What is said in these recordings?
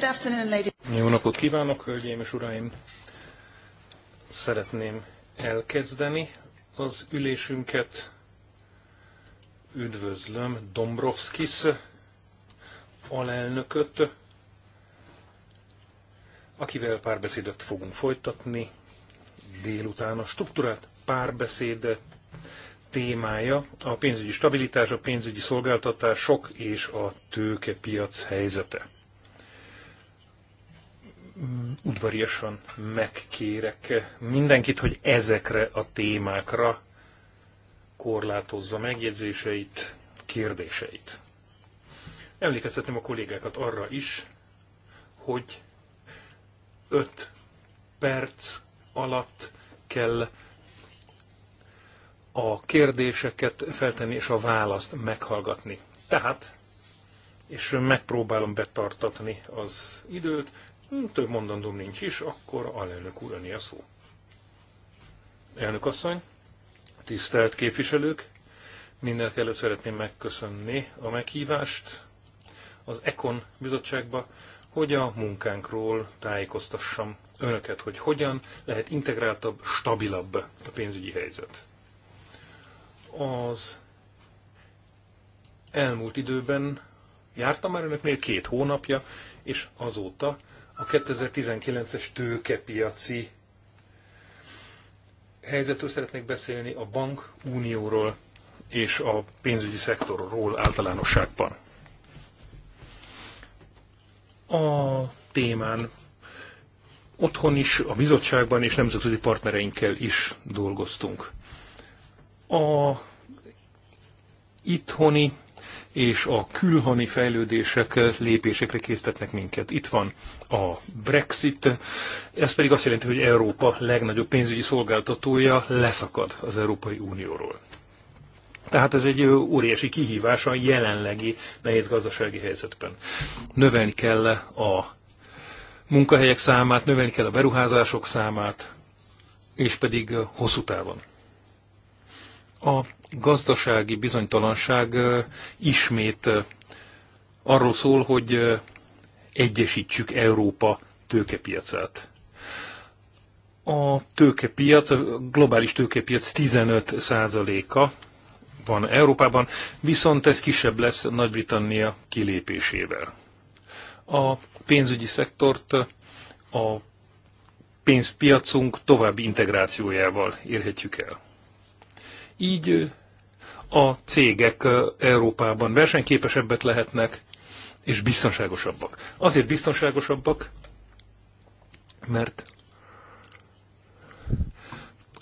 Good afternoon, Jó napot kívánok, hölgyeim és uraim! Szeretném elkezdeni az ülésünket. Üdvözlöm Dombrovskis alelnököt, akivel párbeszédet fogunk folytatni délután. A struktúrát párbeszéd témája a pénzügyi stabilitás, a pénzügyi szolgáltatások és a tőkepiac helyzete udvariasan megkérek mindenkit, hogy ezekre a témákra korlátozza megjegyzéseit, kérdéseit. Emlékeztetném a kollégákat arra is, hogy 5 perc alatt kell a kérdéseket feltenni és a választ meghallgatni. Tehát, és megpróbálom betartatni az időt, Hm, több mondandóm nincs is, akkor alelnök úr a szó. Elnök asszony, tisztelt képviselők, mindenek előtt szeretném megköszönni a meghívást az ECON bizottságba, hogy a munkánkról tájékoztassam önöket, hogy hogyan lehet integráltabb, stabilabb a pénzügyi helyzet. Az elmúlt időben jártam már önöknél két hónapja, és azóta a 2019-es tőkepiaci helyzetről szeretnék beszélni, a bank unióról és a pénzügyi szektorról általánosságban. A témán otthon is, a bizottságban és nemzetközi partnereinkkel is dolgoztunk. A itthoni és a külhani fejlődések lépésekre késztetnek minket. Itt van a Brexit, ez pedig azt jelenti, hogy Európa legnagyobb pénzügyi szolgáltatója leszakad az Európai Unióról. Tehát ez egy óriási kihívás a jelenlegi nehéz gazdasági helyzetben. Növelni kell a munkahelyek számát, növelni kell a beruházások számát, és pedig hosszú távon. A gazdasági bizonytalanság ismét arról szól, hogy egyesítsük Európa tőkepiacát. A tőkepiac, a globális tőkepiac 15%-a van Európában, viszont ez kisebb lesz Nagy-Britannia kilépésével. A pénzügyi szektort a pénzpiacunk további integrációjával érhetjük el. Így a cégek Európában versenyképesebbek lehetnek, és biztonságosabbak. Azért biztonságosabbak, mert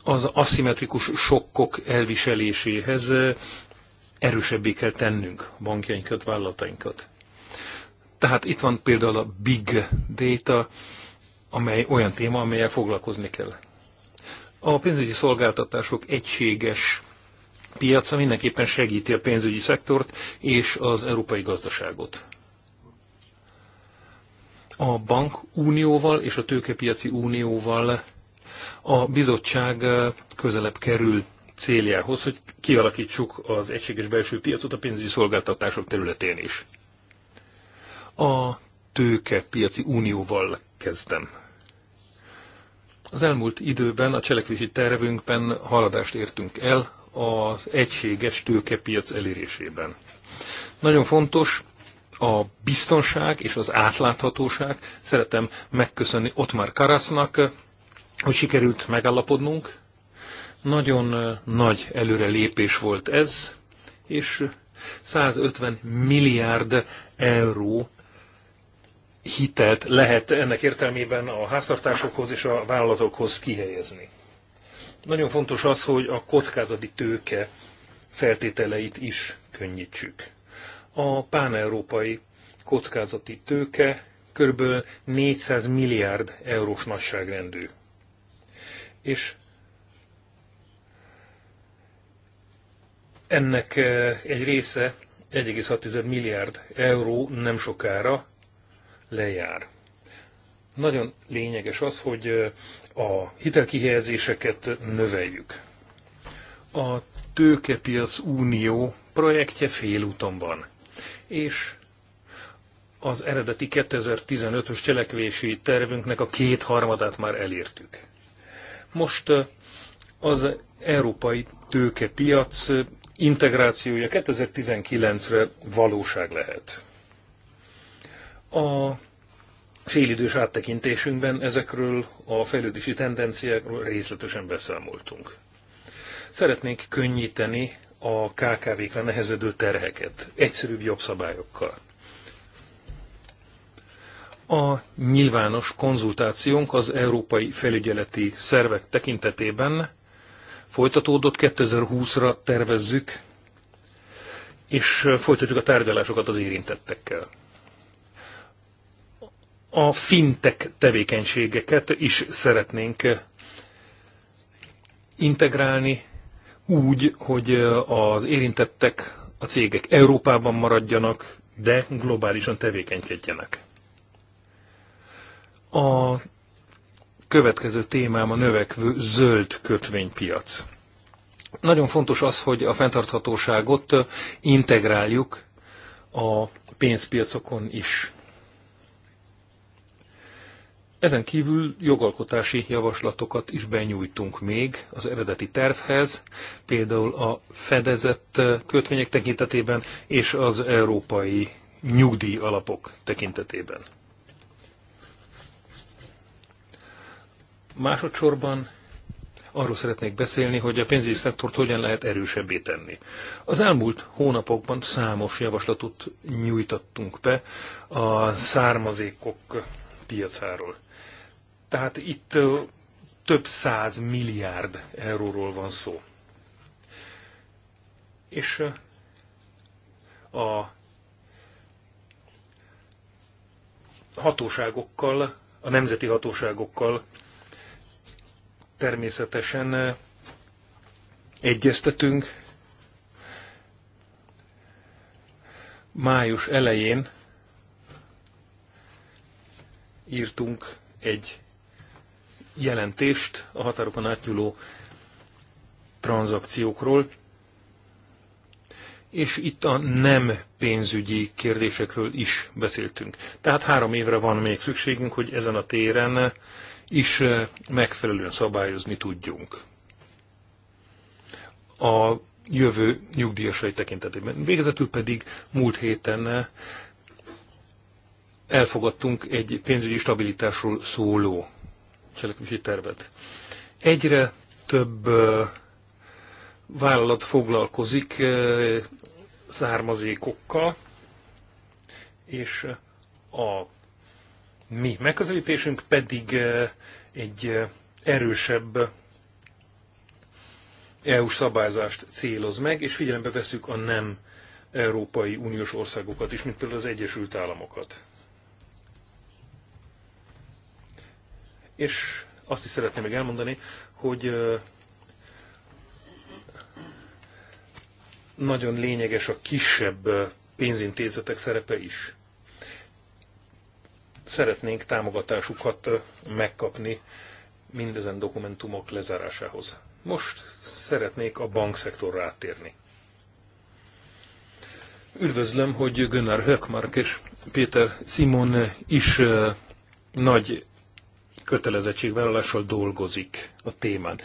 az aszimmetrikus sokkok elviseléséhez erősebbé kell tennünk bankjainkat, vállalatainkat. Tehát itt van például a big data, amely olyan téma, amelyel foglalkozni kell. A pénzügyi szolgáltatások egységes piaca mindenképpen segíti a pénzügyi szektort és az európai gazdaságot. A bank unióval és a tőkepiaci unióval a bizottság közelebb kerül céljához, hogy kialakítsuk az egységes belső piacot a pénzügyi szolgáltatások területén is. A tőkepiaci unióval kezdem. Az elmúlt időben a cselekvési tervünkben haladást értünk el az egységes tőkepiac elérésében. Nagyon fontos a biztonság és az átláthatóság. Szeretem megköszönni Ottmar Karasznak, hogy sikerült megállapodnunk. Nagyon nagy előrelépés volt ez, és 150 milliárd euró hitelt lehet ennek értelmében a háztartásokhoz és a vállalatokhoz kihelyezni. Nagyon fontos az, hogy a kockázati tőke feltételeit is könnyítsük. A páneurópai kockázati tőke kb. 400 milliárd eurós nagyságrendű. És ennek eh, egy része 1,6 milliárd euró nem sokára lejár. Nagyon lényeges az, hogy eh, a hitelkihelyezéseket növeljük. A Tőkepiac Unió projektje félúton van, és az eredeti 2015-ös cselekvési tervünknek a kétharmadát már elértük. Most az európai tőkepiac integrációja 2019-re valóság lehet. A félidős áttekintésünkben ezekről a fejlődési tendenciákról részletesen beszámoltunk. Szeretnénk könnyíteni a KKV-kra nehezedő terheket, egyszerűbb jobb szabályokkal. A nyilvános konzultációnk az európai felügyeleti szervek tekintetében folytatódott, 2020-ra tervezzük, és folytatjuk a tárgyalásokat az érintettekkel a fintek tevékenységeket is szeretnénk integrálni úgy, hogy az érintettek, a cégek Európában maradjanak, de globálisan tevékenykedjenek. A következő témám a növekvő zöld kötvénypiac. Nagyon fontos az, hogy a fenntarthatóságot integráljuk a pénzpiacokon is. Ezen kívül jogalkotási javaslatokat is benyújtunk még az eredeti tervhez, például a fedezett kötvények tekintetében és az európai nyugdíj alapok tekintetében. Másodszorban arról szeretnék beszélni, hogy a pénzügyi szektort hogyan lehet erősebbé tenni. Az elmúlt hónapokban számos javaslatot nyújtattunk be a származékok piacáról. Tehát itt több száz milliárd euróról van szó. És a hatóságokkal, a nemzeti hatóságokkal természetesen egyeztetünk. Május elején írtunk egy jelentést a határokon átnyúló tranzakciókról, és itt a nem pénzügyi kérdésekről is beszéltünk. Tehát három évre van még szükségünk, hogy ezen a téren is eh, megfelelően szabályozni tudjunk. A jövő nyugdíjasai tekintetében. Végezetül pedig múlt héten eh, elfogadtunk egy pénzügyi stabilitásról szóló cselekvési tervet. Egyre több vállalat foglalkozik származékokkal, és a mi megközelítésünk pedig egy erősebb EU-s szabályzást céloz meg, és figyelembe veszük a nem Európai Uniós országokat is, mint például az Egyesült Államokat. És azt is szeretném még elmondani, hogy nagyon lényeges a kisebb pénzintézetek szerepe is. Szeretnénk támogatásukat megkapni mindezen dokumentumok lezárásához. Most szeretnék a bankszektorra áttérni. Üdvözlöm, hogy Gönnár Höckmark és Péter Simon is nagy kötelezettségvállalással dolgozik a témán.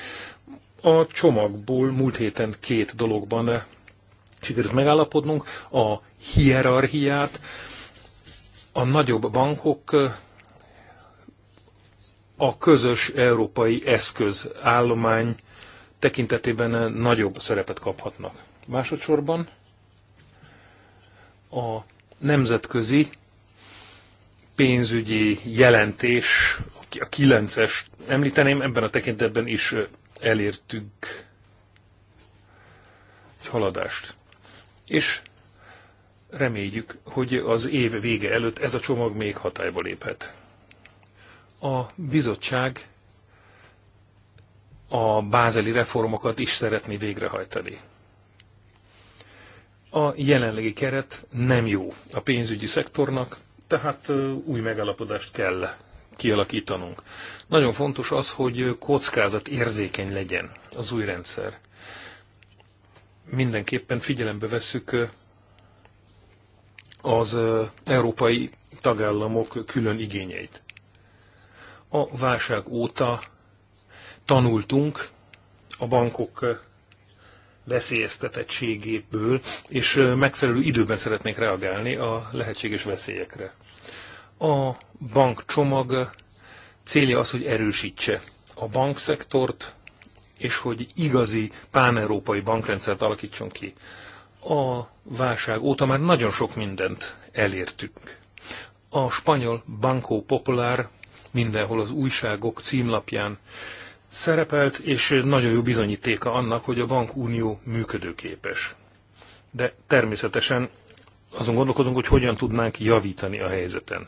A csomagból múlt héten két dologban sikerült megállapodnunk, a hierarchiát, a nagyobb bankok a közös európai eszköz állomány tekintetében nagyobb szerepet kaphatnak. Másodszorban a nemzetközi pénzügyi jelentés a 9-es említeném, ebben a tekintetben is elértünk egy haladást. És reméljük, hogy az év vége előtt ez a csomag még hatályba léphet. A bizottság a bázeli reformokat is szeretné végrehajtani. A jelenlegi keret nem jó a pénzügyi szektornak, tehát új megalapodást kell kialakítanunk. Nagyon fontos az, hogy kockázat érzékeny legyen az új rendszer. Mindenképpen figyelembe vesszük az európai tagállamok külön igényeit. A válság óta tanultunk a bankok veszélyeztetettségéből, és megfelelő időben szeretnék reagálni a lehetséges veszélyekre. A bankcsomag célja az, hogy erősítse a bankszektort, és hogy igazi pán-európai bankrendszert alakítson ki. A válság óta már nagyon sok mindent elértünk. A spanyol Banco Popular mindenhol az újságok címlapján szerepelt, és nagyon jó bizonyítéka annak, hogy a bankunió működőképes. De természetesen azon gondolkozunk, hogy hogyan tudnánk javítani a helyzeten.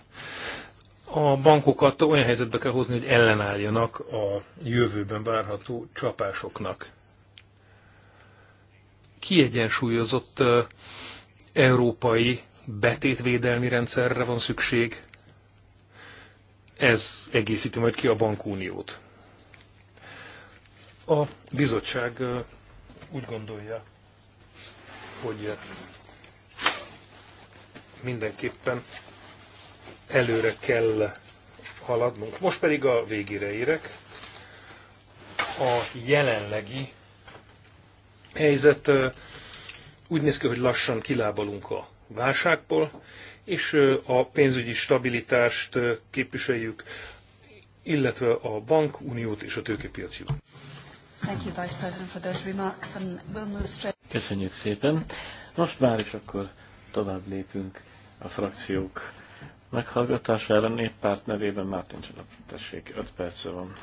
A bankokat olyan helyzetbe kell hozni, hogy ellenálljanak a jövőben várható csapásoknak. Kiegyensúlyozott európai betétvédelmi rendszerre van szükség. Ez egészíti majd ki a bankuniót. A bizottság úgy gondolja, hogy mindenképpen előre kell haladnunk. Most pedig a végére érek. A jelenlegi helyzet úgy néz ki, hogy lassan kilábalunk a válságból, és a pénzügyi stabilitást képviseljük, illetve a bankuniót és a tőkepiacot. Köszönjük szépen. Most már is akkor tovább lépünk a frakciók meghallgatására. Néppárt nevében Mártin Csalap, tessék, 5 perce van.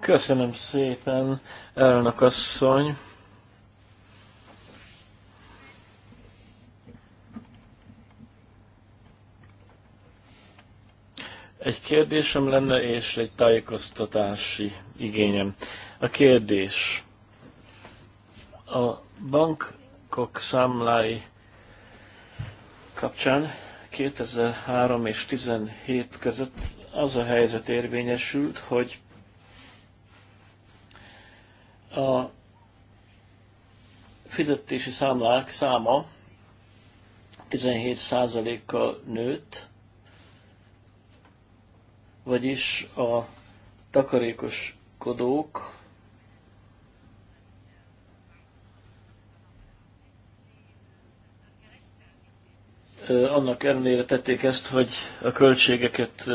Köszönöm szépen, elnök asszony! Egy kérdésem lenne, és egy tájékoztatási igényem. A kérdés. A bankok számlái kapcsán 2003 és 2017 között az a helyzet érvényesült, hogy a fizetési számlák száma 17%-kal nőtt, vagyis a takarékoskodók annak ellenére tették ezt, hogy a költségeket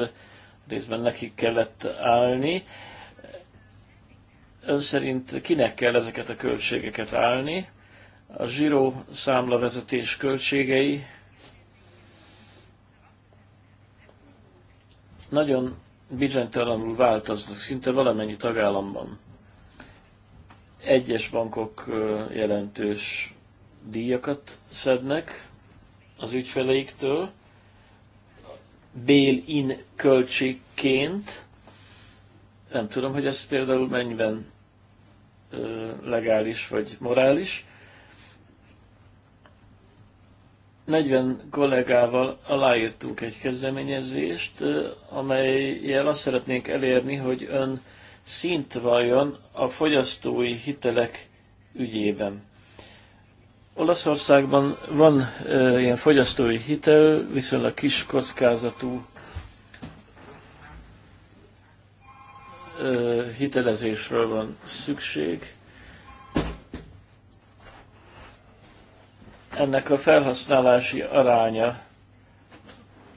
részben nekik kellett állni. Ön szerint kinek kell ezeket a költségeket állni? A zsíró számlavezetés költségei nagyon bizonytalanul változnak szinte valamennyi tagállamban. Egyes bankok jelentős díjakat szednek, az ügyfeleiktől, bail-in költségként. Nem tudom, hogy ez például mennyiben legális vagy morális. 40 kollégával aláírtunk egy kezdeményezést, amelyel azt szeretnénk elérni, hogy ön szint valljon a fogyasztói hitelek ügyében. Olaszországban van e, ilyen fogyasztói hitel, viszonylag kis kockázatú e, hitelezésről van szükség. Ennek a felhasználási aránya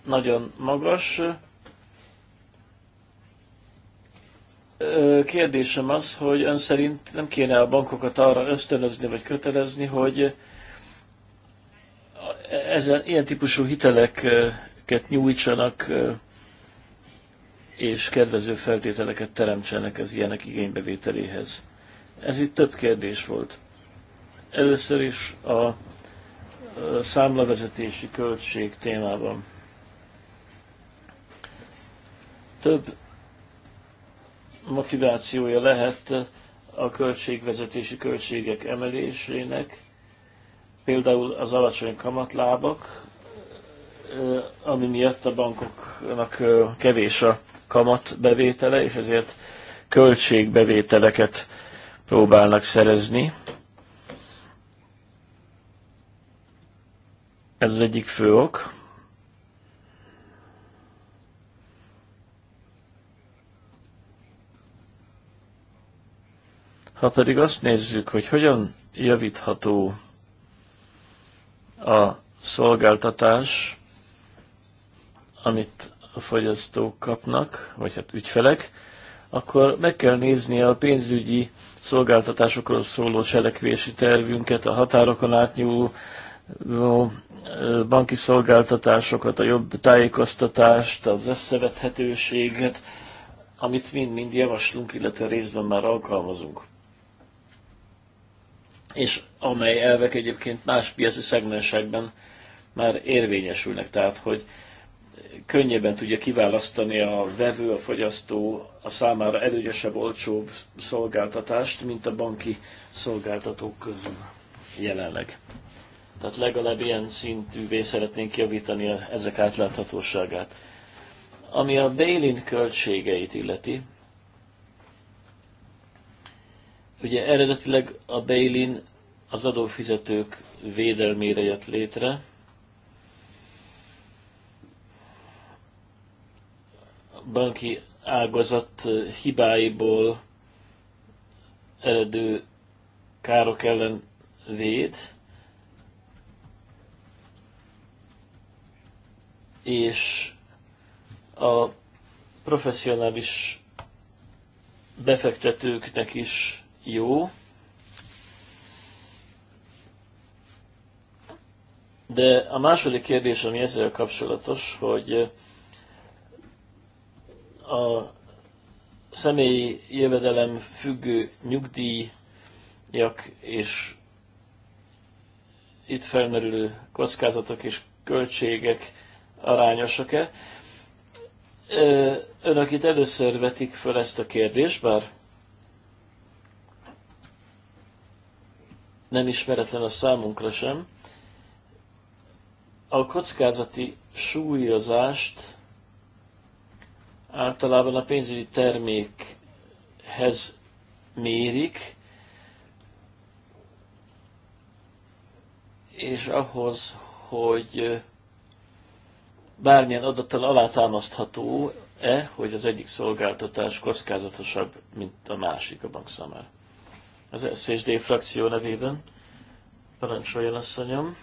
nagyon magas. Kérdésem az, hogy ön szerint nem kéne a bankokat arra ösztönözni vagy kötelezni, hogy ezen ilyen típusú hiteleket nyújtsanak, és kedvező feltételeket teremtsenek az ilyenek igénybevételéhez. Ez itt több kérdés volt. Először is a számlavezetési költség témában. Több motivációja lehet a költségvezetési költségek emelésének, Például az alacsony kamatlábak, ami miatt a bankoknak kevés a kamatbevétele, és ezért költségbevételeket próbálnak szerezni. Ez az egyik fő ok. Ha pedig azt nézzük, hogy hogyan javítható a szolgáltatás, amit a fogyasztók kapnak, vagy hát ügyfelek, akkor meg kell nézni a pénzügyi szolgáltatásokról szóló cselekvési tervünket, a határokon átnyúló banki szolgáltatásokat, a jobb tájékoztatást, az összevethetőséget, amit mind-mind javaslunk, illetve részben már alkalmazunk és amely elvek egyébként más piaci szegmensekben már érvényesülnek, tehát hogy könnyebben tudja kiválasztani a vevő, a fogyasztó a számára előnyösebb, olcsóbb szolgáltatást, mint a banki szolgáltatók közül jelenleg. Tehát legalább ilyen szintűvé szeretnénk javítani ezek átláthatóságát. Ami a bail költségeit illeti, Ugye eredetileg a bailin az adófizetők védelmére jött létre, banki ágazat hibáiból eredő károk ellen véd, és a professzionális befektetőknek is jó, de a második kérdés, ami ezzel kapcsolatos, hogy eh, a személyi jövedelem függő nyugdíjak és itt felmerülő kockázatok és költségek arányosak-e. Eh, önök itt először vetik fel ezt a kérdést, bár nem ismeretlen a számunkra sem. A kockázati súlyozást általában a pénzügyi termékhez mérik, és ahhoz, hogy bármilyen adattal alátámasztható-e, hogy az egyik szolgáltatás kockázatosabb, mint a másik a bank számára az SZSD frakció nevében. Parancsoljon, asszonyom!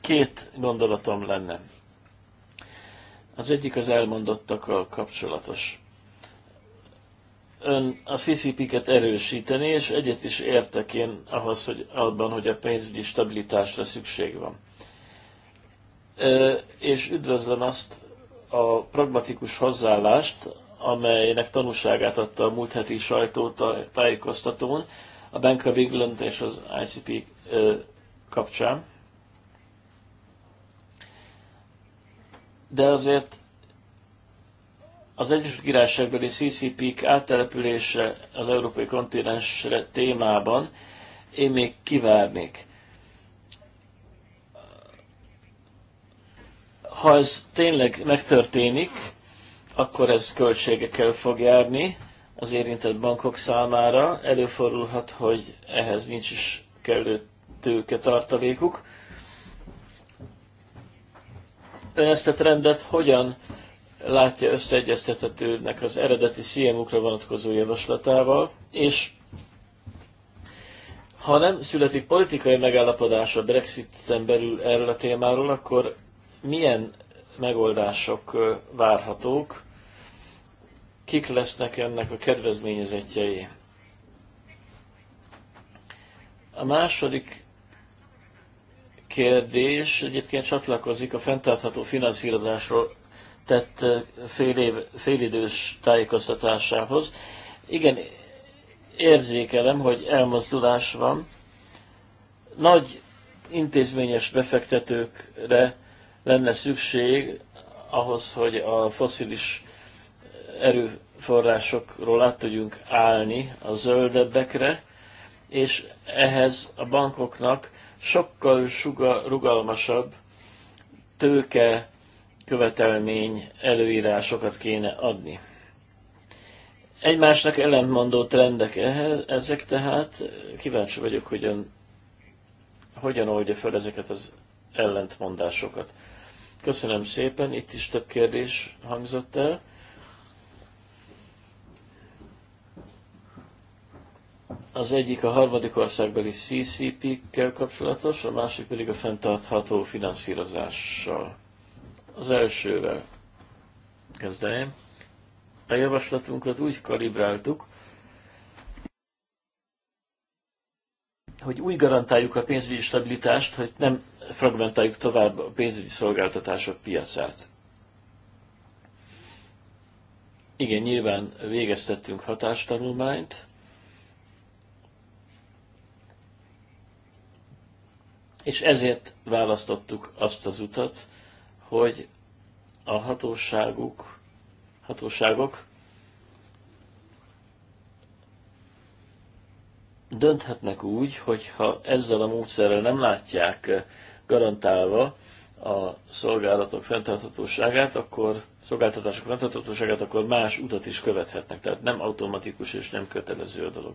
Két gondolatom lenne. Az egyik az elmondottakkal kapcsolatos. Ön a CCP-ket erősíteni, és egyet is értek én ahhoz, hogy abban, hogy a pénzügyi stabilitásra szükség van. Ö, és üdvözlöm azt a pragmatikus hozzáállást, amelynek tanúságát adta a múlt heti sajtótájékoztatón, a Bank of England és az ICP kapcsán. De azért az Egyesült Királyságbeli CCP-k áttelepülése az európai kontinensre témában én még kivárnék. Ha ez tényleg megtörténik, akkor ez költségekkel fog járni az érintett bankok számára. Előfordulhat, hogy ehhez nincs is kellő tőke tartalékuk. Ön ezt a trendet hogyan látja összeegyeztethetőnek az eredeti CMU-kra vonatkozó javaslatával, és ha nem születik politikai megállapodás a Brexit-en belül erről a témáról, akkor milyen megoldások várhatók kik lesznek ennek a kedvezményezetjei. A második kérdés egyébként csatlakozik a fenntartható finanszírozásról tett eh, fél év, félidős tájékoztatásához. Igen, érzékelem, hogy elmozdulás van. Nagy intézményes befektetőkre lenne szükség ahhoz, hogy a foszilis erőforrásokról át tudjunk állni a zöldebbekre, és ehhez a bankoknak sokkal suga, rugalmasabb tőke követelmény előírásokat kéne adni. Egymásnak ellentmondó trendek ezek, tehát kíváncsi vagyok, ön hogyan oldja fel ezeket az ellentmondásokat. Köszönöm szépen, itt is több kérdés hangzott el. Az egyik a harmadik országbeli CCP-kkel kapcsolatos, a másik pedig a fenntartható finanszírozással. Az elsővel kezdeném. A javaslatunkat úgy kalibráltuk, hogy úgy garantáljuk a pénzügyi stabilitást, hogy nem fragmentáljuk tovább a pénzügyi szolgáltatások piacát. Igen, nyilván végeztettünk hatástanulmányt, és ezért választottuk azt az utat, hogy a hatóságuk, hatóságok dönthetnek úgy, hogy ha ezzel a módszerrel nem látják garantálva a szolgálatok fenntarthatóságát, akkor szolgáltatások fenntarthatóságát, akkor más utat is követhetnek. Tehát nem automatikus és nem kötelező a dolog.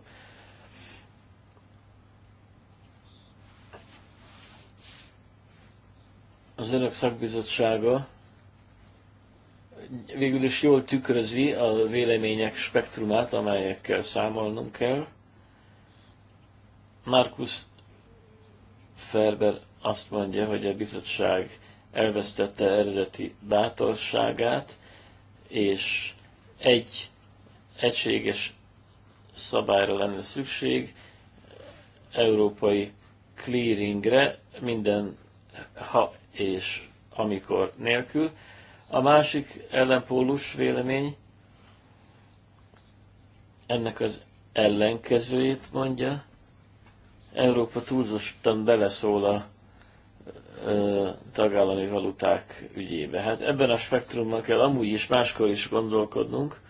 az önök szakbizottsága végül is jól tükrözi a vélemények spektrumát, amelyekkel számolnunk kell. Markus Ferber azt mondja, hogy a bizottság elvesztette eredeti bátorságát, és egy egységes szabályra lenne szükség, európai clearingre minden, ha és amikor nélkül. A másik ellenpólus vélemény ennek az ellenkezőjét mondja. Európa túlzottan beleszól a ö, tagállami valuták ügyébe. Hát ebben a spektrumban kell amúgy is máskor is gondolkodnunk,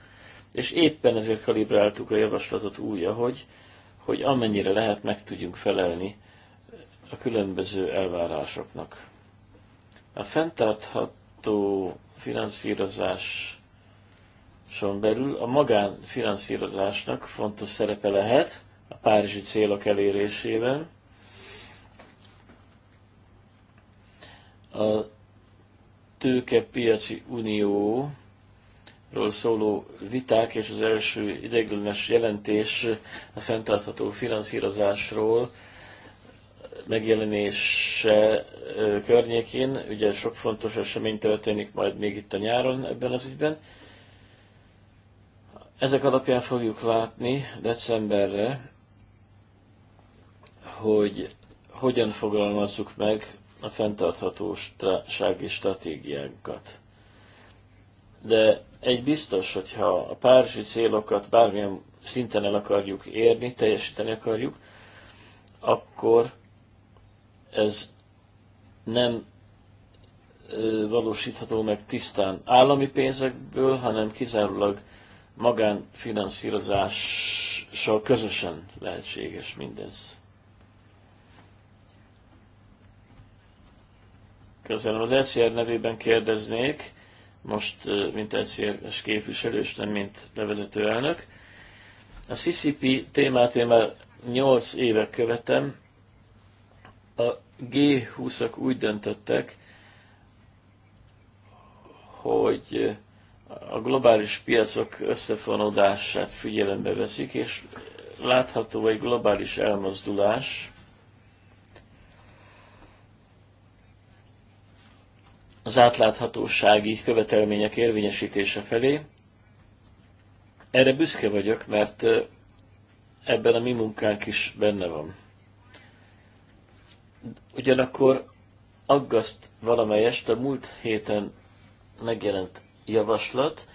és éppen ezért kalibráltuk a javaslatot úgy, ahogy, hogy amennyire lehet meg tudjunk felelni a különböző elvárásoknak. A fenntartható finanszírozáson belül a magánfinanszírozásnak fontos szerepe lehet a párizsi célok elérésében. A tőkepiaci unióról szóló viták és az első ideiglenes jelentés a fenntartható finanszírozásról megjelenése környékén, ugye sok fontos esemény történik majd még itt a nyáron ebben az ügyben. Ezek alapján fogjuk látni decemberre, hogy hogyan fogalmazzuk meg a fenntarthatósági stratégiánkat. De egy biztos, hogyha a párizsi célokat bármilyen szinten el akarjuk érni, teljesíteni akarjuk, akkor ez nem valósítható meg tisztán állami pénzekből, hanem kizárólag magánfinanszírozással közösen lehetséges mindez. Köszönöm. Az ECR nevében kérdeznék, most mint ecr képviselő, és nem mint levezető elnök. A CCP témát én már 8 éve követem. A G20-ak úgy döntöttek, hogy a globális piacok összefonódását figyelembe veszik, és látható egy globális elmozdulás. az átláthatósági követelmények érvényesítése felé. Erre büszke vagyok, mert ebben a mi munkánk is benne van. Ugyanakkor aggaszt valamelyest a múlt héten megjelent javaslat,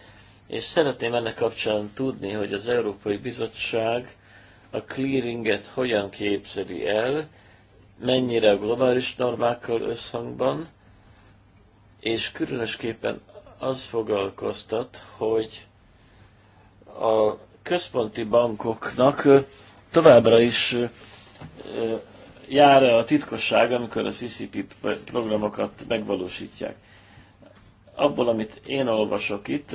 és szeretném ennek kapcsán tudni, hogy az Európai Bizottság a clearinget hogyan képzeli el, mennyire a globális normákkal összhangban, és különösképpen az foglalkoztat, hogy a központi bankoknak továbbra is jár -e a titkosság, amikor a CCP programokat megvalósítják. Abból, amit én olvasok itt,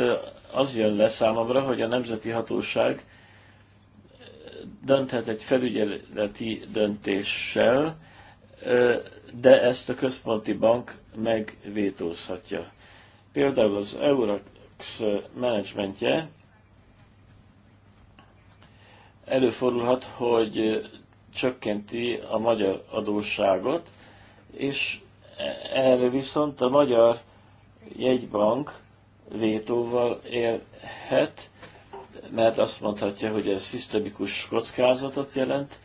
az jön le számomra, hogy a nemzeti hatóság dönthet egy felügyeleti döntéssel, de ezt a központi bank megvétózhatja. Például az Eurax menedzsmentje előfordulhat, hogy csökkenti a magyar adósságot, és erre viszont a magyar jegybank vétóval élhet, mert azt mondhatja, hogy ez szisztemikus kockázatot jelent,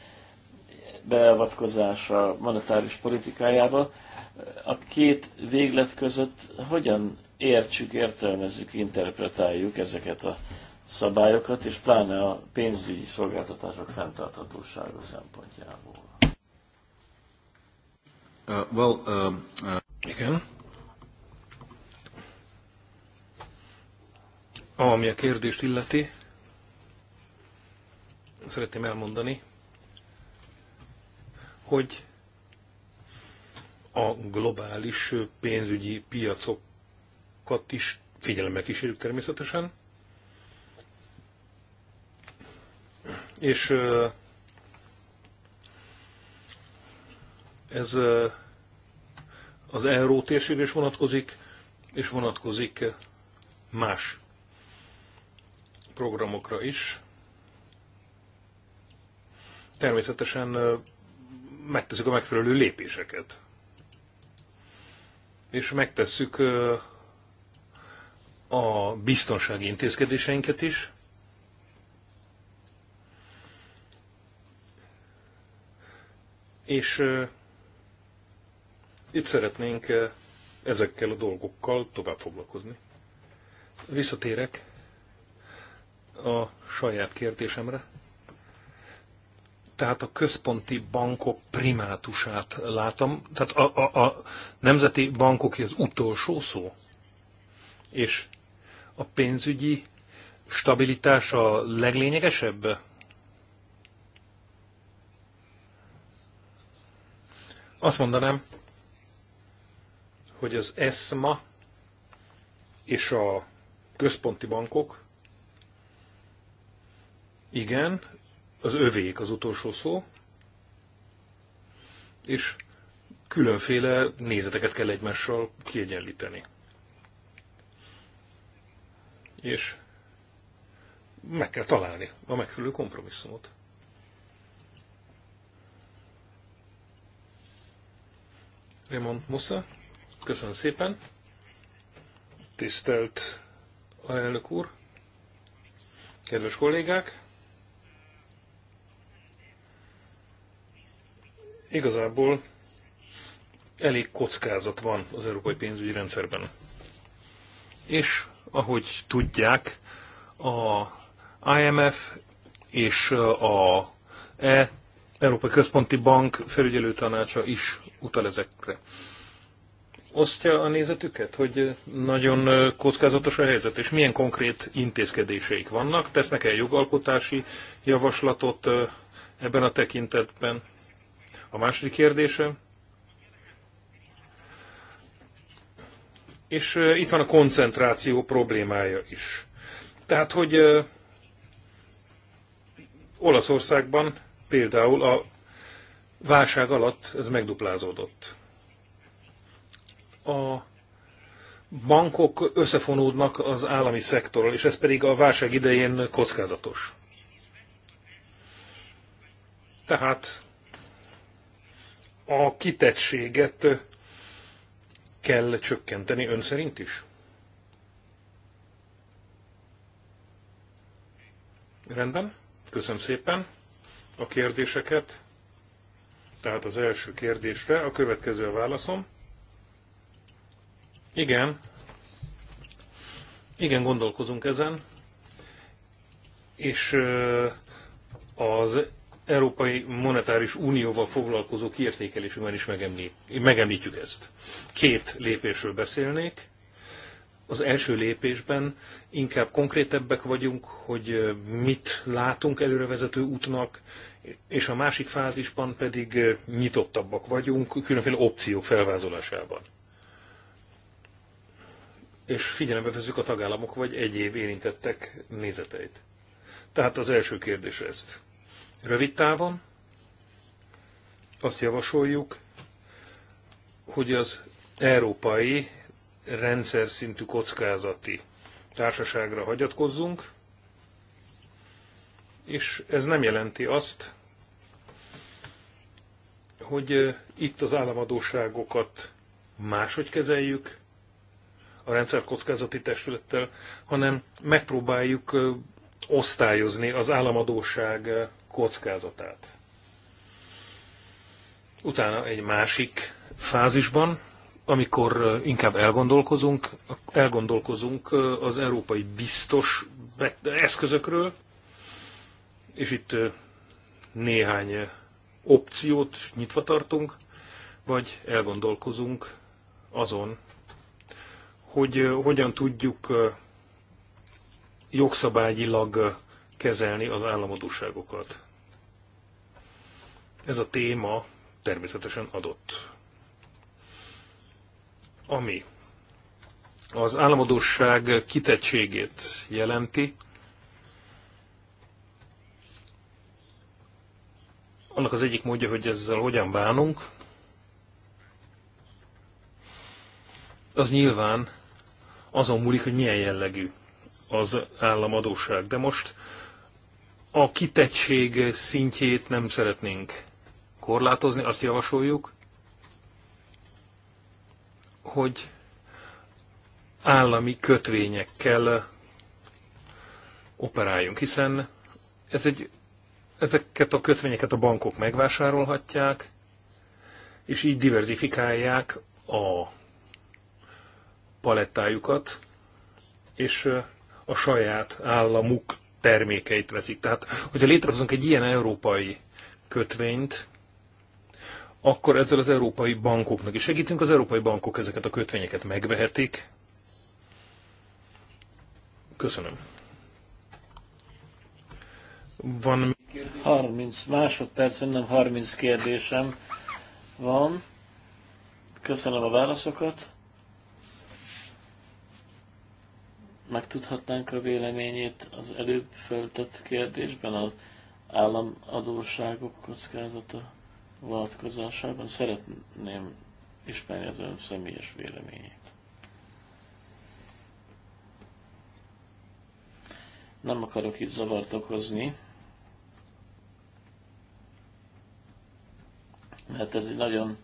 beavatkozás a monetáris politikájába. A két véglet között hogyan értsük, értelmezzük, interpretáljuk ezeket a szabályokat, és pláne a pénzügyi szolgáltatások fenntarthatósága szempontjából. Uh, well, uh, uh, Igen. Ami a kérdést illeti, szeretném elmondani, hogy a globális pénzügyi piacokat is figyelembe kísérjük természetesen, és ez az euró térségre is vonatkozik, és vonatkozik más programokra is. Természetesen megteszük a megfelelő lépéseket. És megtesszük a biztonsági intézkedéseinket is, És itt szeretnénk ezekkel a dolgokkal tovább foglalkozni. Visszatérek a saját kérdésemre. Tehát a központi bankok primátusát látom. Tehát a, a, a nemzeti bankok az utolsó szó. És a pénzügyi stabilitás a leglényegesebb Azt mondanám, hogy az ESMA és a központi bankok, igen, az övék az utolsó szó, és különféle nézeteket kell egymással kiegyenlíteni. És meg kell találni a megfelelő kompromisszumot. Raymond Musza. Köszönöm szépen. Tisztelt elnök úr, kedves kollégák. Igazából elég kockázat van az európai pénzügyi rendszerben. És ahogy tudják, a IMF és a e, Európai Központi Bank felügyelő tanácsa is utal ezekre. Osztja a nézetüket, hogy nagyon kockázatos a helyzet, és milyen konkrét intézkedéseik vannak? Tesznek el jogalkotási javaslatot ebben a tekintetben? A második kérdése. És itt van a koncentráció problémája is. Tehát, hogy Olaszországban például a válság alatt ez megduplázódott. A bankok összefonódnak az állami szektorral, és ez pedig a válság idején kockázatos. Tehát a kitettséget kell csökkenteni ön szerint is? Rendben, köszönöm szépen a kérdéseket. Tehát az első kérdésre a következő a válaszom. Igen. Igen, gondolkozunk ezen. És az Európai Monetáris Unióval foglalkozó kiértékelésünkben is megemlítjük ezt. Két lépésről beszélnék az első lépésben inkább konkrétebbek vagyunk, hogy mit látunk előrevezető útnak, és a másik fázisban pedig nyitottabbak vagyunk különféle opciók felvázolásában. És figyelembe veszük a tagállamok vagy egyéb érintettek nézeteit. Tehát az első kérdés ezt. Rövid távon azt javasoljuk, hogy az európai rendszer szintű kockázati társaságra hagyatkozzunk, és ez nem jelenti azt, hogy itt az államadóságokat máshogy kezeljük a rendszer kockázati testülettel, hanem megpróbáljuk osztályozni az államadóság kockázatát. Utána egy másik fázisban amikor inkább elgondolkozunk, elgondolkozunk az európai biztos eszközökről, és itt néhány opciót nyitva tartunk, vagy elgondolkozunk azon, hogy hogyan tudjuk jogszabályilag kezelni az államadóságokat. Ez a téma természetesen adott. Ami az államadóság kitettségét jelenti, annak az egyik módja, hogy ezzel hogyan bánunk, az nyilván azon múlik, hogy milyen jellegű az államadóság. De most a kitettség szintjét nem szeretnénk korlátozni, azt javasoljuk, hogy állami kötvényekkel operáljunk, hiszen ez egy, ezeket a kötvényeket a bankok megvásárolhatják, és így diverzifikálják a palettájukat, és a saját államuk termékeit veszik. Tehát, hogyha létrehozunk egy ilyen európai kötvényt, akkor ezzel az európai bankoknak is segítünk. Az európai bankok ezeket a kötvényeket megvehetik. Köszönöm. Van 30 másodpercen, nem 30 kérdésem van. Köszönöm a válaszokat. Megtudhatnánk a véleményét az előbb feltett kérdésben, az államadóságok kockázata vonatkozásában szeretném ismerni az ön személyes véleményét. Nem akarok itt zavart okozni, mert ez egy nagyon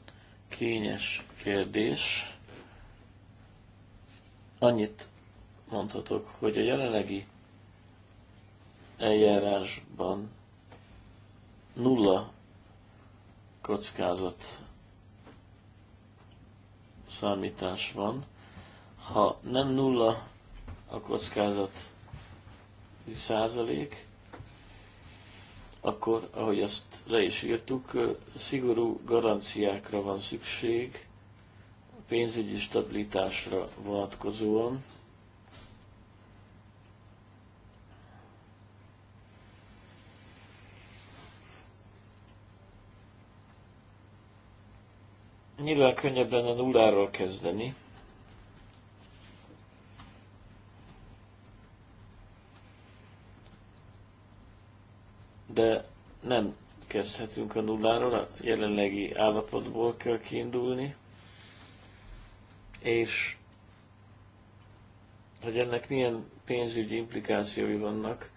kényes kérdés. Annyit mondhatok, hogy a jelenlegi eljárásban nulla kockázat számítás van. Ha nem nulla a kockázat százalék, akkor, ahogy azt le is írtuk, szigorú garanciákra van szükség pénzügyi stabilitásra vonatkozóan, Nyilván könnyebb lenne nulláról kezdeni. De nem kezdhetünk a nulláról, a jelenlegi állapotból kell kiindulni. És hogy ennek milyen pénzügyi implikációi vannak,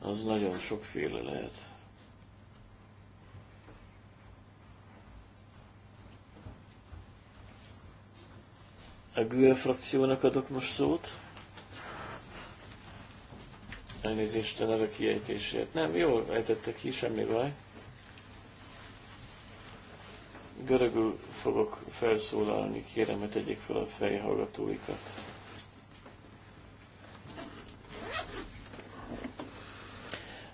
az nagyon sokféle lehet. A GUE frakciónak adok most szót. Elnézést a neve kiejtésért. Nem, jó. ejtette ki, semmi baj. Görögül fogok felszólalni, kérem, hogy tegyék fel a fejhallgatóikat.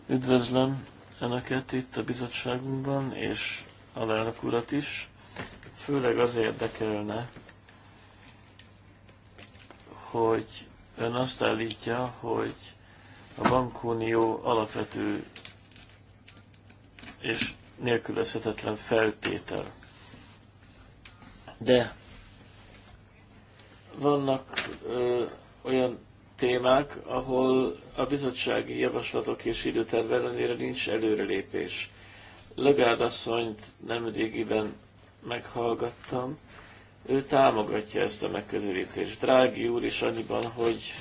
Üdvözlöm Önöket itt a bizottságunkban, és lelnök urat is. Főleg az érdekelne, hogy ön azt állítja, hogy a bankunió alapvető és nélkülözhetetlen feltétel. De vannak ö, olyan témák, ahol a bizottsági javaslatok és időterv ellenére nincs előrelépés. Legárd asszonyt nemrégiben meghallgattam, ő támogatja ezt a megközelítést. Drági úr is annyiban, hogy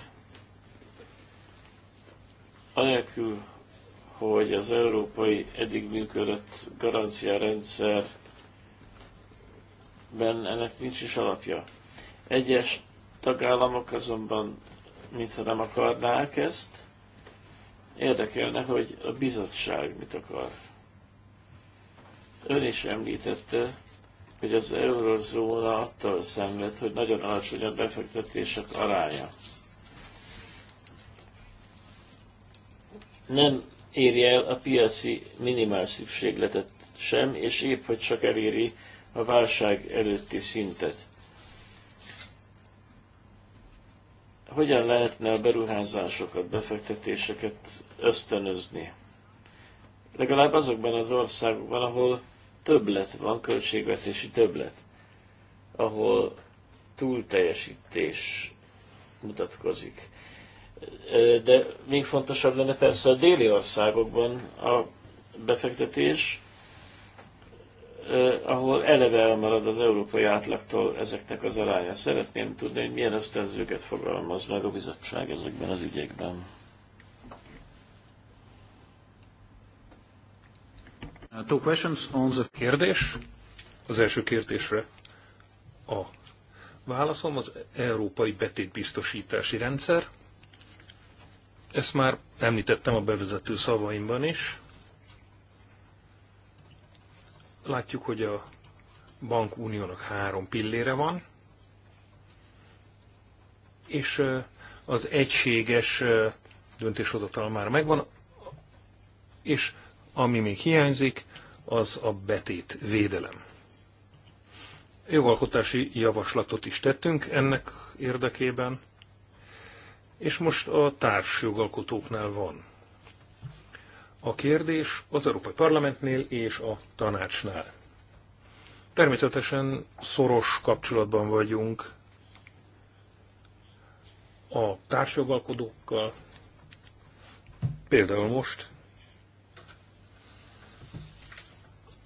anélkül, hogy az európai eddig működött garanciarendszerben ennek nincs is alapja. Egyes tagállamok azonban mintha nem akarnák ezt. Érdekelne, hogy a bizottság mit akar. Ön is említette hogy az eurozóna attól szenved, hogy nagyon alacsony a befektetések aránya. Nem éri el a piaci minimál szükségletet sem, és épp hogy csak eléri a válság előtti szintet. Hogyan lehetne a beruházásokat, befektetéseket ösztönözni? Legalább azokban az országokban, ahol többlet van, költségvetési többlet, ahol túlteljesítés mutatkozik. De még fontosabb lenne persze a déli országokban a befektetés, ahol eleve elmarad az európai átlagtól ezeknek az aránya. Szeretném tudni, hogy milyen ösztönzőket fogalmaz meg a bizottság ezekben az ügyekben. Kérdés? Az első kérdésre a válaszom az Európai Betétbiztosítási Rendszer. Ezt már említettem a bevezető szavaimban is. Látjuk, hogy a bankuniónak három pillére van, és az egységes döntéshozatal már megvan, és ami még hiányzik, az a betét védelem. Jogalkotási javaslatot is tettünk ennek érdekében, és most a társjogalkotóknál van. A kérdés az Európai Parlamentnél és a tanácsnál. Természetesen szoros kapcsolatban vagyunk a társjogalkodókkal, például most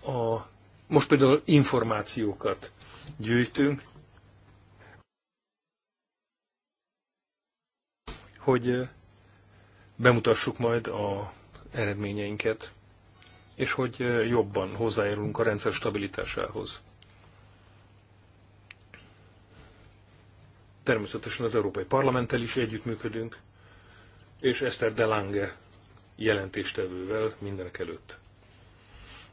a, most például információkat gyűjtünk, hogy eh, bemutassuk majd a eredményeinket, és hogy eh, jobban hozzájárulunk a rendszer stabilitásához. Természetesen az Európai Parlamenttel is együttműködünk, és Eszter Delange jelentéstevővel mindenek előtt.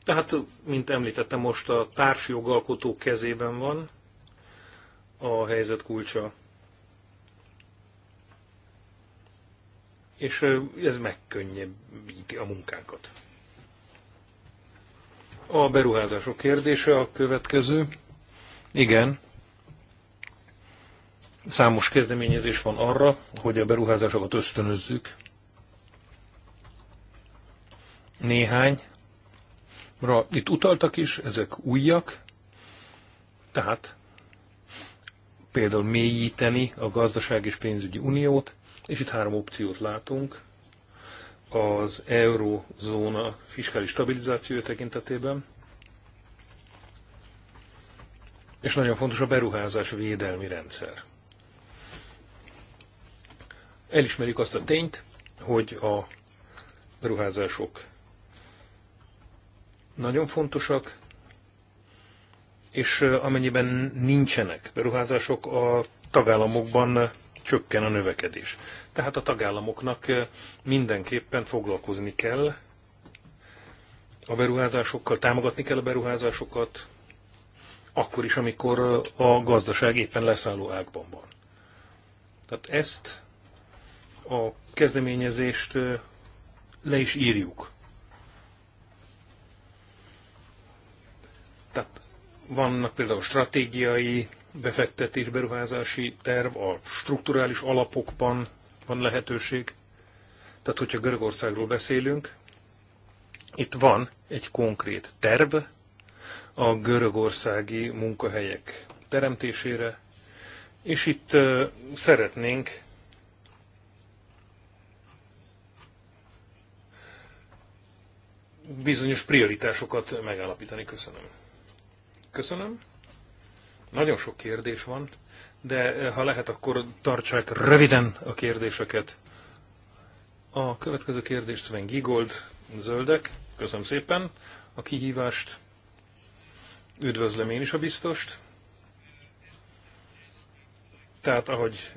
Tehát, mint említettem, most a társjogalkotók kezében van a helyzet kulcsa. És ez megkönnyebbíti a munkánkat. A beruházások kérdése a következő. Igen. Számos kezdeményezés van arra, hogy a beruházásokat ösztönözzük. Néhány ra itt utaltak is, ezek újak, tehát például mélyíteni a gazdaság és pénzügyi uniót, és itt három opciót látunk az eurozóna fiskális stabilizáció tekintetében, és nagyon fontos a beruházás védelmi rendszer. Elismerjük azt a tényt, hogy a beruházások nagyon fontosak, és amennyiben nincsenek beruházások, a tagállamokban csökken a növekedés. Tehát a tagállamoknak mindenképpen foglalkozni kell a beruházásokkal, támogatni kell a beruházásokat, akkor is, amikor a gazdaság éppen leszálló ágban van. Tehát ezt a kezdeményezést le is írjuk Vannak például stratégiai befektetés, beruházási terv, a strukturális alapokban van lehetőség. Tehát, hogyha Görögországról beszélünk, itt van egy konkrét terv a görögországi munkahelyek teremtésére, és itt szeretnénk bizonyos prioritásokat megállapítani. Köszönöm. Köszönöm. Nagyon sok kérdés van, de eh, ha lehet, akkor tartsák röviden a kérdéseket. A következő kérdés Sven Gigold, Zöldek. Köszönöm szépen a kihívást. Üdvözlöm én is a biztost. Tehát, ahogy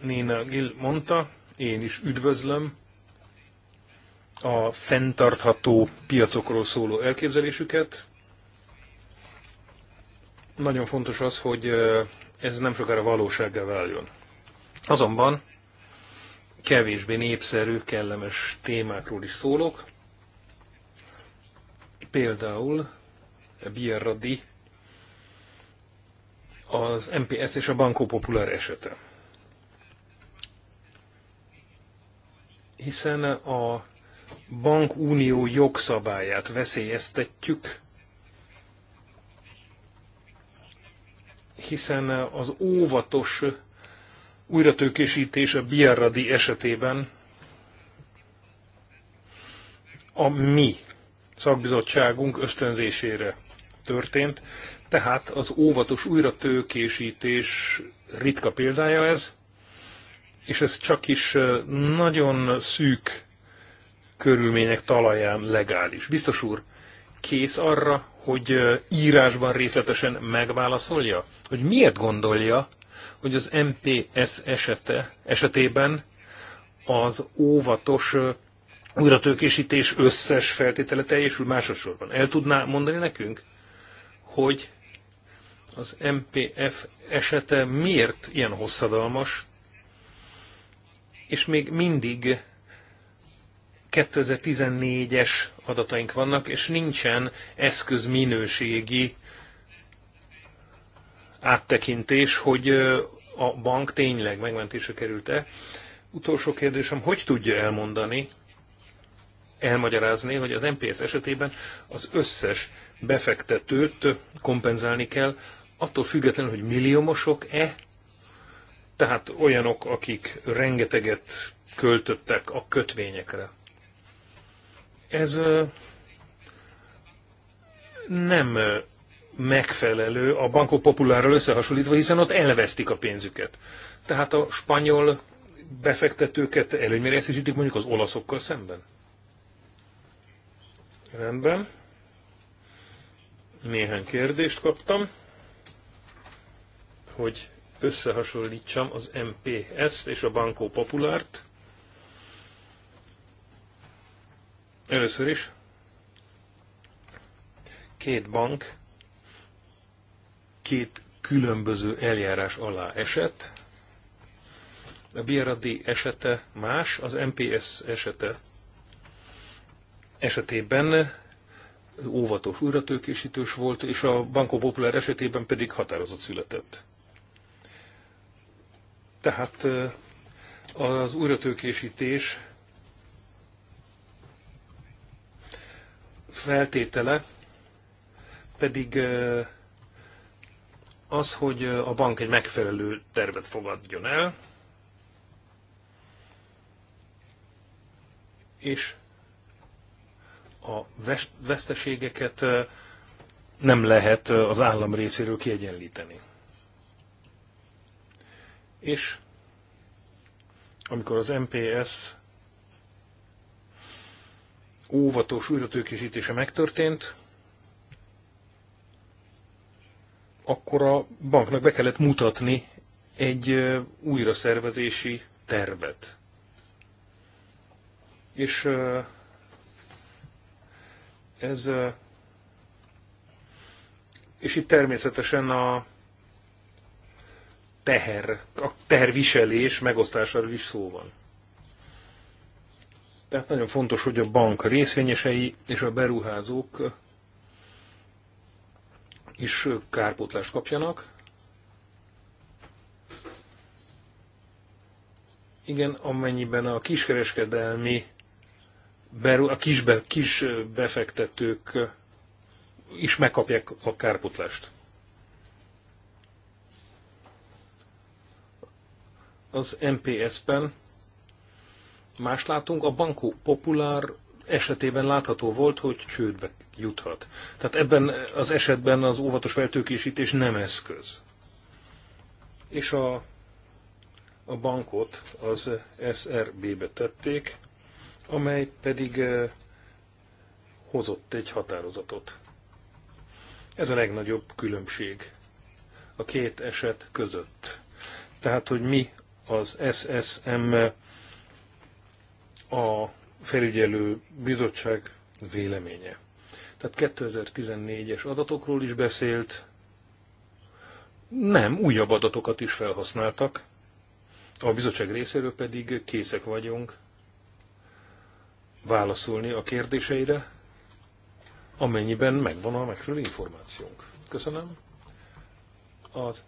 Nina Gill mondta, én is üdvözlöm a fenntartható piacokról szóló elképzelésüket, nagyon fontos az, hogy ez nem sokára valósággal váljon. Azonban kevésbé népszerű, kellemes témákról is szólok. Például Bierradi, az MPS és a Banco Popular esete. Hiszen a bankunió jogszabályát veszélyeztetjük, hiszen az óvatos újratőkésítés a Biarradi esetében a mi szakbizottságunk ösztönzésére történt, tehát az óvatos újratőkésítés ritka példája ez, és ez csak is nagyon szűk körülmények talaján legális. Biztos úr, kész arra, hogy írásban részletesen megválaszolja? Hogy miért gondolja, hogy az MPS esete, esetében az óvatos újratőkésítés összes feltétele teljesül másodszorban. El tudná mondani nekünk, hogy az MPF esete miért ilyen hosszadalmas, és még mindig 2014-es adataink vannak, és nincsen eszközminőségi áttekintés, hogy a bank tényleg megmentése került-e. Utolsó kérdésem, hogy tudja elmondani, elmagyarázni, hogy az MPS esetében az összes befektetőt kompenzálni kell, attól függetlenül, hogy milliómosok-e, tehát olyanok, akik rengeteget költöttek a kötvényekre. Ez nem megfelelő a bankok populárral összehasonlítva, hiszen ott elvesztik a pénzüket. Tehát a spanyol befektetőket előnyre részesítik mondjuk az olaszokkal szemben. Rendben. Néhány kérdést kaptam, hogy összehasonlítsam az MPS-t és a Banco Populárt. Először is két bank két különböző eljárás alá esett. A BRD esete más, az MPS esete esetében óvatos újratőkésítős volt, és a Banco Popular esetében pedig határozott született. Tehát az újratőkésítés feltétele pedig az, hogy a bank egy megfelelő tervet fogadjon el, és a veszteségeket nem lehet az állam részéről kiegyenlíteni. És amikor az MPS óvatos újratőkésítése megtörtént, akkor a banknak be kellett mutatni egy újraszervezési tervet. És ez és itt természetesen a teher, a teherviselés megosztásáról is szó van. Tehát nagyon fontos, hogy a bank részvényesei és a beruházók is kárpótlást kapjanak. Igen, amennyiben a kiskereskedelmi, a kis, be, kis befektetők is megkapják a kárpótlást. Az MPS-ben más látunk. A Banco Popular esetében látható volt, hogy csődbe juthat. Tehát ebben az esetben az óvatos feltőkésítés nem eszköz. És a, a bankot az SRB-be tették, amely pedig eh, hozott egy határozatot. Ez a legnagyobb különbség a két eset között. Tehát, hogy mi az SSM a felügyelő bizottság véleménye. Tehát 2014-es adatokról is beszélt, nem, újabb adatokat is felhasználtak, a bizottság részéről pedig készek vagyunk válaszolni a kérdéseire, amennyiben megvan a megfelelő információnk. Köszönöm. Az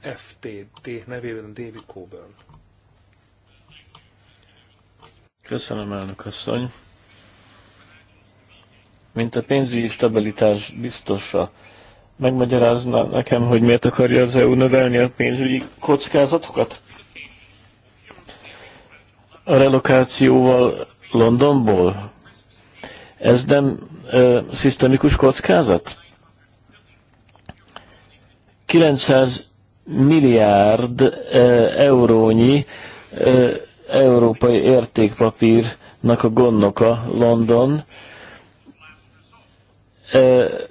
FTT nevében David Coburn. Köszönöm, elnök asszony. Mint a pénzügyi stabilitás biztosa, megmagyarázna nekem, hogy miért akarja az EU növelni a pénzügyi kockázatokat? A relokációval Londonból? Ez nem ö, szisztemikus kockázat? 900 milliárd ö, eurónyi ö, európai értékpapírnak a gondnoka London.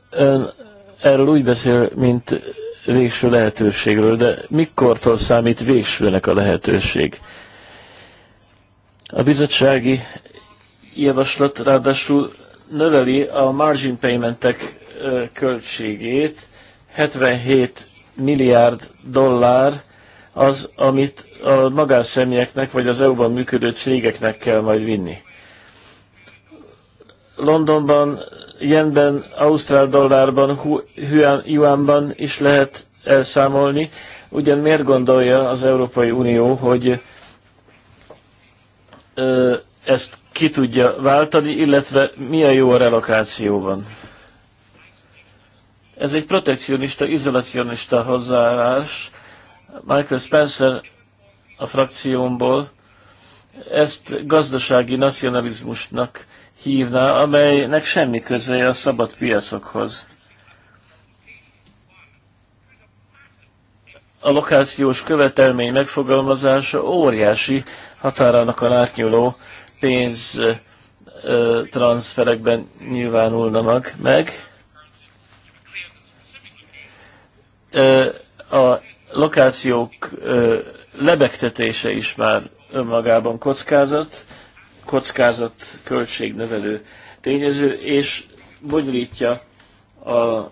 Ön erről úgy beszél, mint végső lehetőségről, de mikortól számít végsőnek a lehetőség? A bizottsági javaslat ráadásul növeli a margin paymentek költségét, 77 milliárd dollár az, amit a magánszemélyeknek vagy az EU-ban működő cégeknek kell majd vinni. Londonban, jenben, ausztrál dollárban, yuanban is lehet elszámolni. Ugyan miért gondolja az Európai Unió, hogy ezt ki tudja váltani, illetve mi a jó a relokációban? Ez egy protekcionista, izolacionista hozzáállás. Michael Spencer a frakciómból, ezt gazdasági nacionalizmusnak hívná, amelynek semmi köze a szabad piacokhoz. A lokációs követelmény megfogalmazása óriási határának a látnyúló pénz transferekben nyilvánulna meg. A lokációk lebegtetése is már önmagában kockázat, kockázat költségnövelő tényező, és bonyolítja a, a,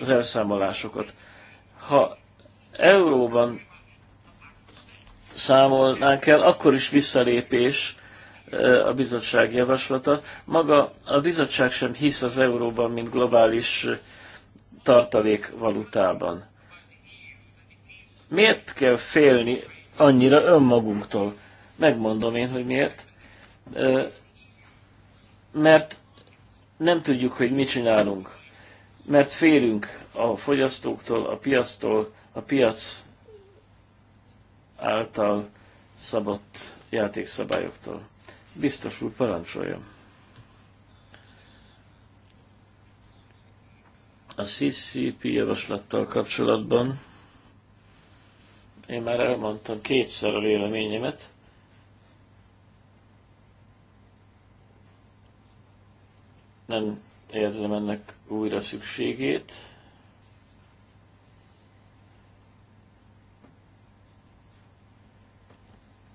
az elszámolásokat. Ha euróban számolnánk el, akkor is visszalépés a bizottság javaslata. Maga a bizottság sem hisz az euróban, mint globális tartalékvalutában. Miért kell félni annyira önmagunktól? Megmondom én, hogy miért. Mert nem tudjuk, hogy mit csinálunk. Mert félünk a fogyasztóktól, a piactól, a piac által szabott játékszabályoktól. Biztos úr, parancsoljon! A CCP javaslattal kapcsolatban én már elmondtam kétszer a véleményemet. Nem érzem ennek újra szükségét.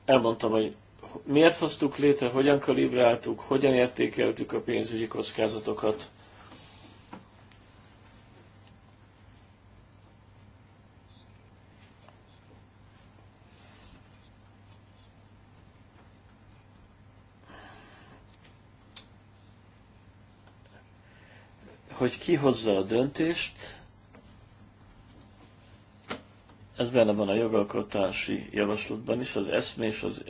Elmondtam, hogy miért hoztuk létre, hogyan kalibráltuk, hogyan értékeltük a pénzügyi kockázatokat, hogy ki hozza a döntést, ez benne van a jogalkotási javaslatban is, az ESM és az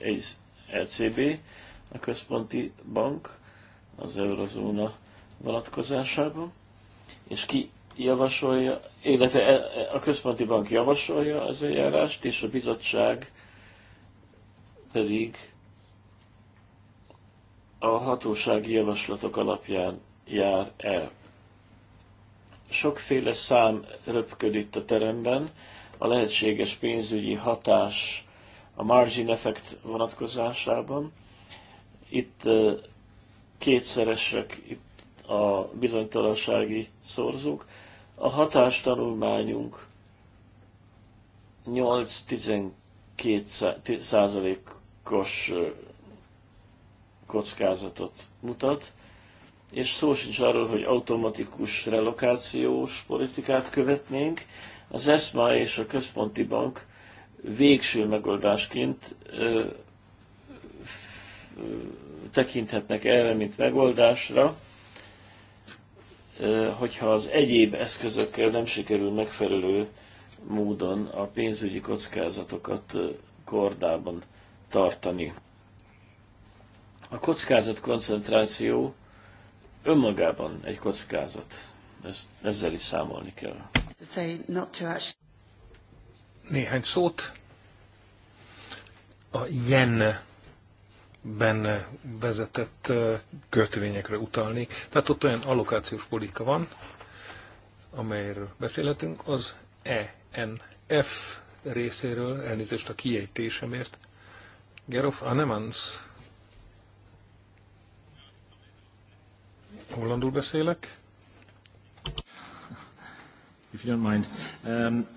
ECB, a központi bank az eurozóna vonatkozásában, és ki javasolja, illetve e- e- a központi bank javasolja az eljárást, és a bizottság pedig a hatósági javaslatok alapján jár el sokféle szám röpköd itt a teremben, a lehetséges pénzügyi hatás a margin effect vonatkozásában. Itt kétszeresek itt a bizonytalansági szorzók. A hatástanulmányunk 8-12 százalékos kockázatot mutat, és szó sincs arról, hogy automatikus relokációs politikát követnénk. Az ESMA és a Központi Bank végső megoldásként ö, ö, tekinthetnek erre, mint megoldásra, ö, hogyha az egyéb eszközökkel nem sikerül megfelelő módon a pénzügyi kockázatokat kordában tartani. A kockázat koncentráció önmagában egy kockázat. Ezt, ezzel is számolni kell. Néhány szót a jenben vezetett költvényekre utalni. Tehát ott olyan allokációs politika van, amelyről beszélhetünk, az ENF részéről, elnézést a kiejtésemért, Gerof Anemans Hollandul beszélek. If you don't mind. Um,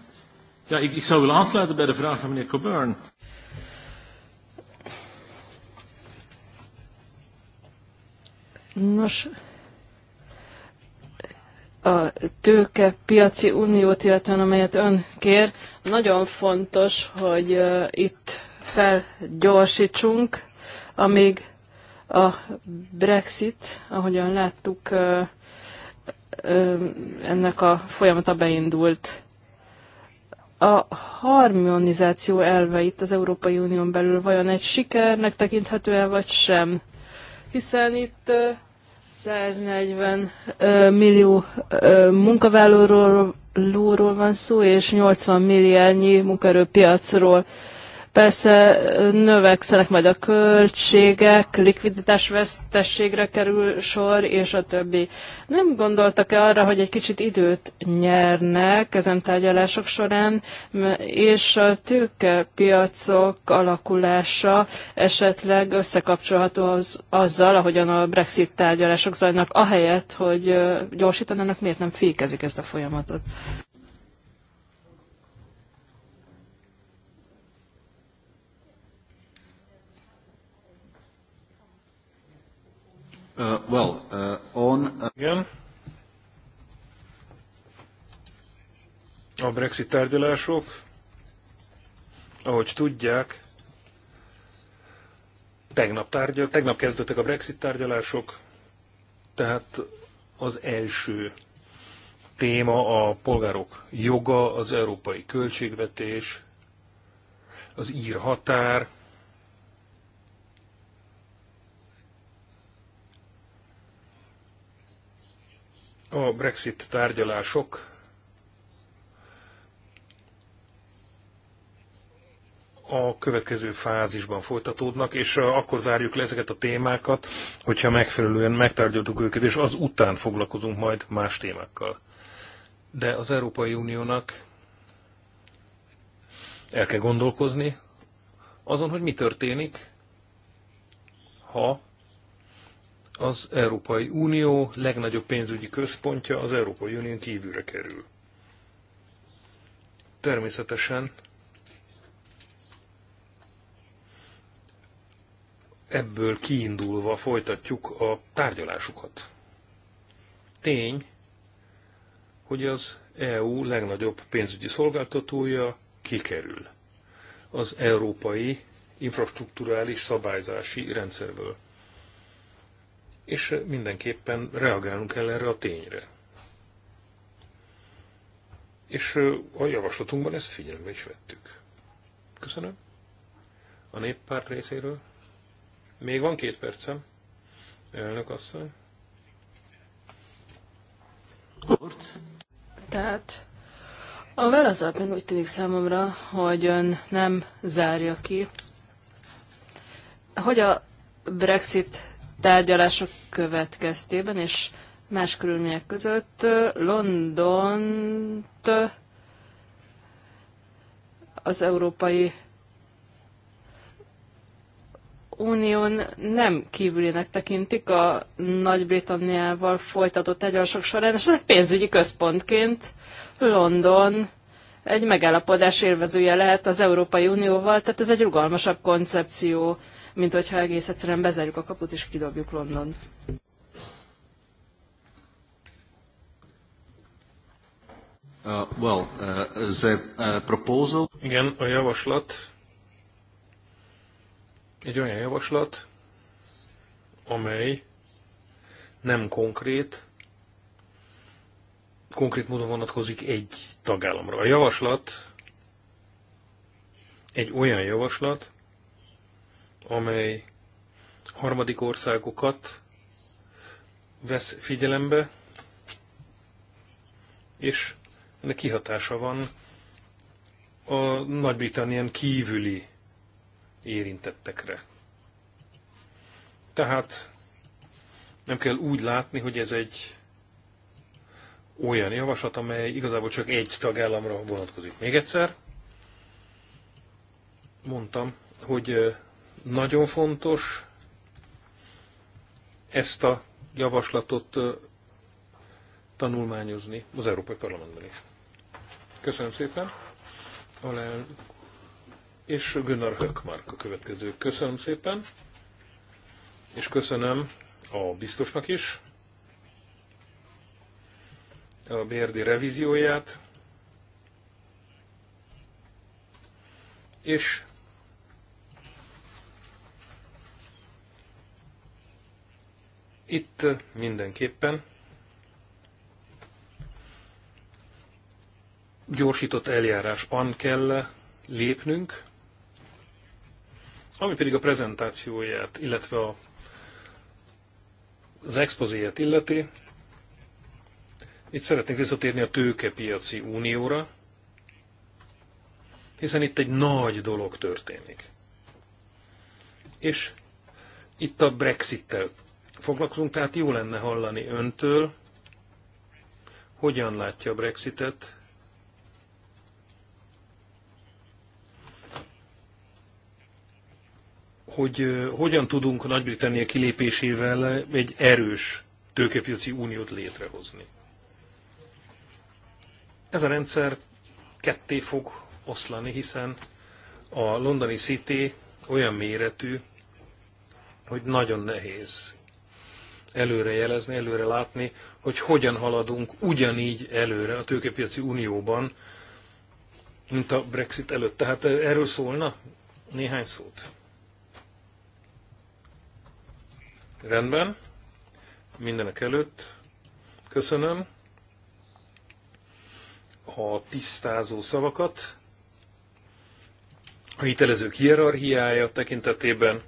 ja, ik, ik zou willen aansluiten bij de vraag van meneer Coburn. Nos, a tőke piaci uniót, illetve amelyet ön kér, nagyon fontos, hogy uh, itt felgyorsítsunk, amíg a Brexit, ahogyan láttuk, ennek a folyamata beindult. A harmonizáció elve itt az Európai Unión belül vajon egy sikernek tekinthető-e, vagy sem? Hiszen itt 140 millió munkavállalóról van szó, és 80 milliárdnyi munkaerőpiacról. piacról Persze növekszenek majd a költségek, likviditás vesztességre kerül sor, és a többi. Nem gondoltak-e arra, hogy egy kicsit időt nyernek ezen tárgyalások során, és a tőkepiacok alakulása esetleg összekapcsolható az, azzal, ahogyan a Brexit tárgyalások zajnak, ahelyett, hogy gyorsítanának, miért nem fékezik ezt a folyamatot? Uh, well, uh, on... Uh... Igen. A Brexit tárgyalások, ahogy tudják, tegnap, tárgyal, tegnap kezdődtek a Brexit tárgyalások, tehát az első téma a polgárok joga, az európai költségvetés, az ír határ, A Brexit tárgyalások a következő fázisban folytatódnak, és uh, akkor zárjuk le ezeket a témákat, hogyha megfelelően megtárgyaltuk őket, és az után foglalkozunk majd más témákkal. De az Európai Uniónak el kell gondolkozni azon, hogy mi történik, ha az Európai Unió legnagyobb pénzügyi központja az Európai Unión kívülre kerül. Természetesen ebből kiindulva folytatjuk a tárgyalásukat. Tény, hogy az EU legnagyobb pénzügyi szolgáltatója kikerül az európai infrastruktúrális szabályzási rendszerből és mindenképpen reagálnunk kell erre a tényre. És a javaslatunkban ezt figyelembe is vettük. Köszönöm. A néppárt részéről. Még van két percem. Elnök asszony. Tehát a válasz alapján úgy tűnik számomra, hogy ön nem zárja ki, hogy a Brexit tárgyalások következtében és más körülmények között Londont az Európai Unión nem kívülének tekintik a Nagy-Britanniával folytatott tárgyalások során, és pénzügyi központként London egy megállapodás élvezője lehet az Európai Unióval, tehát ez egy rugalmasabb koncepció mint hogyha egész egyszerűen bezárjuk a kaput és kidobjuk Londont. Uh, well, uh, the uh, proposal... Igen, a javaslat egy olyan javaslat, amely nem konkrét, konkrét módon vonatkozik egy tagállamra. A javaslat egy olyan javaslat, amely harmadik országokat vesz figyelembe, és ennek kihatása van a Nagy-Britannián kívüli érintettekre. Tehát nem kell úgy látni, hogy ez egy olyan javaslat, amely igazából csak egy tagállamra vonatkozik. Még egyszer, mondtam, hogy nagyon fontos ezt a javaslatot tanulmányozni az Európai Parlamentben is. Köszönöm szépen. Alel és Gunnar Höckmark a következő. Köszönöm szépen, és köszönöm a biztosnak is a BRD revízióját, és Itt mindenképpen gyorsított eljárásban kell lépnünk, ami pedig a prezentációját, illetve a, az expozéját illeti. Itt szeretnék visszatérni a tőkepiaci unióra, hiszen itt egy nagy dolog történik. És itt a Brexit-tel foglalkozunk, tehát jó lenne hallani öntől, hogyan látja a Brexitet, hogy hogyan tudunk Nagy-Britannia kilépésével egy erős tőkepiaci uniót létrehozni. Ez a rendszer ketté fog oszlani, hiszen a londoni City olyan méretű, hogy nagyon nehéz előre jelezni, előre látni, hogy hogyan haladunk ugyanígy előre a tőkepiaci unióban, mint a Brexit előtt. Tehát eh, erről szólna néhány szót. Rendben. Mindenek előtt köszönöm a tisztázó szavakat. A hitelezők hierarchiája tekintetében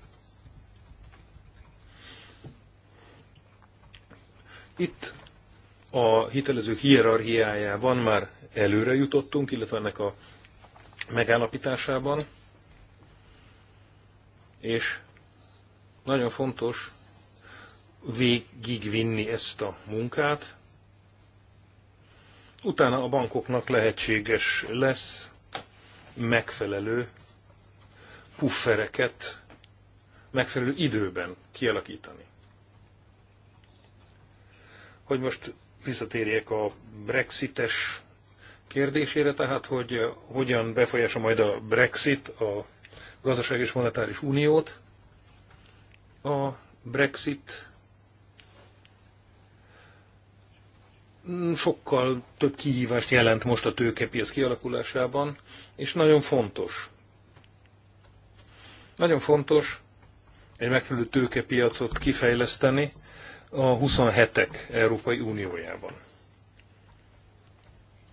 Itt a hitelezők hierarchiájában már előre jutottunk, illetve ennek a megállapításában, és nagyon fontos végigvinni ezt a munkát. Utána a bankoknak lehetséges lesz megfelelő puffereket megfelelő időben kialakítani hogy most visszatérjek a brexites kérdésére, tehát hogy eh, hogyan befolyása majd a Brexit a gazdaság és monetáris uniót. A Brexit sokkal több kihívást jelent most a tőkepiac kialakulásában, és nagyon fontos. Nagyon fontos egy megfelelő tőkepiacot kifejleszteni, a 27-ek Európai Uniójában.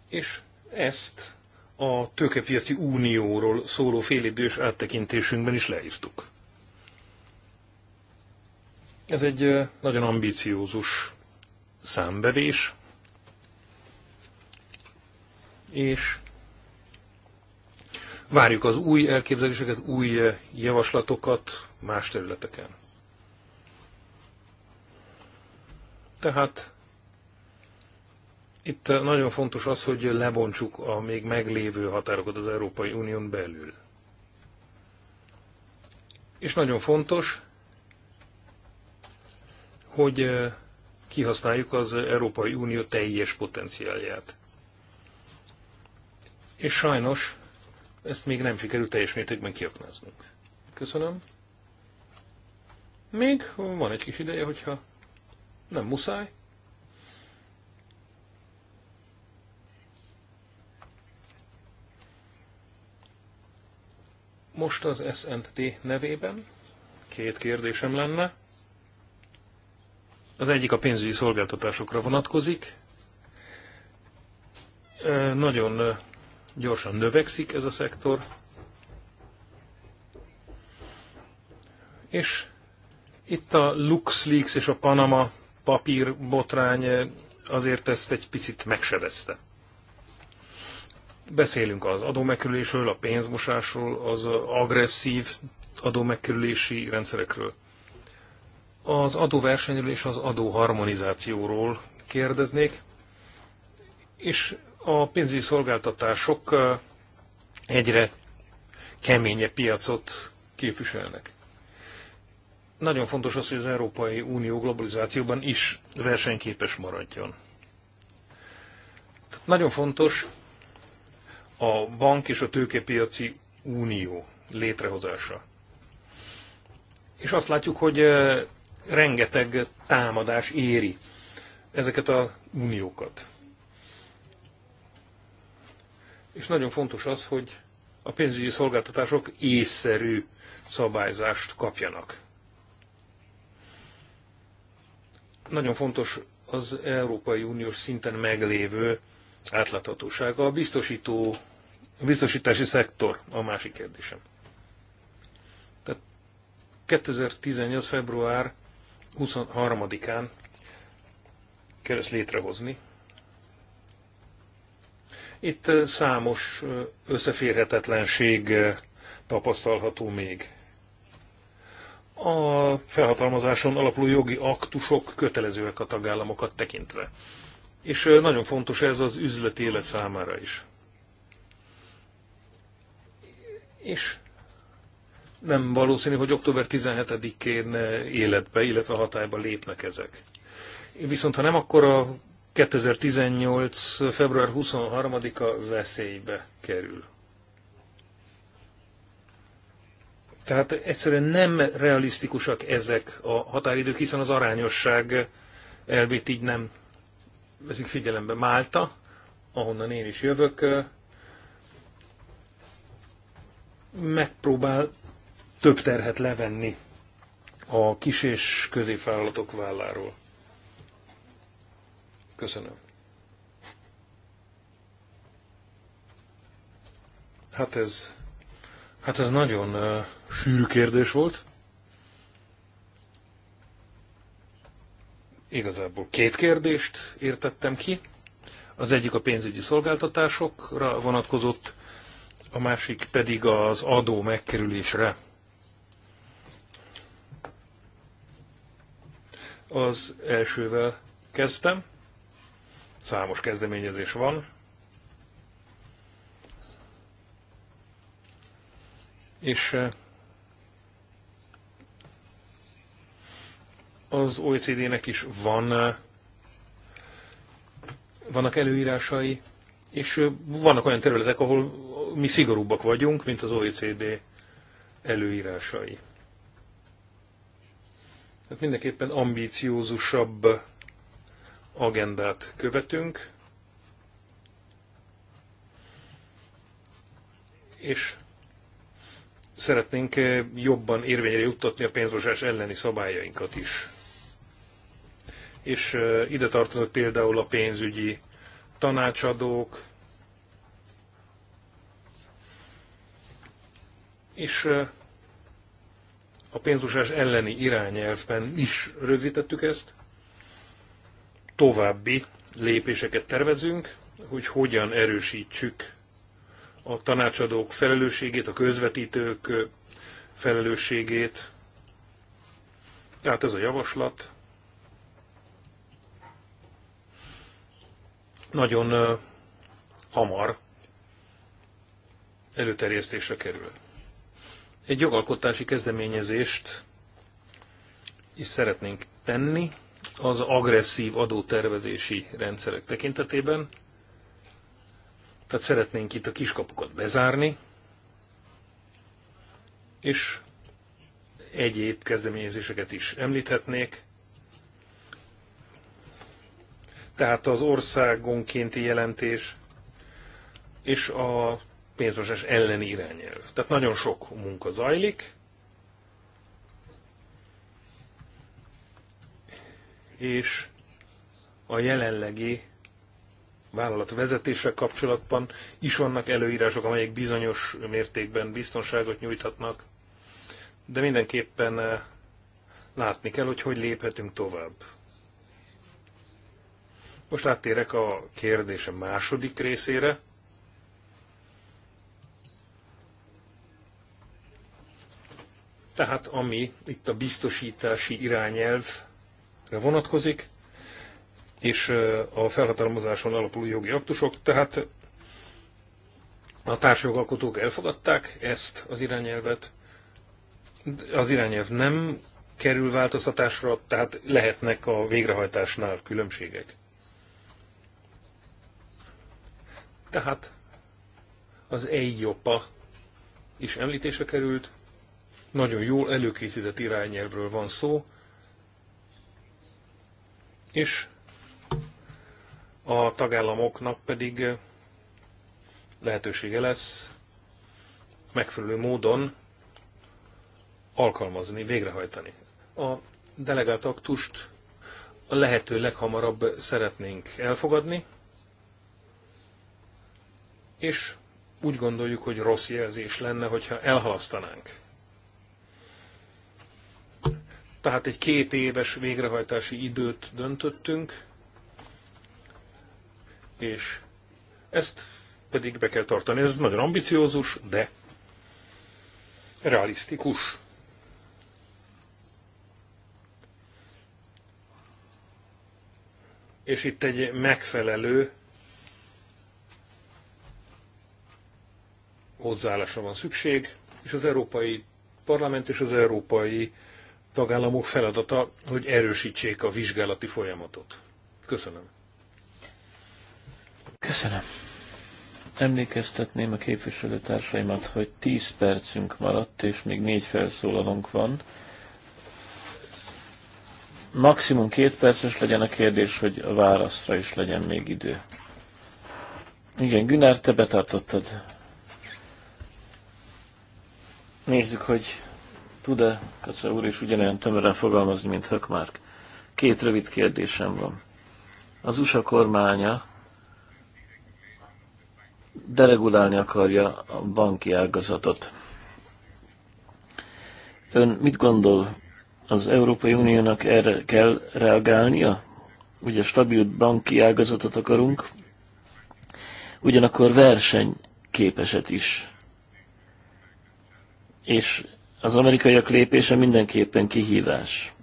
És ezt a tőkepiaci unióról szóló félidős áttekintésünkben is leírtuk. Ez egy nagyon ambíciózus számbevés, és várjuk az új elképzeléseket, új javaslatokat más területeken. Tehát itt nagyon fontos az, hogy lebontsuk a még meglévő határokat az Európai Unión belül. És nagyon fontos, hogy eh, kihasználjuk az Európai Unió teljes potenciálját. És sajnos ezt még nem sikerült teljes mértékben kiaknáznunk. Köszönöm. Még van egy kis ideje, hogyha nem muszáj. Most az SNT nevében két kérdésem lenne. Az egyik a pénzügyi szolgáltatásokra vonatkozik. Nagyon gyorsan növekszik ez a szektor, és itt a LuxLeaks és a Panama papírbotrány eh, azért ezt egy picit megsebezte. Beszélünk az adómegkerülésről, a pénzmosásról, az agresszív adómegkerülési rendszerekről. Az adóversenyről és az adóharmonizációról kérdeznék, és a pénzügyi szolgáltatások eh, egyre keményebb piacot képviselnek nagyon fontos az, hogy az Európai Unió globalizációban is versenyképes maradjon. Tehát nagyon fontos a bank és a tőkepiaci unió létrehozása. És azt látjuk, hogy rengeteg támadás éri ezeket a uniókat. És nagyon fontos az, hogy a pénzügyi szolgáltatások észszerű szabályzást kapjanak. Nagyon fontos az Európai Uniós szinten meglévő átláthatósága. A biztosító, a biztosítási szektor a másik kérdésem. Tehát 2018. február 23-án kell ezt létrehozni. Itt számos összeférhetetlenség tapasztalható még a felhatalmazáson alapuló jogi aktusok kötelezőek a tagállamokat tekintve. És nagyon fontos ez az üzleti élet számára is. És nem valószínű, hogy október 17-én életbe, illetve hatályba lépnek ezek. Viszont ha nem, akkor a 2018. február 23-a veszélybe kerül. Tehát egyszerűen nem realisztikusak ezek a határidők, hiszen az arányosság elvét így nem veszik figyelembe. Málta, ahonnan én is jövök, megpróbál több terhet levenni a kis és középvállalatok válláról. Köszönöm. Hát ez, hát ez nagyon sűrű kérdés volt. Igazából két kérdést értettem ki. Az egyik a pénzügyi szolgáltatásokra vonatkozott, a másik pedig az adó megkerülésre. Az elsővel kezdtem. Számos kezdeményezés van. És eh, az OECD-nek is van, vannak előírásai, és vannak olyan területek, ahol mi szigorúbbak vagyunk, mint az OECD előírásai. Tehát mindenképpen ambíciózusabb agendát követünk, és szeretnénk jobban érvényre juttatni a pénzmosás elleni szabályainkat is és ide tartoznak például a pénzügyi tanácsadók, és a pénzusás elleni irányelvben is rögzítettük ezt. További lépéseket tervezünk, hogy hogyan erősítsük a tanácsadók felelősségét, a közvetítők felelősségét. Tehát ez a javaslat nagyon hamar előterjesztésre kerül. Egy jogalkotási kezdeményezést is szeretnénk tenni az agresszív adótervezési rendszerek tekintetében. Tehát szeretnénk itt a kiskapukat bezárni, és egyéb kezdeményezéseket is említhetnék tehát az országonkénti jelentés és a pénzmosás elleni irányelv. Tehát nagyon sok munka zajlik, és a jelenlegi vállalatvezetéssel kapcsolatban is vannak előírások, amelyek bizonyos mértékben biztonságot nyújthatnak, de mindenképpen eh, látni kell, hogy hogy léphetünk tovább. Most áttérek a kérdése második részére. Tehát ami itt a biztosítási irányelvre vonatkozik, és a felhatalmazáson alapuló jogi aktusok, tehát a társjogalkotók elfogadták ezt az irányelvet, az irányelv nem kerül változtatásra, tehát lehetnek a végrehajtásnál különbségek. Tehát az EIOPA is említése került, nagyon jól előkészített irányelvről van szó, és a tagállamoknak pedig lehetősége lesz megfelelő módon alkalmazni, végrehajtani. A delegált aktust a lehető leghamarabb szeretnénk elfogadni, és úgy gondoljuk, hogy rossz jelzés lenne, hogyha elhalasztanánk. Tehát egy két éves végrehajtási időt döntöttünk, és ezt pedig be kell tartani. Ez nagyon ambiciózus, de realisztikus. És itt egy megfelelő hozzáállásra van szükség, és az Európai Parlament és az európai tagállamok feladata, hogy erősítsék a vizsgálati folyamatot. Köszönöm. Köszönöm. Emlékeztetném a képviselőtársaimat, hogy 10 percünk maradt, és még négy felszólalónk van. Maximum két perces legyen a kérdés, hogy a válaszra is legyen még idő. Igen, Günár, te betartottad Nézzük, hogy tud-e Kaca úr is ugyanolyan tömören fogalmazni, mint Hökmark. Két rövid kérdésem van. Az USA kormánya deregulálni akarja a banki ágazatot. Ön mit gondol, az Európai Uniónak erre kell reagálnia? Ugye stabil banki ágazatot akarunk, ugyanakkor versenyképeset is és az amerikaiak lépése mindenképpen kihívás.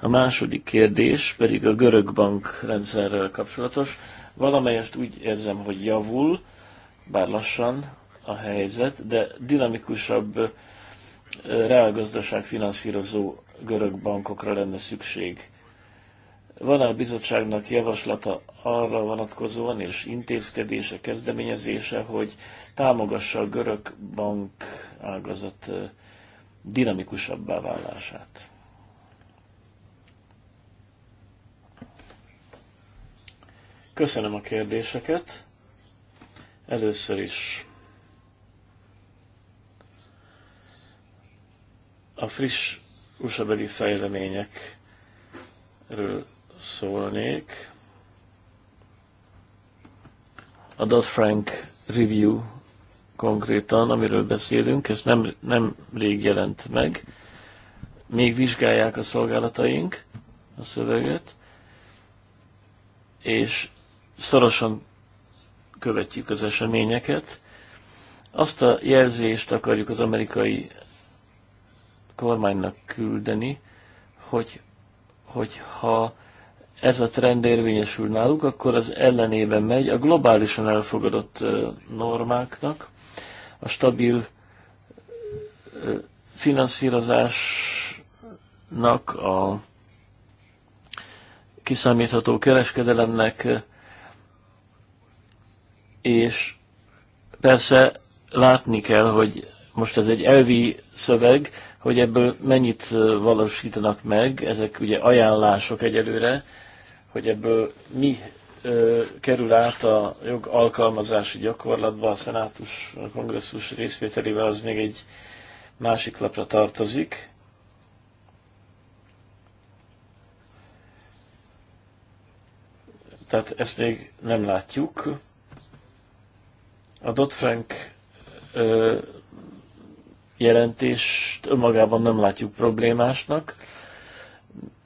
A második kérdés pedig a görög bank rendszerrel kapcsolatos. Valamelyest úgy érzem, hogy javul, bár lassan a helyzet, de dinamikusabb reálgazdaság finanszírozó görög bankokra lenne szükség van -e a bizottságnak javaslata arra vonatkozóan és intézkedése, kezdeményezése, hogy támogassa a görög bank ágazat dinamikusabbá válását? Köszönöm a kérdéseket. Először is a friss USA-beli fejleményekről szólnék. A Dodd-Frank Review konkrétan, amiről beszélünk, ez nem, nem rég jelent meg. Még vizsgálják a szolgálataink a szöveget, és szorosan követjük az eseményeket. Azt a jelzést akarjuk az amerikai kormánynak küldeni, hogy, hogyha ez a trend érvényesül náluk, akkor az ellenében megy a globálisan elfogadott normáknak, a stabil finanszírozásnak, a kiszámítható kereskedelemnek, és persze látni kell, hogy most ez egy elvi szöveg, hogy ebből mennyit valósítanak meg, ezek ugye ajánlások egyelőre, hogy ebből mi ö, kerül át a jog alkalmazási gyakorlatba a szenátus, a kongresszus részvételével, az még egy másik lapra tartozik. Tehát ezt még nem látjuk. A Dodd-Frank jelentést önmagában nem látjuk problémásnak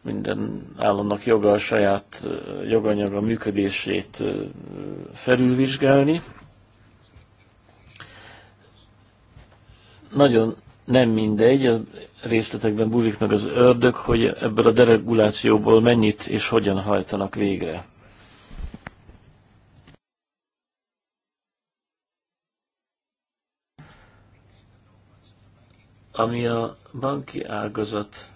minden államnak joga a saját joganyaga működését felülvizsgálni. Nagyon nem mindegy, a részletekben bújik meg az ördög, hogy ebből a deregulációból mennyit és hogyan hajtanak végre. Ami a banki ágazat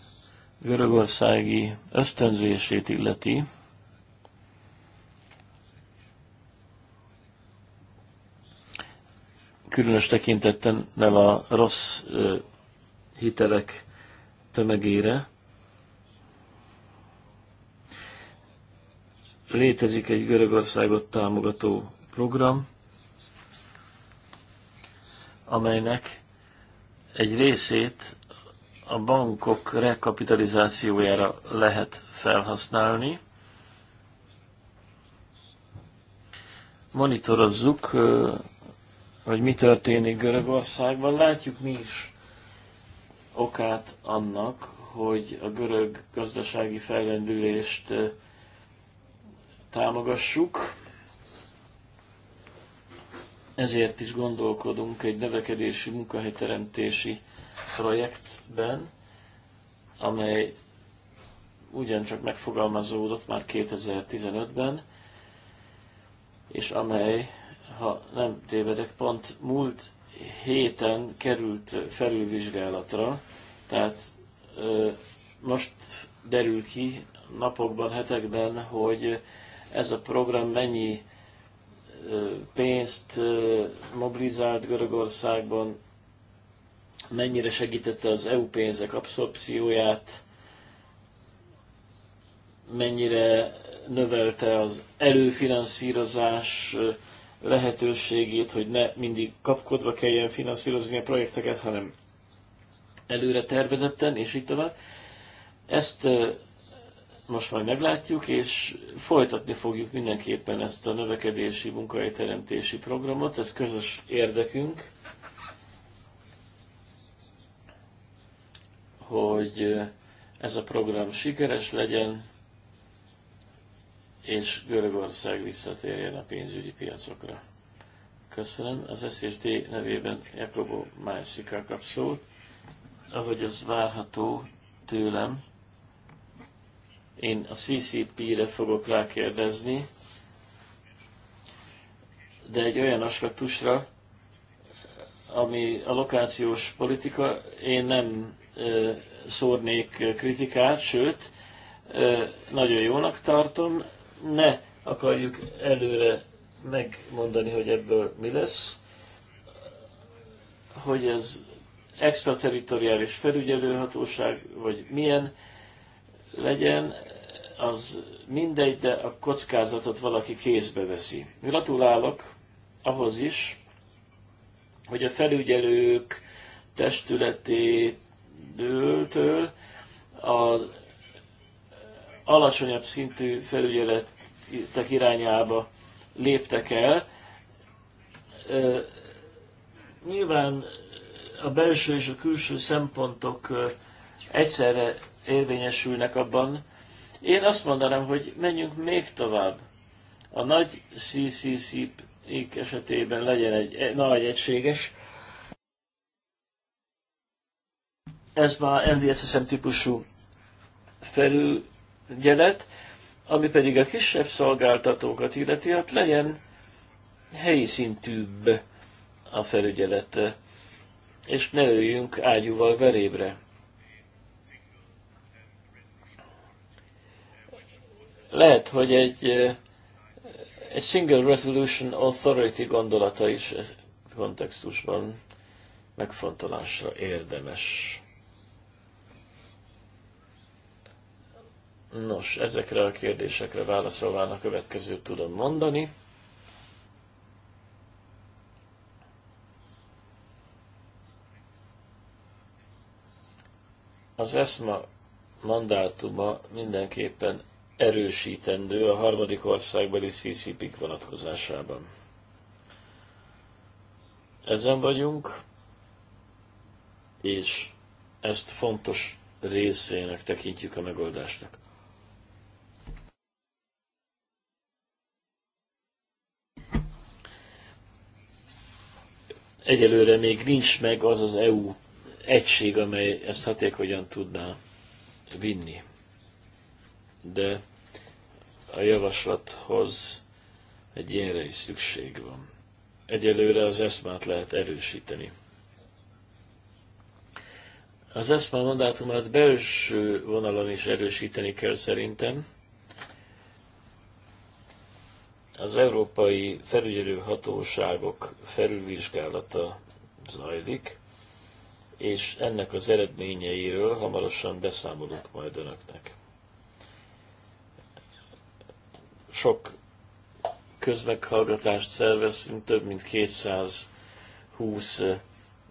görögországi ösztönzését illeti, különös tekintetten nem a rossz hitelek tömegére. Létezik egy Görögországot támogató program, amelynek egy részét a bankok rekapitalizációjára lehet felhasználni. Monitorozzuk, hogy mi történik Görögországban. Látjuk mi is okát annak, hogy a görög gazdasági fejlendülést támogassuk. Ezért is gondolkodunk egy növekedési, munkahelyteremtési projektben, amely ugyancsak megfogalmazódott már 2015-ben, és amely, ha nem tévedek, pont múlt héten került felülvizsgálatra, tehát ö, most derül ki napokban, hetekben, hogy ez a program mennyi pénzt mobilizált Görögországban, mennyire segítette az EU pénzek abszorpcióját, mennyire növelte az előfinanszírozás lehetőségét, hogy ne mindig kapkodva kelljen finanszírozni a projekteket, hanem előre tervezetten, és így tovább. Ezt most majd meglátjuk, és folytatni fogjuk mindenképpen ezt a növekedési, munkahelyteremtési programot, ez közös érdekünk, hogy ez a program sikeres legyen, és Görögország visszatérjen a pénzügyi piacokra. Köszönöm. Az SZSD nevében Jakobo Májszika kap szót. Ahogy az várható tőlem, én a CCP-re fogok rákérdezni, de egy olyan aspektusra, ami a lokációs politika, én nem szórnék kritikát, sőt, nagyon jónak tartom. Ne akarjuk előre megmondani, hogy ebből mi lesz, hogy ez extraterritoriális felügyelőhatóság, vagy milyen legyen, az mindegy, de a kockázatot valaki kézbe veszi. Gratulálok ahhoz is, hogy a felügyelők testületét dőltől az alacsonyabb szintű felügyeletek irányába léptek el. Nyilván a belső és a külső szempontok egyszerre érvényesülnek abban. Én azt mondanám, hogy menjünk még tovább. A nagy CCC esetében legyen egy nagy egységes Ez már NDSSM típusú felügyelet, ami pedig a kisebb szolgáltatókat illeti, hát legyen helyi szintűbb a felügyelet, és ne öljünk ágyúval verébre. Lehet, hogy egy, egy Single Resolution Authority gondolata is kontextusban megfontolásra érdemes. Nos, ezekre a kérdésekre válaszolván a következőt tudom mondani. Az eszma mandátuma mindenképpen erősítendő a harmadik országbeli ccp vonatkozásában. Ezen vagyunk, és ezt fontos részének tekintjük a megoldásnak. egyelőre még nincs meg az az EU egység, amely ezt hatékonyan tudná vinni. De a javaslathoz egy ilyenre is szükség van. Egyelőre az eszmát lehet erősíteni. Az eszma mandátumát belső vonalon is erősíteni kell szerintem, az európai felügyelő hatóságok felülvizsgálata zajlik, és ennek az eredményeiről hamarosan beszámolunk majd önöknek. Sok közmeghallgatást szerveztünk, több mint 220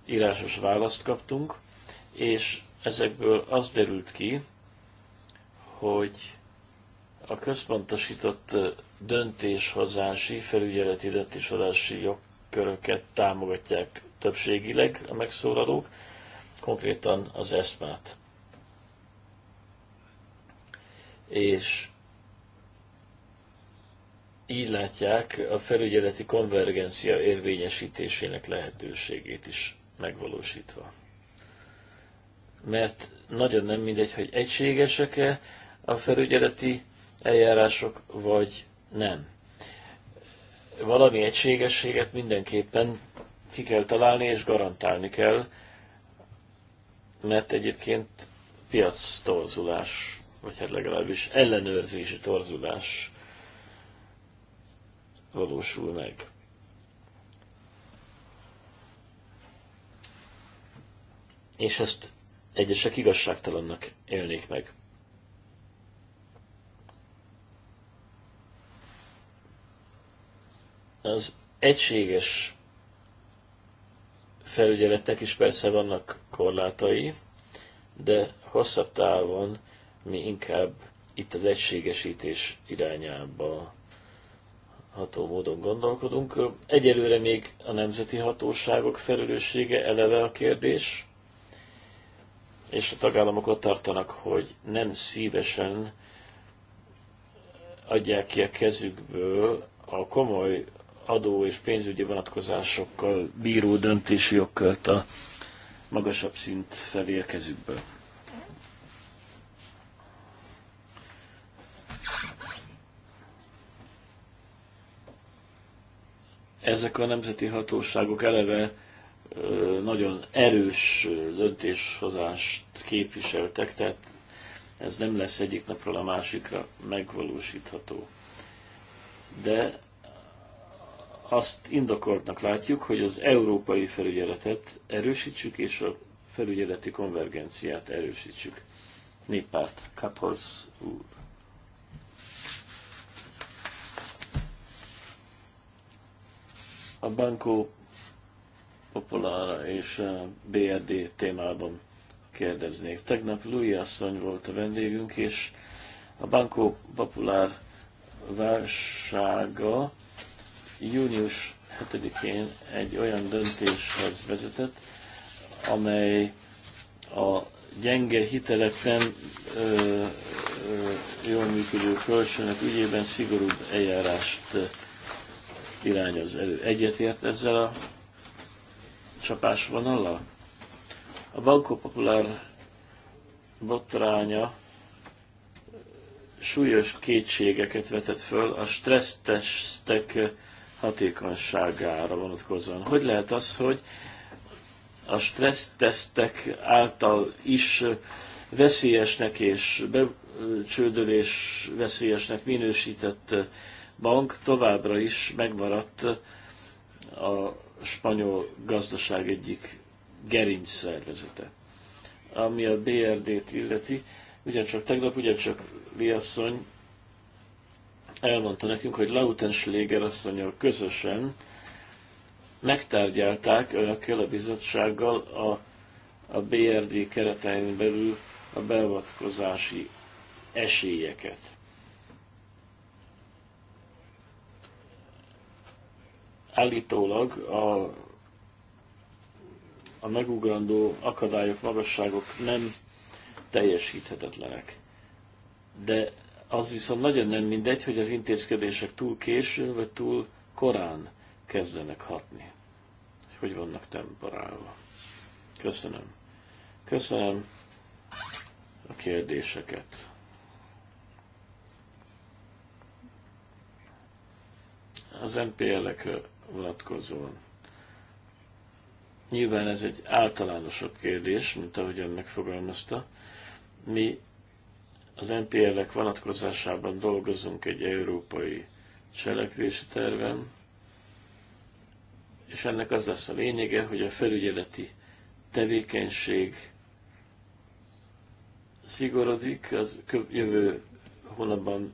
írásos választ kaptunk, és ezekből az derült ki, hogy a központosított döntéshozási, felügyeleti döntéshozási jogköröket támogatják többségileg a megszólalók, konkrétan az eszmát. És így látják a felügyeleti konvergencia érvényesítésének lehetőségét is megvalósítva. Mert nagyon nem mindegy, hogy egységesek-e a felügyeleti eljárások, vagy nem. Valami egységességet mindenképpen ki kell találni és garantálni kell, mert egyébként piac torzulás, vagy hát legalábbis ellenőrzési torzulás valósul meg. És ezt egyesek igazságtalannak élnék meg. Az egységes felügyeletnek is persze vannak korlátai, de hosszabb távon mi inkább itt az egységesítés irányába ható módon gondolkodunk. Egyelőre még a nemzeti hatóságok felelőssége eleve a kérdés, és a tagállamok ott tartanak, hogy nem szívesen adják ki a kezükből a komoly adó és pénzügyi vonatkozásokkal bíró döntési jogkört a magasabb szint felé a kezükből. Ezek a nemzeti hatóságok eleve nagyon erős döntéshozást képviseltek, tehát ez nem lesz egyik napról a másikra megvalósítható. De azt indokoltnak látjuk, hogy az európai felügyeletet erősítsük, és a felügyeleti konvergenciát erősítsük. Néppárt, Kapolsz úr. A Banco Populára és a BRD témában kérdeznék. Tegnap Louis asszony volt a vendégünk, és a Banco Populár válsága június 7-én egy olyan döntéshez vezetett, amely a gyenge hitelekben ö, ö, jól működő kölcsönök ügyében szigorúbb eljárást irányoz elő. Egyetért ezzel a csapásvonallal? A Banco Popular botránya súlyos kétségeket vetett föl a stressztestek hatékonyságára vonatkozóan. Hogy lehet az, hogy a stressztesztek által is veszélyesnek és becsődölés veszélyesnek minősített bank továbbra is megmaradt a spanyol gazdaság egyik gerinc szervezete. Ami a BRD-t illeti, ugyancsak tegnap ugyancsak Liasszony elmondta nekünk, hogy Lautenschläger asszonyok közösen megtárgyálták önökkel a bizottsággal a, a BRD keretein belül a beavatkozási esélyeket. Állítólag a, a megugrandó akadályok, magasságok nem teljesíthetetlenek. De az viszont nagyon nem mindegy, hogy az intézkedések túl későn vagy túl korán kezdenek hatni. Hogy vannak temporálva. Köszönöm. Köszönöm a kérdéseket. Az NPL-ekre vonatkozóan. Nyilván ez egy általánosabb kérdés, mint ahogy ennek fogalmazta. Mi az NPL-ek vonatkozásában dolgozunk egy európai cselekvési terven, és ennek az lesz a lényege, hogy a felügyeleti tevékenység szigorodik, az jövő hónapban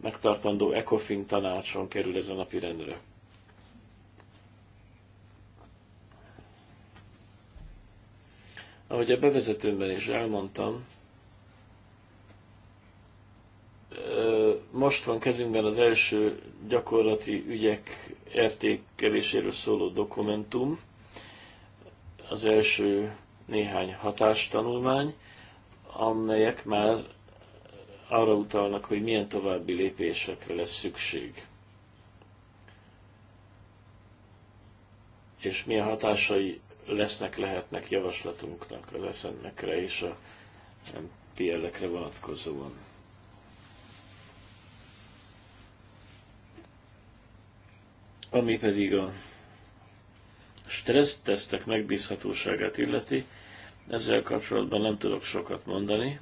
megtartandó ECOFIN tanácson kerül ez a napi rendre. Ahogy a bevezetőmben is elmondtam, most van kezünkben az első gyakorlati ügyek értékeléséről szóló dokumentum, az első néhány hatástanulmány, amelyek már arra utalnak, hogy milyen további lépésekre lesz szükség. És milyen hatásai lesznek, lehetnek javaslatunknak, az eszenekre és a pl ekre vonatkozóan. Ami pedig a stressztesztek megbízhatóságát illeti, ezzel kapcsolatban nem tudok sokat mondani.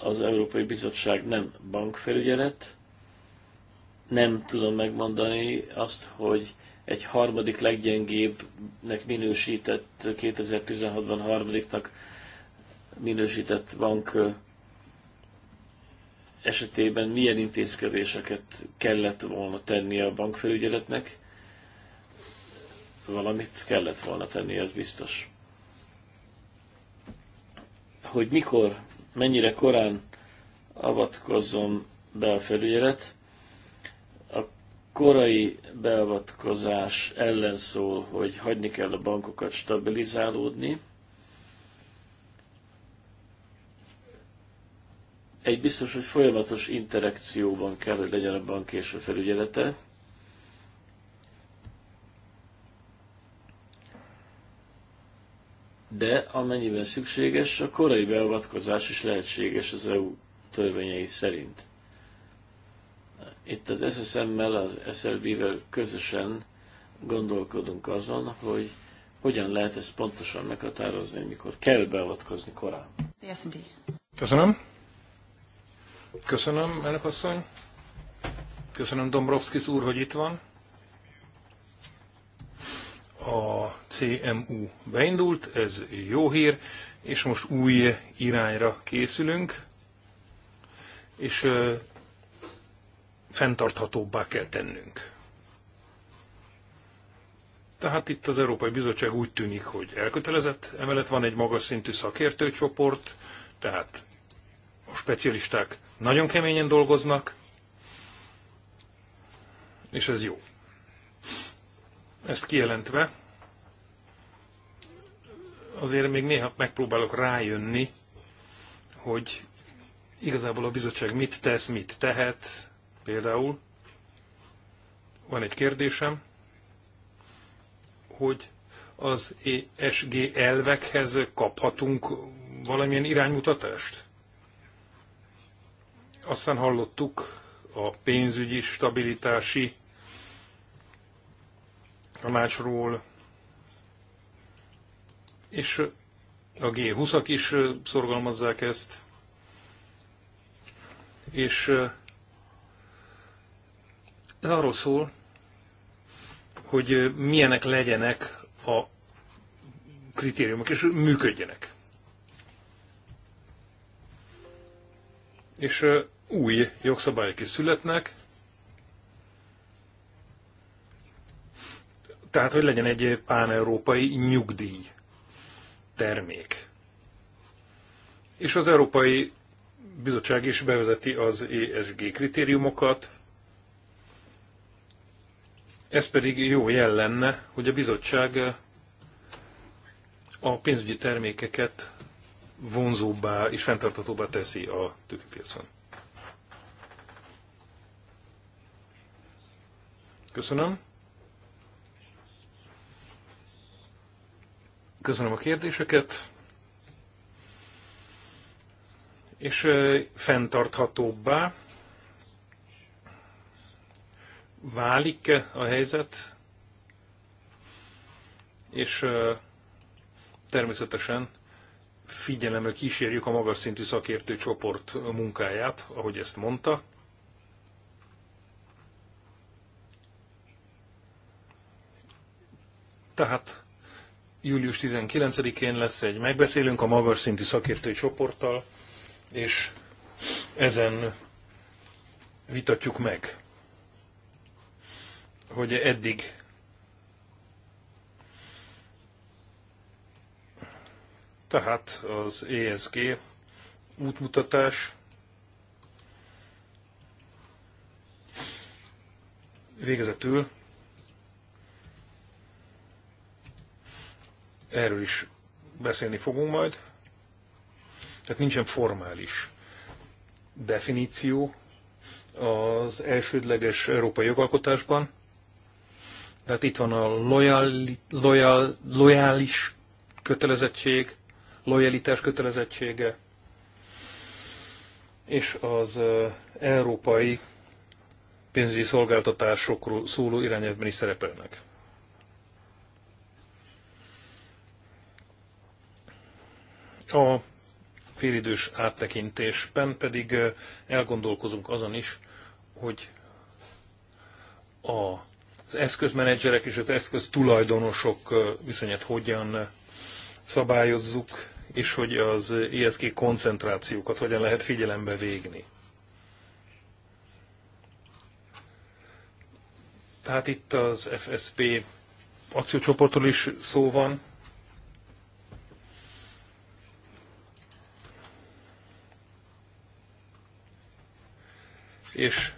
Az Európai Bizottság nem bankfelügyelet, nem tudom megmondani azt, hogy egy harmadik leggyengébbnek minősített, 2016-ban harmadiknak minősített bank esetében milyen intézkedéseket kellett volna tenni a bankfelügyeletnek. Valamit kellett volna tenni, az biztos. Hogy mikor, mennyire korán avatkozzon be a felügyelet, a korai beavatkozás ellen szól, hogy hagyni kell a bankokat stabilizálódni, egy biztos, hogy folyamatos interakcióban kell, hogy legyen a bank és a felügyelete. De amennyiben szükséges, a korai beavatkozás is lehetséges az EU törvényei szerint. Itt az SSM-mel, az SLB-vel közösen gondolkodunk azon, hogy hogyan lehet ezt pontosan meghatározni, mikor kell beavatkozni korán. Köszönöm. Köszönöm, elnök asszony. Köszönöm Dombrovskis úr, hogy itt van. A CMU beindult, ez jó hír, és most új irányra készülünk, és ö, fenntarthatóbbá kell tennünk. Tehát itt az Európai Bizottság úgy tűnik, hogy elkötelezett, emellett van egy magas szintű szakértőcsoport, tehát a specialisták nagyon keményen dolgoznak, és ez jó. Ezt kijelentve, azért még néha megpróbálok rájönni, hogy igazából a bizottság mit tesz, mit tehet. Például van egy kérdésem, hogy az ESG elvekhez kaphatunk valamilyen iránymutatást? Aztán hallottuk a pénzügyi stabilitási tanácsról, és a G20-ak is szorgalmazzák ezt, és ez arról szól, hogy milyenek legyenek a kritériumok, és működjenek. És új jogszabályok is születnek, tehát hogy legyen egy európai nyugdíj termék. És az Európai Bizottság is bevezeti az ESG kritériumokat, ez pedig jó jel lenne, hogy a bizottság a pénzügyi termékeket vonzóbbá és fenntartatóbbá teszi a tőkepiacon. Köszönöm. Köszönöm a kérdéseket. És fenntarthatóbbá válik -e a helyzet, és természetesen figyelemmel kísérjük a magas szintű szakértő csoport munkáját, ahogy ezt mondta, Tehát július 19-én lesz egy megbeszélünk a magas szintű szakértői csoporttal, és ezen vitatjuk meg, hogy eddig tehát az ESG útmutatás végezetül Erről is beszélni fogunk majd. Tehát nincsen formális definíció az elsődleges európai jogalkotásban. Tehát itt van a lojali, lojal, lojális kötelezettség, lojalitás kötelezettsége, és az európai pénzügyi szolgáltatásokról szóló irányelvben is szerepelnek. A félidős áttekintésben pedig elgondolkozunk azon is, hogy az eszközmenedzserek és az eszköz tulajdonosok viszonyát hogyan szabályozzuk, és hogy az ESG koncentrációkat hogyan lehet figyelembe végni. Tehát itt az FSP akciócsoportról is szó van, és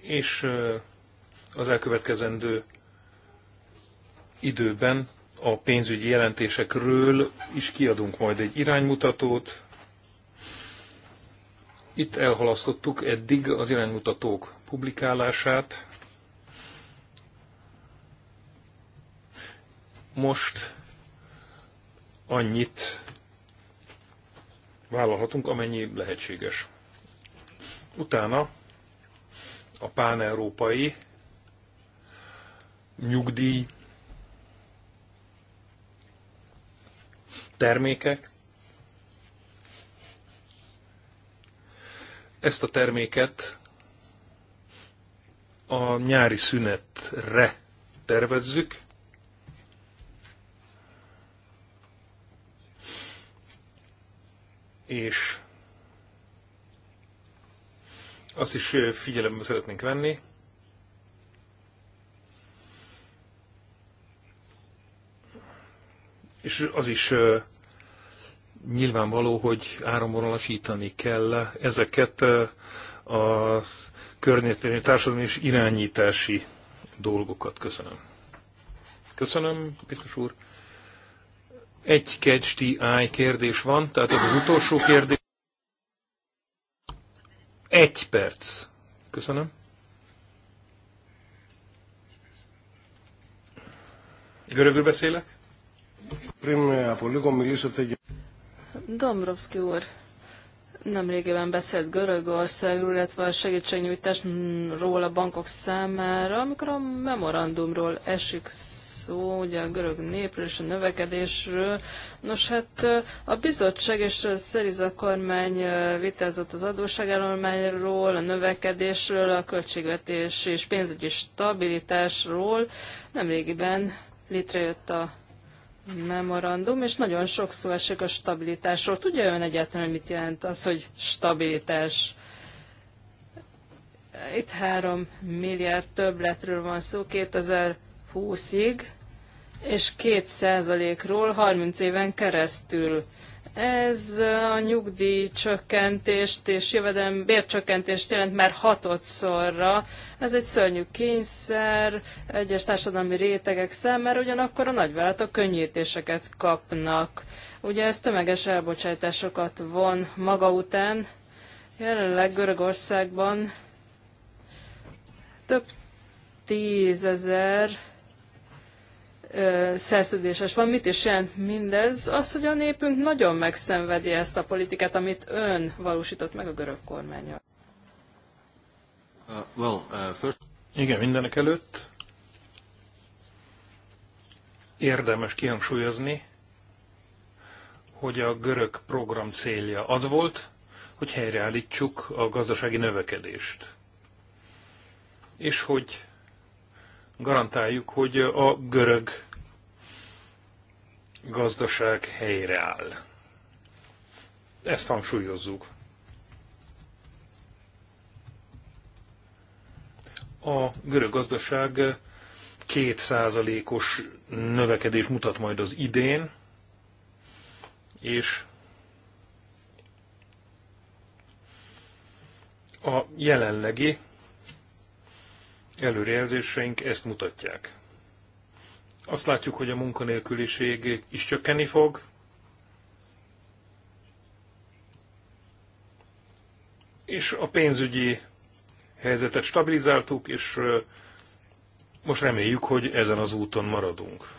és az elkövetkezendő időben a pénzügyi jelentésekről is kiadunk majd egy iránymutatót. Itt elhalasztottuk eddig az iránymutatók publikálását. Most annyit vállalhatunk, amennyi lehetséges. Utána a páneurópai nyugdíj termékek. Ezt a terméket a nyári szünetre tervezzük, és azt is figyelembe szeretnénk venni, és az is nyilvánvaló, hogy áramvonalasítani kell ezeket a környezetvédelmi társadalmi és irányítási dolgokat. Köszönöm. Köszönöm, biztos úr. Egy kecsti kérdés van, tehát ez az utolsó kérdés. Egy perc. Köszönöm. Görögül beszélek? Dombrovski úr, nemrégiben beszélt Görögországról, illetve a segítségnyújtásról hmm, a bankok számára, amikor a memorandumról esik szó, ugye a görög népről és a növekedésről. Nos, hát a bizottság és a Szeriza kormány vitázott az adósságállományról, a növekedésről, a költségvetés és pénzügyi stabilitásról. Nemrégiben létrejött a memorandum, és nagyon sok szó esik a stabilitásról. Tudja ön egyáltalán, mit jelent az, hogy stabilitás? Itt három milliárd többletről van szó 2000 20-ig, és 2%-ról 30 éven keresztül. Ez a nyugdíj csökkentést és jövedelem bércsökkentést jelent már hatodszorra. Ez egy szörnyű kényszer egyes társadalmi rétegek számára, ugyanakkor a nagyvállalatok könnyítéseket kapnak. Ugye ez tömeges elbocsátásokat von maga után. Jelenleg Görögországban több tízezer szerződéses van. Mit is jelent mindez? Az, hogy a népünk nagyon megszenvedi ezt a politikát, amit ön valósított meg a görög kormányon. Uh, well, uh, first... Igen, mindenek előtt érdemes kihangsúlyozni, hogy a görög program célja az volt, hogy helyreállítsuk a gazdasági növekedést. És hogy garantáljuk, hogy a görög gazdaság helyreáll. Ezt hangsúlyozzuk. A görög gazdaság kétszázalékos növekedés mutat majd az idén, és a jelenlegi előrejelzéseink ezt mutatják. Azt látjuk, hogy a munkanélküliség is csökkenni fog, és a pénzügyi helyzetet stabilizáltuk, és most reméljük, hogy ezen az úton maradunk.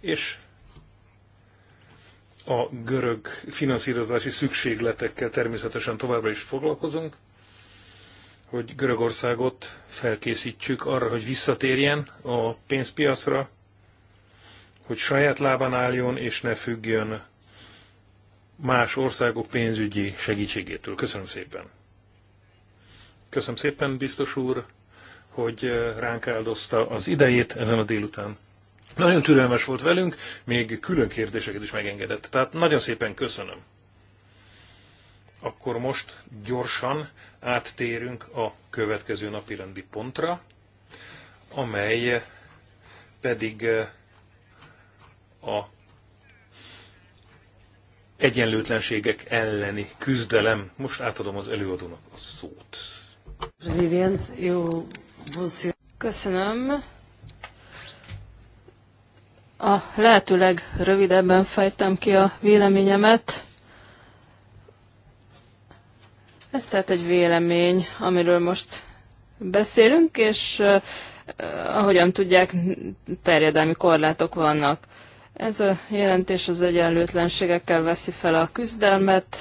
És a görög finanszírozási szükségletekkel természetesen továbbra is foglalkozunk, hogy Görögországot felkészítsük arra, hogy visszatérjen a pénzpiacra, hogy saját lábán álljon és ne függjön más országok pénzügyi segítségétől. Köszönöm szépen. Köszönöm szépen, biztos úr, hogy ránk áldozta az idejét ezen a délután. Nagyon türelmes volt velünk, még külön kérdéseket is megengedett. Tehát nagyon szépen köszönöm. Akkor most gyorsan áttérünk a következő napi rendi pontra, amely pedig eh, a egyenlőtlenségek elleni küzdelem. Most átadom az előadónak a szót. Köszönöm a lehetőleg rövidebben fejtem ki a véleményemet. Ez tehát egy vélemény, amiről most beszélünk, és ahogyan tudják, terjedelmi korlátok vannak. Ez a jelentés az egyenlőtlenségekkel veszi fel a küzdelmet.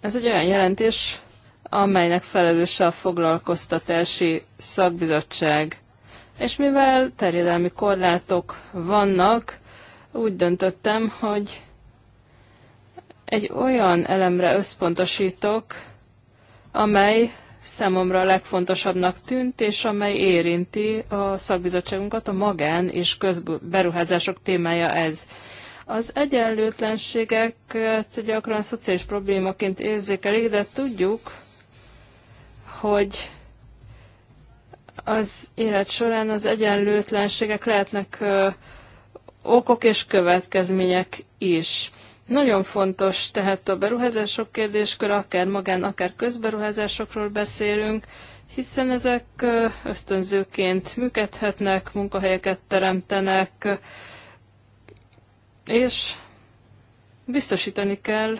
Ez egy olyan jelentés, amelynek felelőse a foglalkoztatási szakbizottság és mivel terjedelmi korlátok vannak, úgy döntöttem, hogy egy olyan elemre összpontosítok, amely számomra a legfontosabbnak tűnt, és amely érinti a szakbizottságunkat, a magán és közberuházások témája ez. Az egyenlőtlenségek gyakran szociális problémaként érzékelik, de tudjuk, hogy az élet során az egyenlőtlenségek lehetnek okok és következmények is. Nagyon fontos tehát a beruházások kérdéskör, akár magán, akár közberuházásokról beszélünk, hiszen ezek ösztönzőként működhetnek, munkahelyeket teremtenek, és biztosítani kell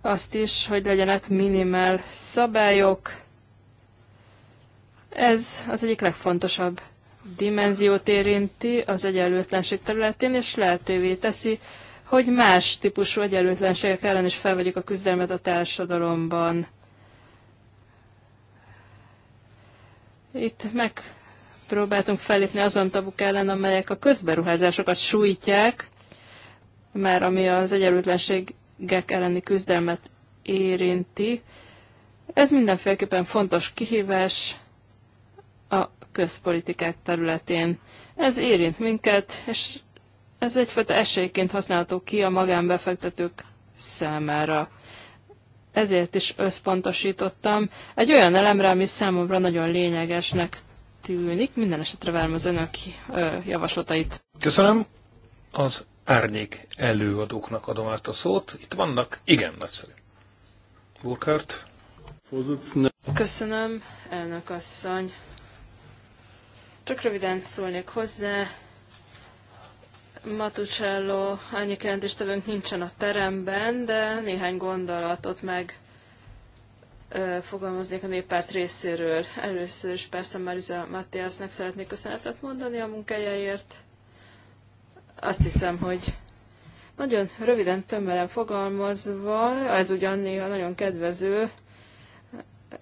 azt is, hogy legyenek minimál szabályok, ez az egyik legfontosabb dimenziót érinti az egyenlőtlenség területén, és lehetővé teszi, hogy más típusú egyenlőtlenségek ellen is felvegyük a küzdelmet a társadalomban. Itt megpróbáltunk felépni azon tabuk ellen, amelyek a közberuházásokat sújtják, már ami az egyenlőtlenségek elleni küzdelmet érinti. Ez mindenféleképpen fontos kihívás, közpolitikák területén. Ez érint minket, és ez egyfajta esélyként használható ki a magánbefektetők számára. Ezért is összpontosítottam egy olyan elemre, ami számomra nagyon lényegesnek tűnik. Minden esetre várom az önök javaslatait. Köszönöm. Az árnyék előadóknak adom át a szót. Itt vannak? Igen, nagyszerű. Burkhardt. Köszönöm, elnök asszony. Csak röviden szólnék hozzá. Matucello árnyék jelentéstevőnk nincsen a teremben, de néhány gondolatot meg fogalmaznék a néppárt részéről. Először is persze Marisa Mattiasnak szeretnék köszönetet mondani a munkájáért. Azt hiszem, hogy nagyon röviden, tömören fogalmazva, ez ugyan néha nagyon kedvező,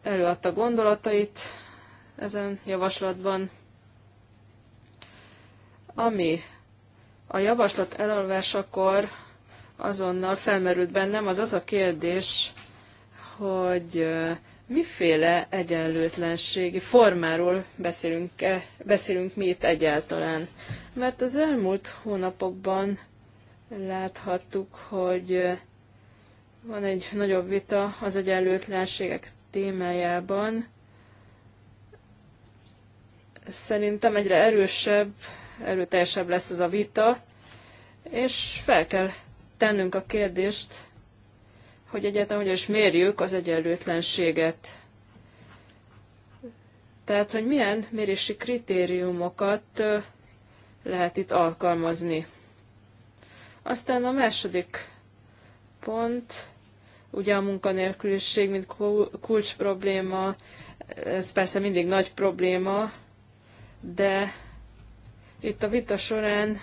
előadta gondolatait ezen javaslatban. Ami a javaslat elolvásakor azonnal felmerült bennem, az az a kérdés, hogy miféle egyenlőtlenségi formáról beszélünk, -e, beszélünk mi itt egyáltalán. Mert az elmúlt hónapokban láthattuk, hogy van egy nagyobb vita az egyenlőtlenségek témájában. Szerintem egyre erősebb erőteljesebb lesz ez a vita, és fel kell tennünk a kérdést, hogy egyáltalán hogy is mérjük az egyenlőtlenséget. Tehát, hogy milyen mérési kritériumokat lehet itt alkalmazni. Aztán a második pont, ugye a munkanélküliség, mint kulcs probléma, ez persze mindig nagy probléma, de itt a vita során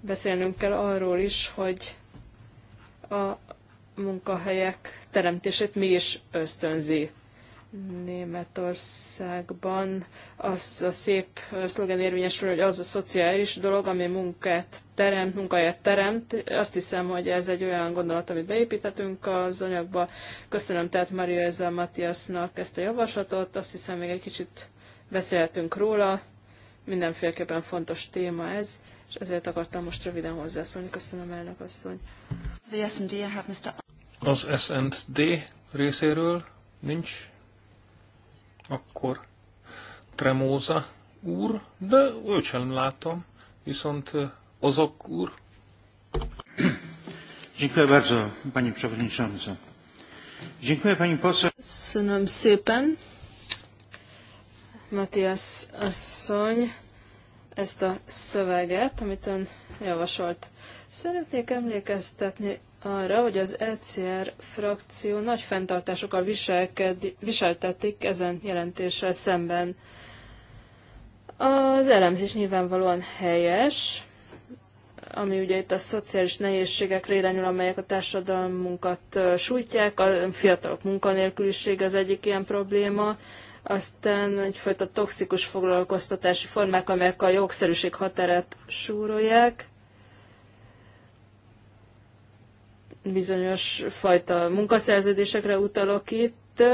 beszélnünk kell arról is, hogy a munkahelyek teremtését mi is ösztönzi. Németországban az a szép szlogen érvényesül, hogy az a szociális dolog, ami munkát teremt, munkáját teremt. Azt hiszem, hogy ez egy olyan gondolat, amit beépítettünk az anyagba. Köszönöm tehát Mária Ezzel Matiasnak ezt a javaslatot. Azt hiszem, még egy kicsit beszélhetünk róla. Mindenféleképpen fontos téma ez, és ezért akartam most röviden hozzászólni. Köszönöm, elnök asszony. Az S&D részéről nincs, akkor Tremóza úr, de őt sem látom, viszont azok úr. Dziękuję bardzo, pani przewodnicząca. Dziękuję pani poseł. Köszönöm szépen. Matthias asszony ezt a szöveget, amit ön javasolt. Szeretnék emlékeztetni arra, hogy az ECR frakció nagy fenntartásokkal viseltetik ezen jelentéssel szemben. Az elemzés nyilvánvalóan helyes, ami ugye itt a szociális nehézségekre irányul, amelyek a társadalmunkat sújtják, a fiatalok munkanélküliség az egyik ilyen probléma, aztán egyfajta toxikus foglalkoztatási formák, amelyek a jogszerűség határát súrolják, bizonyos fajta munkaszerződésekre utalok itt,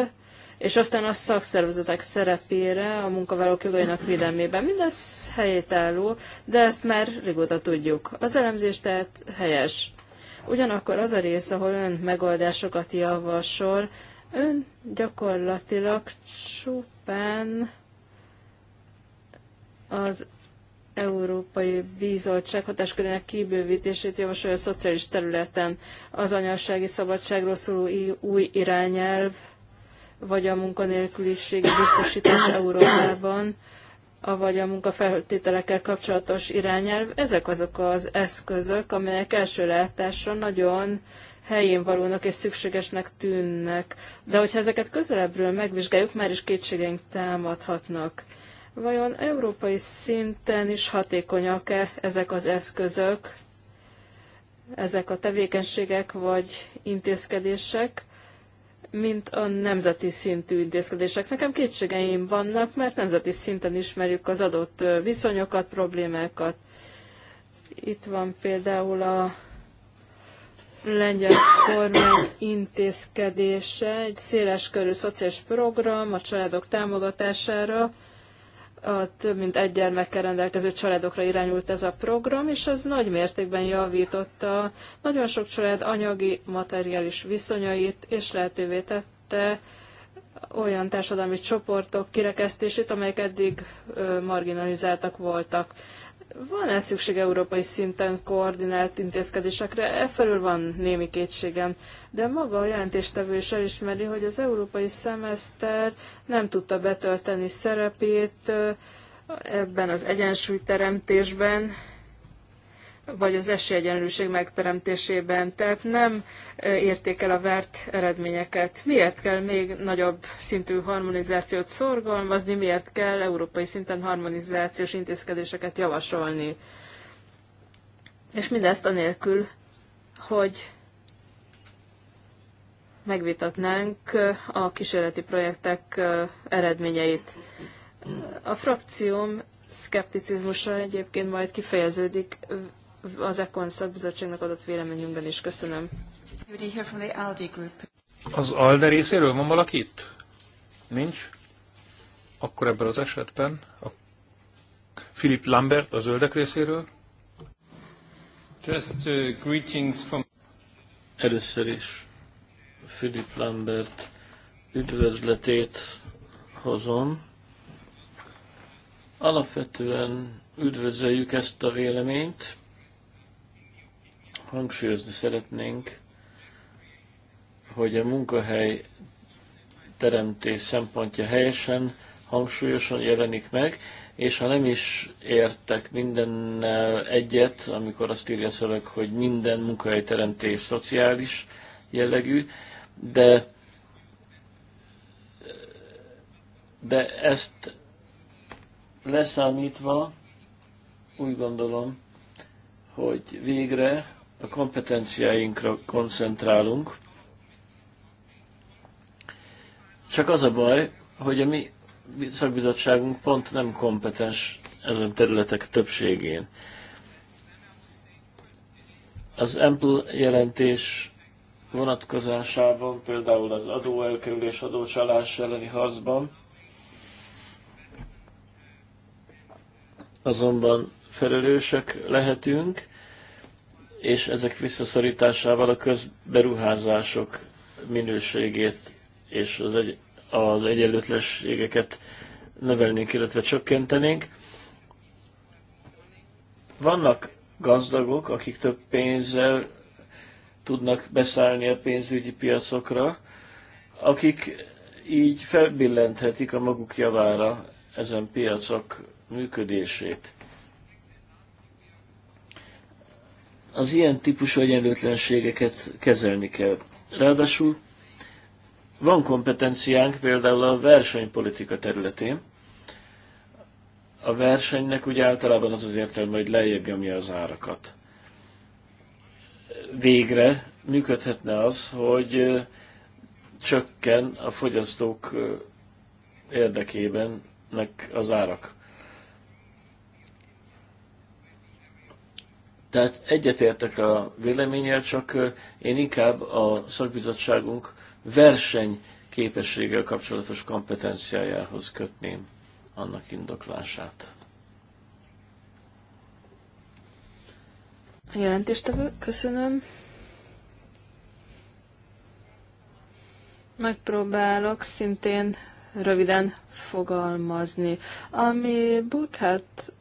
és aztán a szakszervezetek szerepére a munkavállalók jogainak védelmében. Mindez álló, de ezt már régóta tudjuk. Az elemzés tehát helyes. Ugyanakkor az a rész, ahol ön megoldásokat javasol, Ön gyakorlatilag csupán az Európai Bizottság hatáskörének kibővítését javasolja a szociális területen az anyassági szabadságról szóló új irányelv, vagy a munkanélküliség biztosítás Európában, vagy a munkafeltételekkel kapcsolatos irányelv. Ezek azok az eszközök, amelyek első látásra nagyon helyén valónak és szükségesnek tűnnek. De hogyha ezeket közelebbről megvizsgáljuk, már is kétségeink támadhatnak. Vajon európai szinten is hatékonyak-e ezek az eszközök, ezek a tevékenységek vagy intézkedések, mint a nemzeti szintű intézkedések. Nekem kétségeim vannak, mert nemzeti szinten ismerjük az adott viszonyokat, problémákat. Itt van például a lengyel kormány intézkedése, egy körű szociális program a családok támogatására, a több mint egy gyermekkel rendelkező családokra irányult ez a program, és ez nagy mértékben javította nagyon sok család anyagi, materiális viszonyait, és lehetővé tette olyan társadalmi csoportok kirekesztését, amelyek eddig marginalizáltak voltak van-e szükség európai szinten koordinált intézkedésekre? E felül van némi kétségem, de maga a jelentéstevő is elismeri, hogy az európai szemeszter nem tudta betölteni szerepét ebben az egyensúlyteremtésben, vagy az esélyegyenlőség megteremtésében, tehát nem e, érték el a várt eredményeket. Miért kell még nagyobb szintű harmonizációt szorgalmazni, miért kell európai szinten harmonizációs intézkedéseket javasolni? És mindezt anélkül, hogy megvitatnánk e, a kísérleti projektek e, eredményeit. A frakcióm szkepticizmusa egyébként majd kifejeződik az ECON szakbizottságnak adott véleményünkben is. Köszönöm. Az ALDE részéről van valaki itt? Nincs? Akkor ebben az esetben a Philip Lambert a zöldek részéről. Just uh, greetings from... Először is Philip Lambert üdvözletét hozom. Alapvetően üdvözöljük ezt a véleményt hangsúlyozni szeretnénk, hogy a munkahely teremtés szempontja helyesen, hangsúlyosan jelenik meg, és ha nem is értek minden egyet, amikor azt írja szöveg, hogy minden munkahely teremtés szociális jellegű, de, de ezt leszámítva úgy gondolom, hogy végre a kompetenciáinkra koncentrálunk. Csak az a baj, hogy a mi szakbizottságunk pont nem kompetens ezen területek többségén. Az Ample jelentés vonatkozásában, például az adóelkerülés, adócsalás elleni harcban, azonban felelősek lehetünk, és ezek visszaszorításával a közberuházások minőségét és az, egy, az egyenlőtlenségeket növelnénk, illetve csökkentenénk. Vannak gazdagok, akik több pénzzel tudnak beszállni a pénzügyi piacokra, akik így felbillenthetik a maguk javára ezen piacok működését. az ilyen típusú egyenlőtlenségeket kezelni kell. Ráadásul van kompetenciánk például a versenypolitika területén. A versenynek ugye általában az az értelme, hogy lejjebb nyomja az árakat. Végre működhetne az, hogy csökken a fogyasztók érdekében az árak. Tehát egyetértek a véleményel, csak én inkább a szakbizottságunk verseny képességgel kapcsolatos kompetenciájához kötném annak indoklását. A jelentéstevő, köszönöm. Megpróbálok szintén röviden fogalmazni. Ami Burkhardt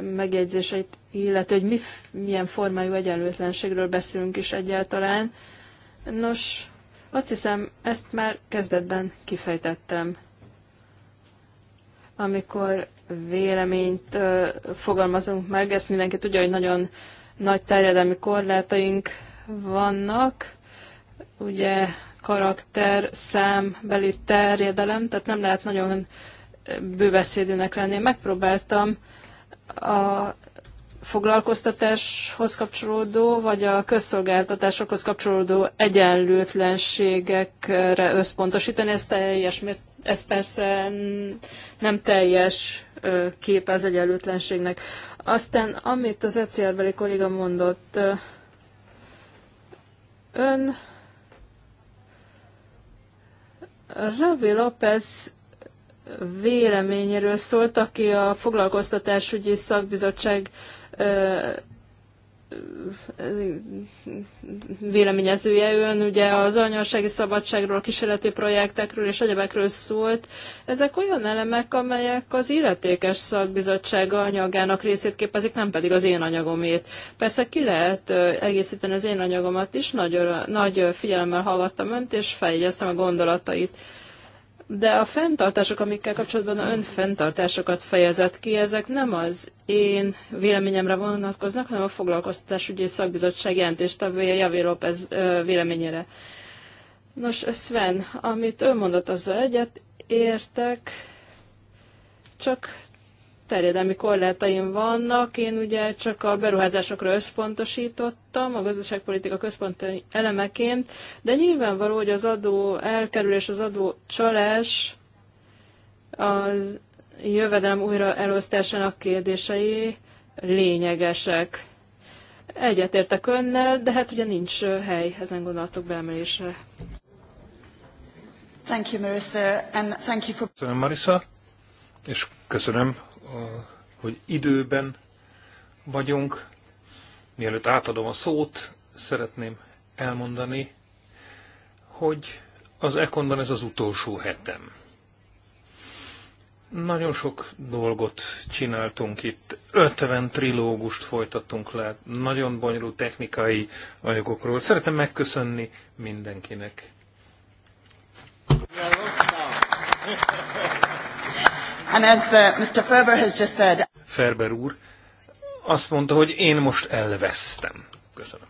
megjegyzéseit illetve hogy mi, milyen formájú egyenlőtlenségről beszélünk is egyáltalán. Nos, azt hiszem, ezt már kezdetben kifejtettem, amikor véleményt ö, fogalmazunk meg, ezt mindenki tudja, hogy nagyon nagy terjedelmi korlátaink vannak, ugye karakter, szám, beli terjedelem, tehát nem lehet nagyon bőbeszédűnek lenni. Megpróbáltam a foglalkoztatáshoz kapcsolódó, vagy a közszolgáltatásokhoz kapcsolódó egyenlőtlenségekre összpontosítani. Ez teljes, ez persze nem teljes kép az egyenlőtlenségnek. Aztán, amit az ECR-beli kolléga mondott, ön Ravi López véleményéről szólt, aki a foglalkoztatásügyi szakbizottság véleményezője ön, ugye az anyasági szabadságról, kísérleti projektekről és egyebekről szólt. Ezek olyan elemek, amelyek az illetékes szakbizottság anyagának részét képezik, nem pedig az én anyagomét. Persze ki lehet egészíteni az én anyagomat is, nagy, nagy figyelemmel hallgattam önt, és feljegyeztem a gondolatait de a fenntartások, amikkel kapcsolatban ön fenntartásokat fejezett ki, ezek nem az én véleményemre vonatkoznak, hanem a foglalkoztatásügyi szakbizottság jelentéstevője Javi López véleményére. Nos, Sven, amit ön mondott, azzal egyet értek, csak terjedelmi korlátaim vannak. Én ugye csak a beruházásokra összpontosítottam a gazdaságpolitika központi elemeként, de nyilvánvaló, hogy az adó elkerülés, az adó csalás az jövedelem újra elosztásának kérdései lényegesek. Egyetértek önnel, de hát ugye nincs hely ezen gondolatok beemelésre. Thank you, Marissa, and thank you for... Köszönöm, Marissa, és köszönöm hogy időben vagyunk. Mielőtt átadom a szót, szeretném elmondani, hogy az Econban ez az utolsó hetem. Nagyon sok dolgot csináltunk itt, 50 trilógust folytattunk le, nagyon bonyolult technikai anyagokról. Szeretem megköszönni mindenkinek. Yeah, Uh, Ferber Ferber úr azt mondta, hogy én most elvesztem. Köszönöm.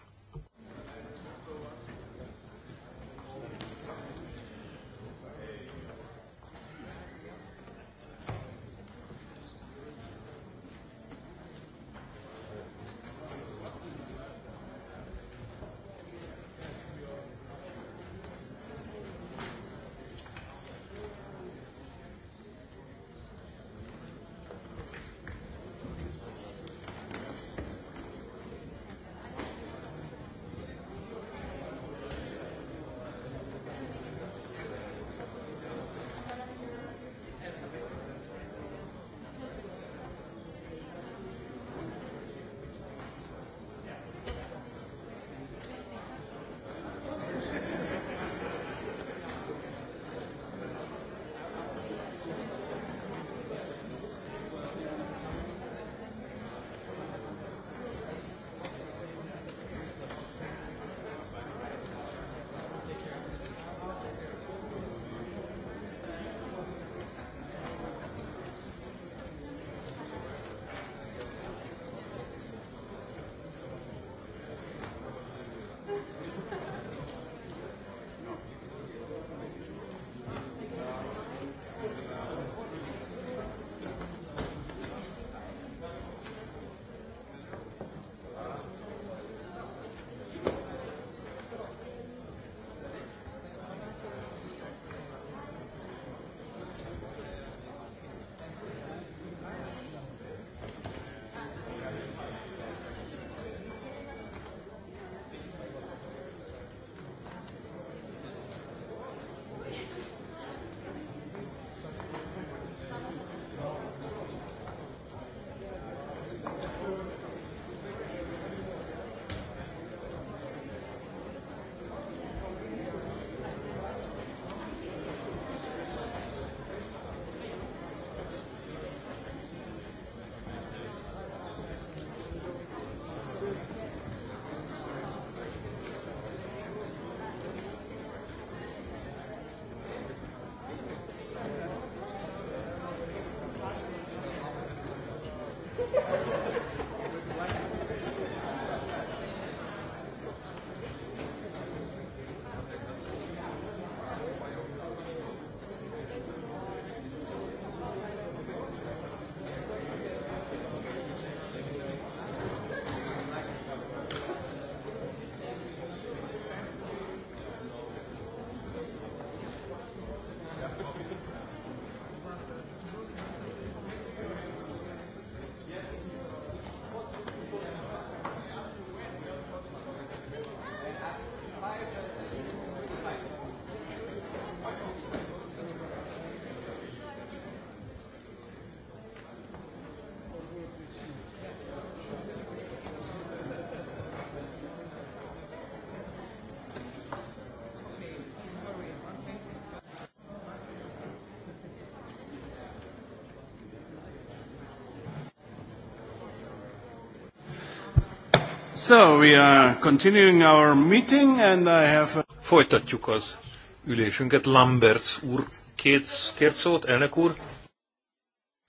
So we are continuing our meeting and I have... Folytatjuk az ülésünket. Lamberts úr két kért szót, elnök úr.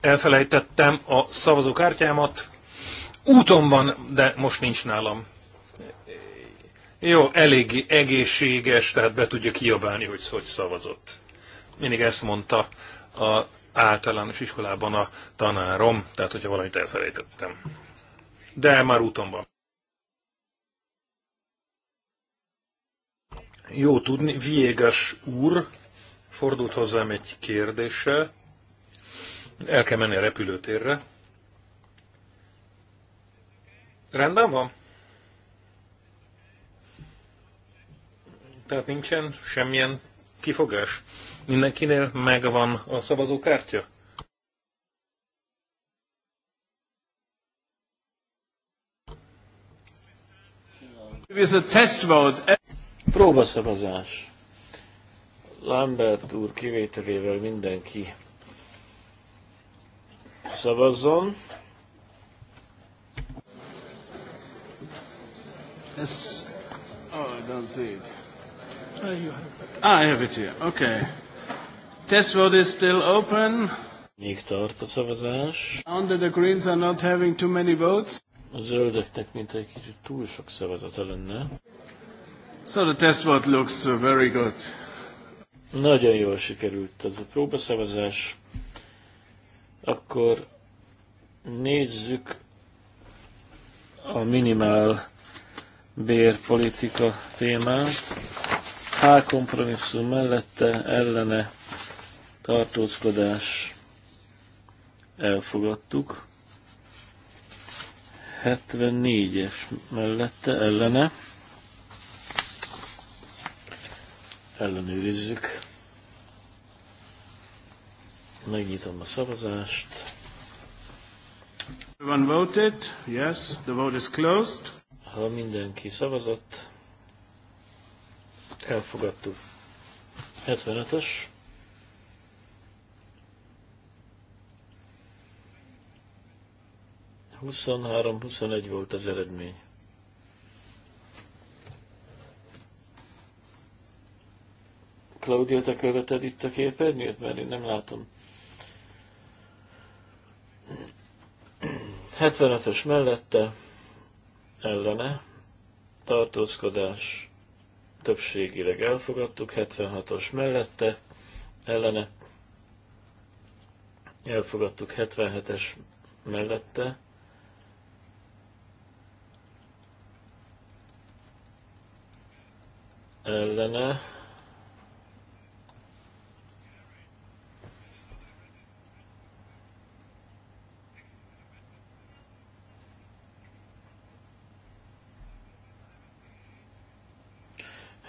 Elfelejtettem a szavazókártyámat. Úton van, de most nincs nálam. Jó, elég egészséges, tehát be tudja kiabálni, hogy hogy szavazott. Mindig ezt mondta a általános iskolában a tanárom, tehát hogyha valamit elfelejtettem. De már úton van. Jó tudni, Viegas úr fordult hozzám egy kérdéssel. El kell menni a repülőtérre. Rendben van? Tehát nincsen semmilyen kifogás? Mindenkinél megvan a szavazókártya? It is a test vote. Próbaszavazás. Lambert úr kivételével mindenki szavazzon. Ez... Oh, I don't see it. Oh, you have it. Ah, I have it here. Okay. Test vote is still open. Még tart a szavazás. Under the Greens are not having too many votes. A zöldöknek mint egy kicsit túl sok szavazata lenne. So the test vote looks uh, very good. Nagyon jól sikerült ez a próbaszavazás. Akkor nézzük a minimál bérpolitika témát. H kompromisszum mellette ellene tartózkodás elfogadtuk. 74-es mellette ellene ellenőrizzük. Megnyitom a szavazást. Everyone voted? Yes, the vote is closed. Ha mindenki szavazott, elfogadtuk. 75-ös. Huszonhárom, huszonegy volt az eredmény. Claudia, te követed itt a képernyőt? Mert én nem látom. 75-ös mellette ellene tartózkodás többségileg elfogadtuk, 76-os mellette ellene elfogadtuk 77-es mellette. Ellene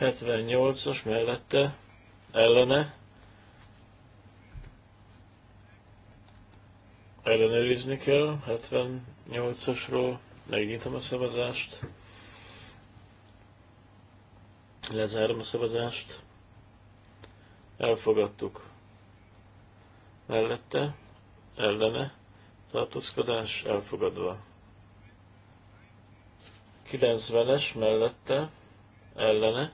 78-as mellette ellene ellenőrizni kell, 78-asról megnyitom a szavazást, lezárom a szavazást, elfogadtuk mellette, ellene, tartózkodás elfogadva. 90-es mellette, ellene,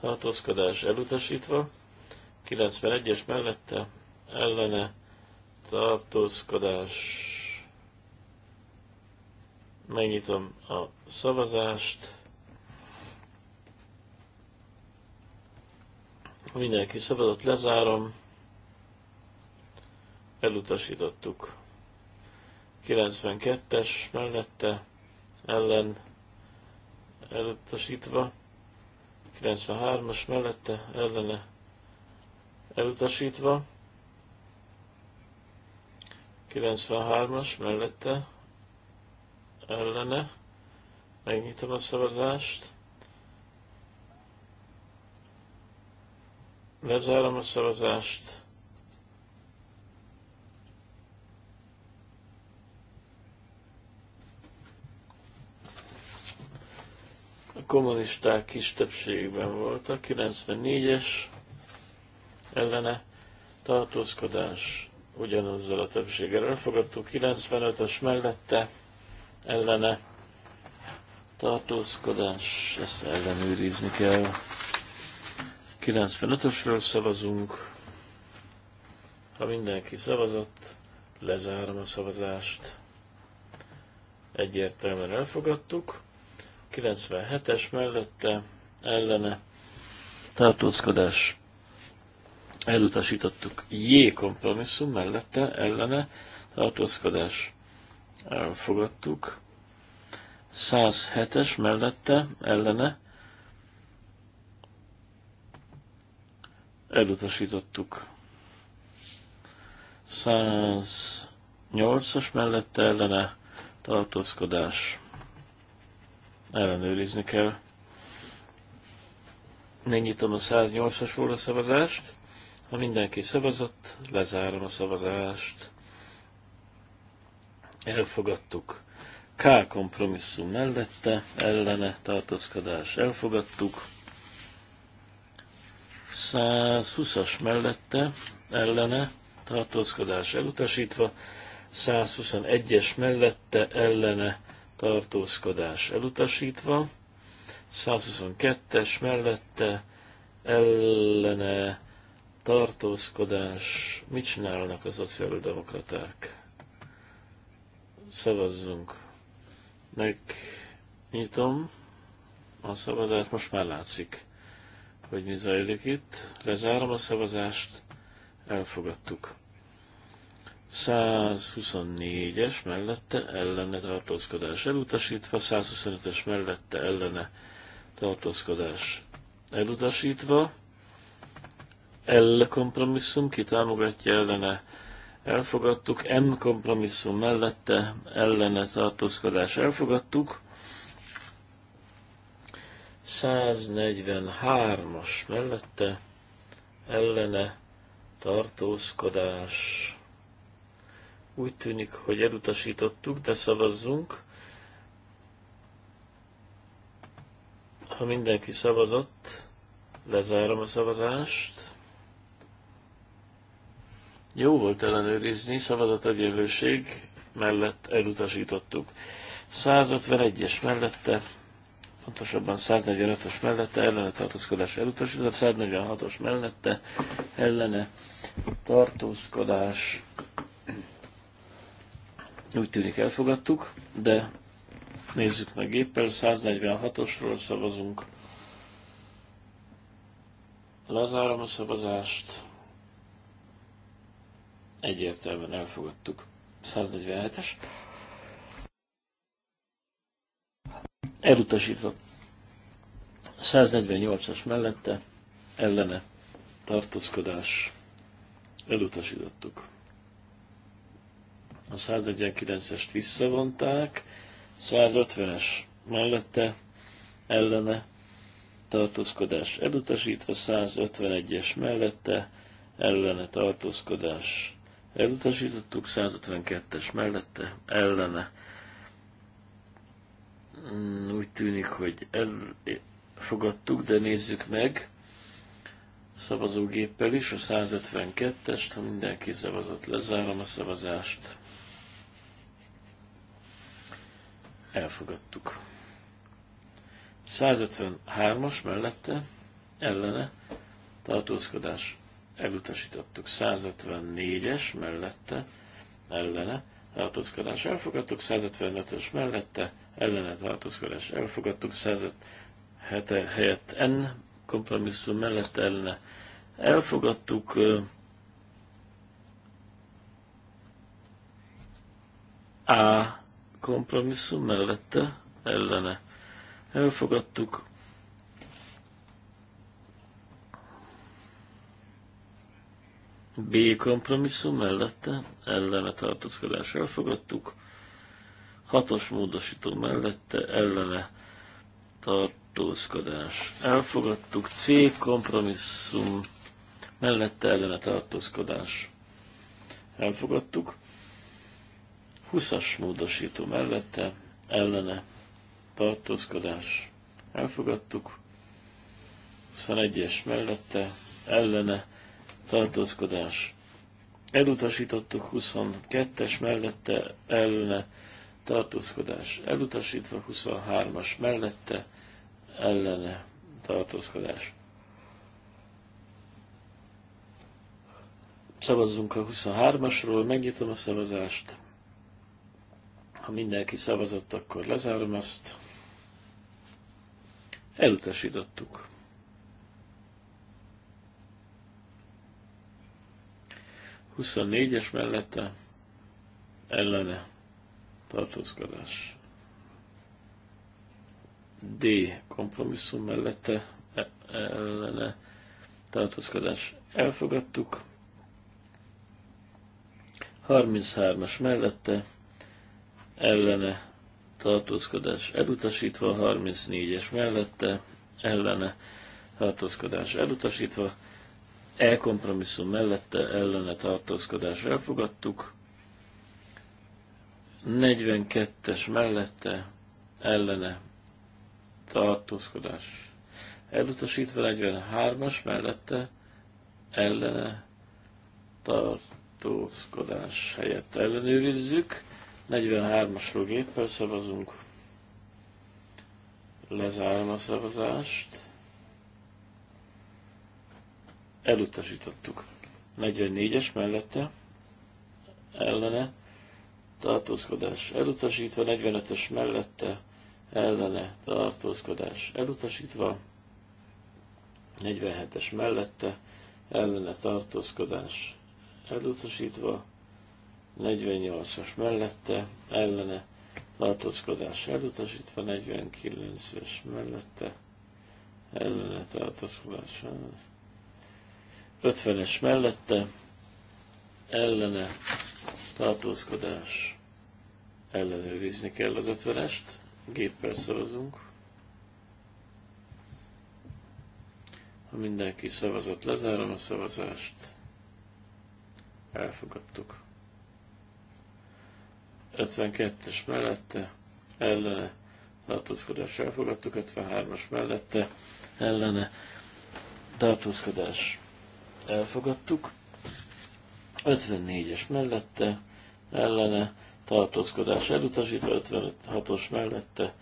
tartózkodás elutasítva, 91-es mellette ellene tartózkodás. Megnyitom a szavazást. mindenki szavazott, lezárom. Elutasítottuk. 92-es mellette ellen elutasítva. 93-as mellette ellene elutasítva, 93-as mellette ellene, megnyitom a szavazást, lezárom a szavazást, kommunisták kis többségben voltak, 94-es ellene tartózkodás ugyanazzal a többséggel elfogadtuk, 95 es mellette ellene tartózkodás, ezt ellenőrizni kell. 95-ösről szavazunk. Ha mindenki szavazott, lezárom a szavazást. Egyértelműen elfogadtuk. 97-es mellette ellene tartózkodás elutasítottuk. J kompromisszum mellette ellene tartózkodás elfogadtuk. 107-es mellette ellene elutasítottuk. 108-as mellette ellene tartózkodás ellenőrizni kell. Megnyitom a 108-as szavazást. Ha mindenki szavazott, lezárom a szavazást. Elfogadtuk. K kompromisszum mellette, ellene tartózkodás elfogadtuk. 120-as mellette, ellene tartózkodás elutasítva, 121-es mellette, ellene tartózkodás elutasítva, 122-es mellette ellene tartózkodás, mit csinálnak a szociáldemokraták? Szavazzunk. Megnyitom a szavazást, most már látszik, hogy mi zajlik itt. Lezárom a szavazást, elfogadtuk. 124-es mellette ellene tartózkodás elutasítva, 125-es mellette ellene tartózkodás elutasítva, L kompromisszum, kitámogatja ellene elfogadtuk, M kompromisszum mellette ellene tartózkodás elfogadtuk, 143-as mellette ellene tartózkodás úgy tűnik, hogy elutasítottuk, de szavazzunk. Ha mindenki szavazott, lezárom a szavazást. Jó volt ellenőrizni, szavazategyenlőség mellett elutasítottuk. 151-es mellette, pontosabban 145-ös mellette, ellene tartózkodás elutasított, 146-os mellette, ellene tartózkodás úgy tűnik elfogadtuk, de nézzük meg éppen 146-osról szavazunk. Lezárom a szavazást. Egyértelműen elfogadtuk. 147-es. Elutasítva. 148-as mellette ellene tartózkodás elutasítottuk a 149-est visszavonták, 150-es mellette ellene tartózkodás elutasítva, 151-es mellette ellene tartózkodás elutasítottuk, 152-es mellette ellene. Hmm, úgy tűnik, hogy elfogadtuk, de nézzük meg szavazógéppel is a 152-est, ha mindenki szavazott, lezárom a szavazást. elfogadtuk. 153-as mellette ellene tartózkodás elutasítottuk. 154-es mellette ellene tartózkodás elfogadtuk. 155-ös mellette ellene tartózkodás elfogadtuk. 157 helyett N kompromisszum mellette ellene elfogadtuk. A kompromisszum mellette ellene. Elfogadtuk. B kompromisszum mellette ellene tartózkodás elfogadtuk. Hatos módosító mellette ellene tartózkodás elfogadtuk. C kompromisszum mellette ellene tartózkodás elfogadtuk. 20-as módosító mellette ellene tartózkodás elfogadtuk, 21-es mellette ellene tartózkodás elutasítottuk, 22-es mellette ellene tartózkodás elutasítva, 23-as mellette ellene tartózkodás. Szavazzunk a 23-asról, megnyitom a szavazást. Ha mindenki szavazott, akkor lezárom azt. Elutasítottuk. Huszonnégyes mellette ellene tartózkodás. D. Kompromisszum mellette e- ellene tartózkodás. Elfogadtuk. 33-as mellette ellene tartózkodás elutasítva, 34-es mellette ellene tartózkodás elutasítva, elkompromisszum mellette ellene tartózkodás elfogadtuk, 42-es mellette ellene tartózkodás elutasítva, 43-as mellette ellene tartózkodás helyett ellenőrizzük, 43-asról géppel szavazunk. Lezárom a szavazást. Elutasítottuk. 44-es mellette ellene tartózkodás elutasítva, 45-ös mellette ellene tartózkodás elutasítva, 47-es mellette ellene tartózkodás elutasítva, 48-as mellette, ellene tartózkodás elutasítva, 49-es mellette, ellene tartózkodás 50-es mellette, ellene tartózkodás ellenőrizni kell az 50-est, géppel szavazunk. Ha mindenki szavazott, lezárom a szavazást. Elfogadtuk. 52-es mellette, ellene, tartózkodás elfogadtuk, 53-as mellette, ellene, tartózkodás elfogadtuk, 54-es mellette, ellene, tartózkodás elutasítva, 56-os mellette,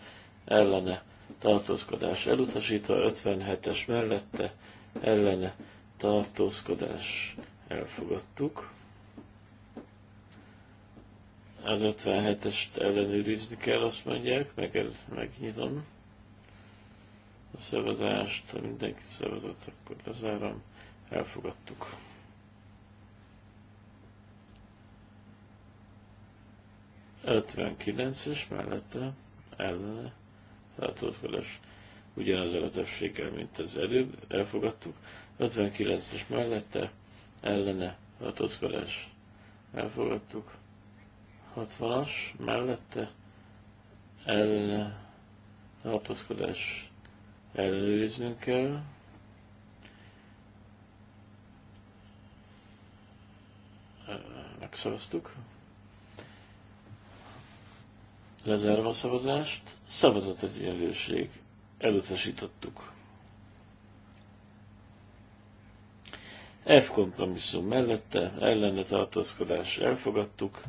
ellene, tartózkodás elutasítva, 57-es mellette, ellene, tartózkodás elfogadtuk az 57-est ellenőrizni kell, azt mondják, meg, megnyitom a szavazást, ha mindenki szavazott, akkor lezárom, elfogadtuk. es mellette ellene tartózkodás ugyanazzal a többséggel, mint az előbb, elfogadtuk. 59-es mellette ellene tartózkodás elfogadtuk. 60-as mellette eltartózkodás előriznünk kell. Megszavaztuk. Lezárva a szavazást, szavazat ez egyenlőség. Elutasítottuk. F kompromisszum mellette, ellene tartózkodás elfogadtuk.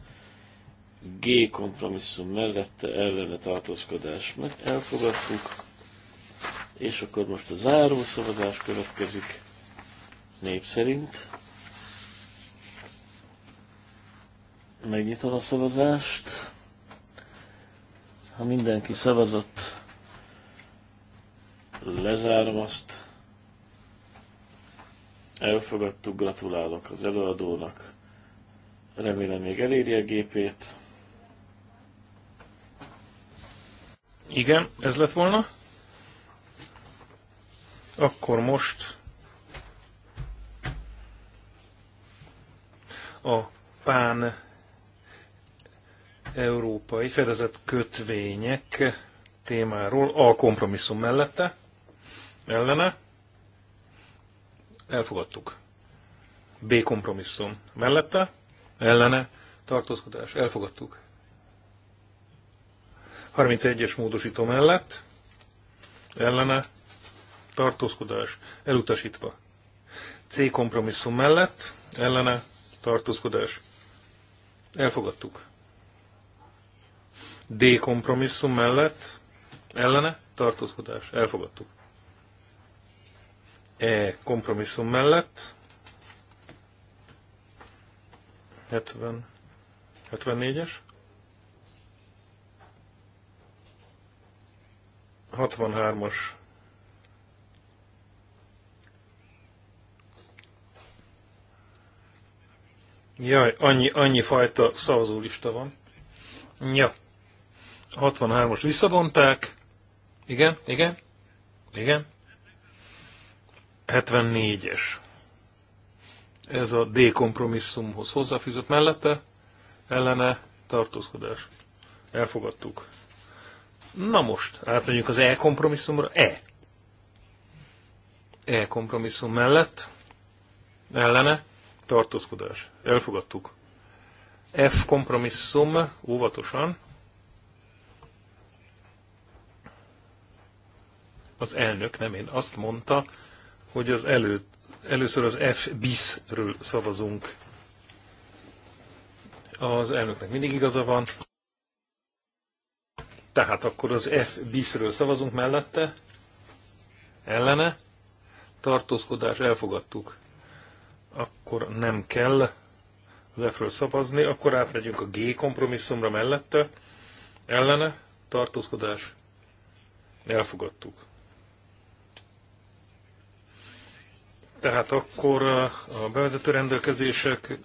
G kompromisszum mellette ellene tartózkodás meg elfogadtuk, és akkor most a záró szavazás következik Nép szerint. Megnyitom a szavazást. Ha mindenki szavazott, lezárom azt. Elfogadtuk, gratulálok az előadónak. Remélem még eléri a gépét. Igen, ez lett volna. Akkor most a pán európai fedezett kötvények témáról a kompromisszum mellette, ellene, elfogadtuk. B kompromisszum mellette, ellene, tartózkodás, elfogadtuk. 31-es módosító mellett ellene tartózkodás elutasítva. C kompromisszum mellett ellene tartózkodás elfogadtuk. D kompromisszum mellett ellene tartózkodás elfogadtuk. E kompromisszum mellett 70, 74-es 63-as Jaj, annyi, annyi fajta szavazólista van. Ja. 63-os visszavonták. Igen, igen, igen. 74-es. Ez a D kompromisszumhoz hozzáfűzött mellette ellene tartózkodás. Elfogadtuk. Na most, átmegyünk az e-kompromisszumra. E. E-kompromisszum mellett, ellene, tartózkodás. Elfogadtuk. F kompromisszum, óvatosan. Az elnök, nem én, azt mondta, hogy az elő, először az F bisről szavazunk. Az elnöknek mindig igaza van. Tehát akkor az F bis-ről szavazunk mellette, ellene, tartózkodás, elfogadtuk. Akkor nem kell az F-ről szavazni, akkor átmegyünk a G kompromisszumra mellette, ellene, tartózkodás, elfogadtuk. Tehát akkor a bevezető rendelkezések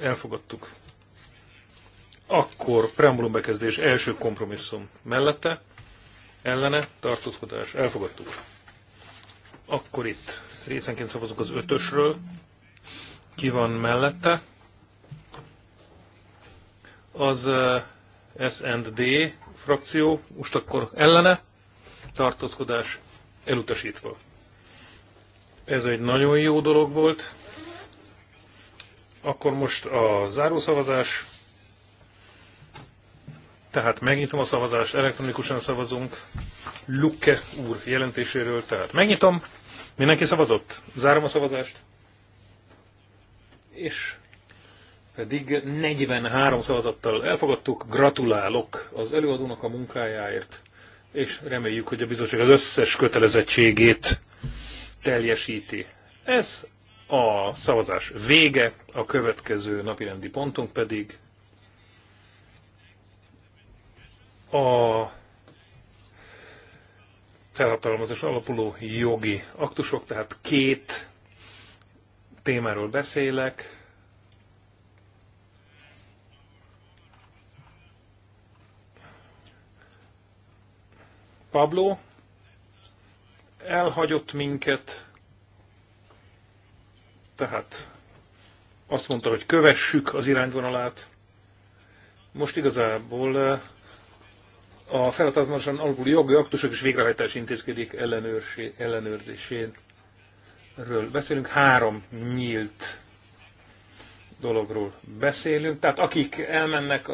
elfogadtuk akkor preambulum bekezdés első kompromisszum mellette, ellene, tartózkodás, elfogadtuk. Akkor itt részenként szavazunk az ötösről, ki van mellette, az eh, S&D frakció, most akkor ellene, tartózkodás elutasítva. Ez egy nagyon jó dolog volt. Akkor most a zárószavazás tehát megnyitom a szavazást, elektronikusan szavazunk Lukke úr jelentéséről. Tehát megnyitom, mindenki szavazott, zárom a szavazást, és pedig 43 szavazattal elfogadtuk. Gratulálok az előadónak a munkájáért, és reméljük, hogy a bizottság az összes kötelezettségét teljesíti. Ez a szavazás vége, a következő napirendi pontunk pedig a felhatalmazás alapuló jogi aktusok, tehát két témáról beszélek. Pablo elhagyott minket, tehát azt mondta, hogy kövessük az irányvonalát. Most igazából a feladatlanosan alapuló jogi aktusok és végrehajtás intézkedik ellenőrzéséről beszélünk. Három nyílt dologról beszélünk. Tehát akik elmennek,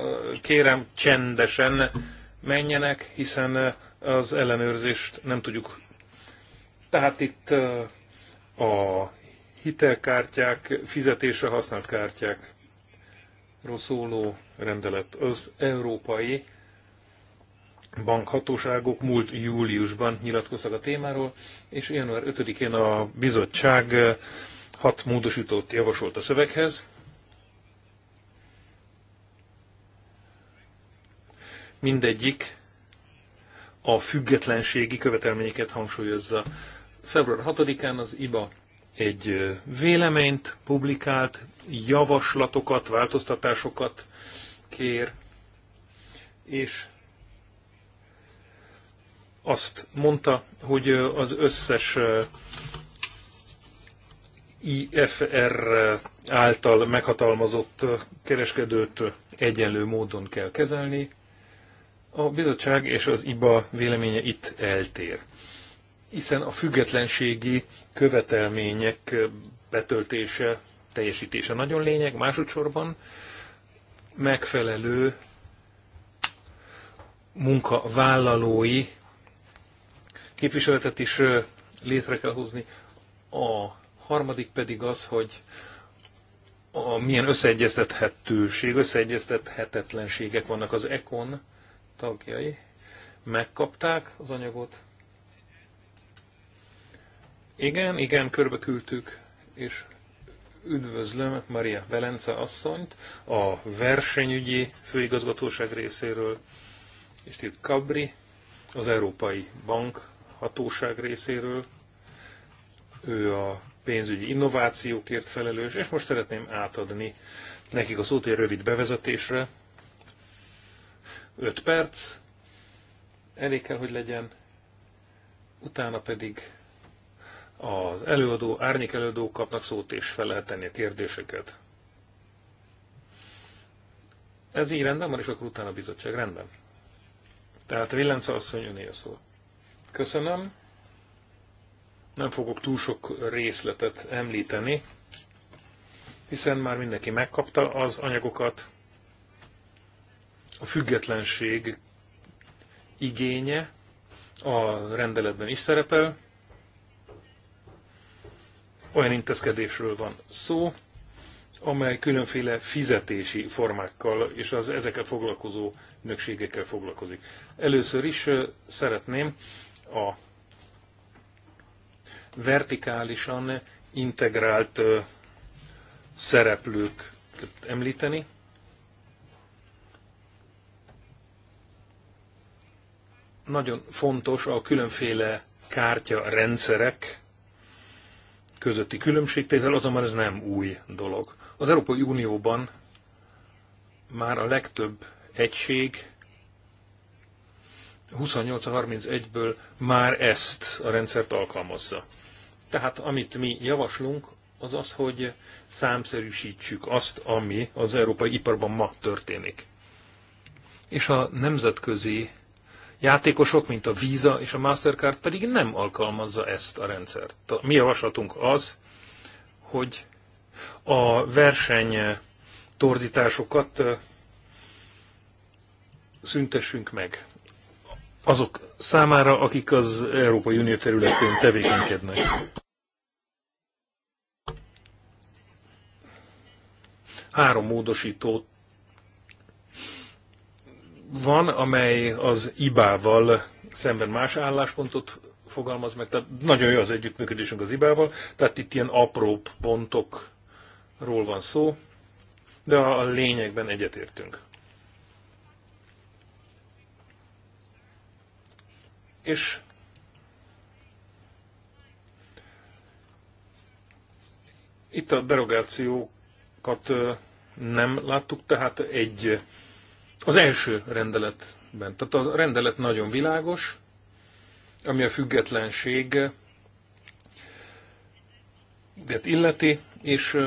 kérem csendesen menjenek, hiszen eh, az ellenőrzést nem tudjuk. Tehát itt eh, a hitelkártyák, fizetése használt kártyákról szóló rendelet az európai bankhatóságok múlt júliusban nyilatkoztak a témáról, és január 5-én a bizottság eh, hat módosítót javasolt a szöveghez. Mindegyik a függetlenségi követelményeket hangsúlyozza. Február 6-án az IBA egy eh, véleményt publikált, javaslatokat, változtatásokat kér, és azt mondta, hogy az összes IFR által meghatalmazott kereskedőt egyenlő módon kell kezelni. A bizottság és az IBA véleménye itt eltér, hiszen a függetlenségi követelmények betöltése, teljesítése nagyon lényeg, másodszorban megfelelő munkavállalói képviseletet is létre kell hozni. A harmadik pedig az, hogy a milyen összeegyeztethetőség, összeegyeztethetetlenségek vannak az ECON tagjai. Megkapták az anyagot. Igen, igen, körbe küldtük, és üdvözlöm Maria Belence asszonyt a versenyügyi főigazgatóság részéről, és itt Kabri, az Európai Bank hatóság részéről. Ő a pénzügyi innovációkért felelős, és most szeretném átadni nekik a szót egy rövid bevezetésre. 5 perc, elég kell, hogy legyen, utána pedig az előadó, árnyék előadók kapnak szót, és fel lehet tenni a kérdéseket. Ez így rendben van, és akkor utána a bizottság rendben. Tehát Villence asszony a szó. Köszönöm. Nem fogok túl sok részletet említeni, hiszen már mindenki megkapta az anyagokat. A függetlenség igénye a rendeletben is szerepel. Olyan intézkedésről van szó, amely különféle fizetési formákkal és az ezekkel foglalkozó nökségekkel foglalkozik. Először is szeretném a vertikálisan integrált szereplők említeni. Nagyon fontos a különféle kártya rendszerek közötti különbségtétel, azonban ez nem új dolog. Az Európai Unióban már a legtöbb egység 28 31-ből már ezt a rendszert alkalmazza. Tehát amit mi javaslunk, az az, hogy számszerűsítsük azt, ami az európai iparban ma történik. És a nemzetközi játékosok, mint a Visa és a Mastercard pedig nem alkalmazza ezt a rendszert. A mi javaslatunk az, hogy a verseny torzításokat szüntessünk meg azok számára, akik az Európai Unió területén tevékenykednek. Három módosító van, amely az IBA-val szemben más álláspontot fogalmaz meg, tehát nagyon jó az együttműködésünk az IBA-val, tehát itt ilyen apró pontokról van szó, de a lényegben egyetértünk. És itt a derogációkat nem láttuk, tehát egy, az első rendeletben. Tehát a rendelet nagyon világos, ami a függetlenség hát illeti, és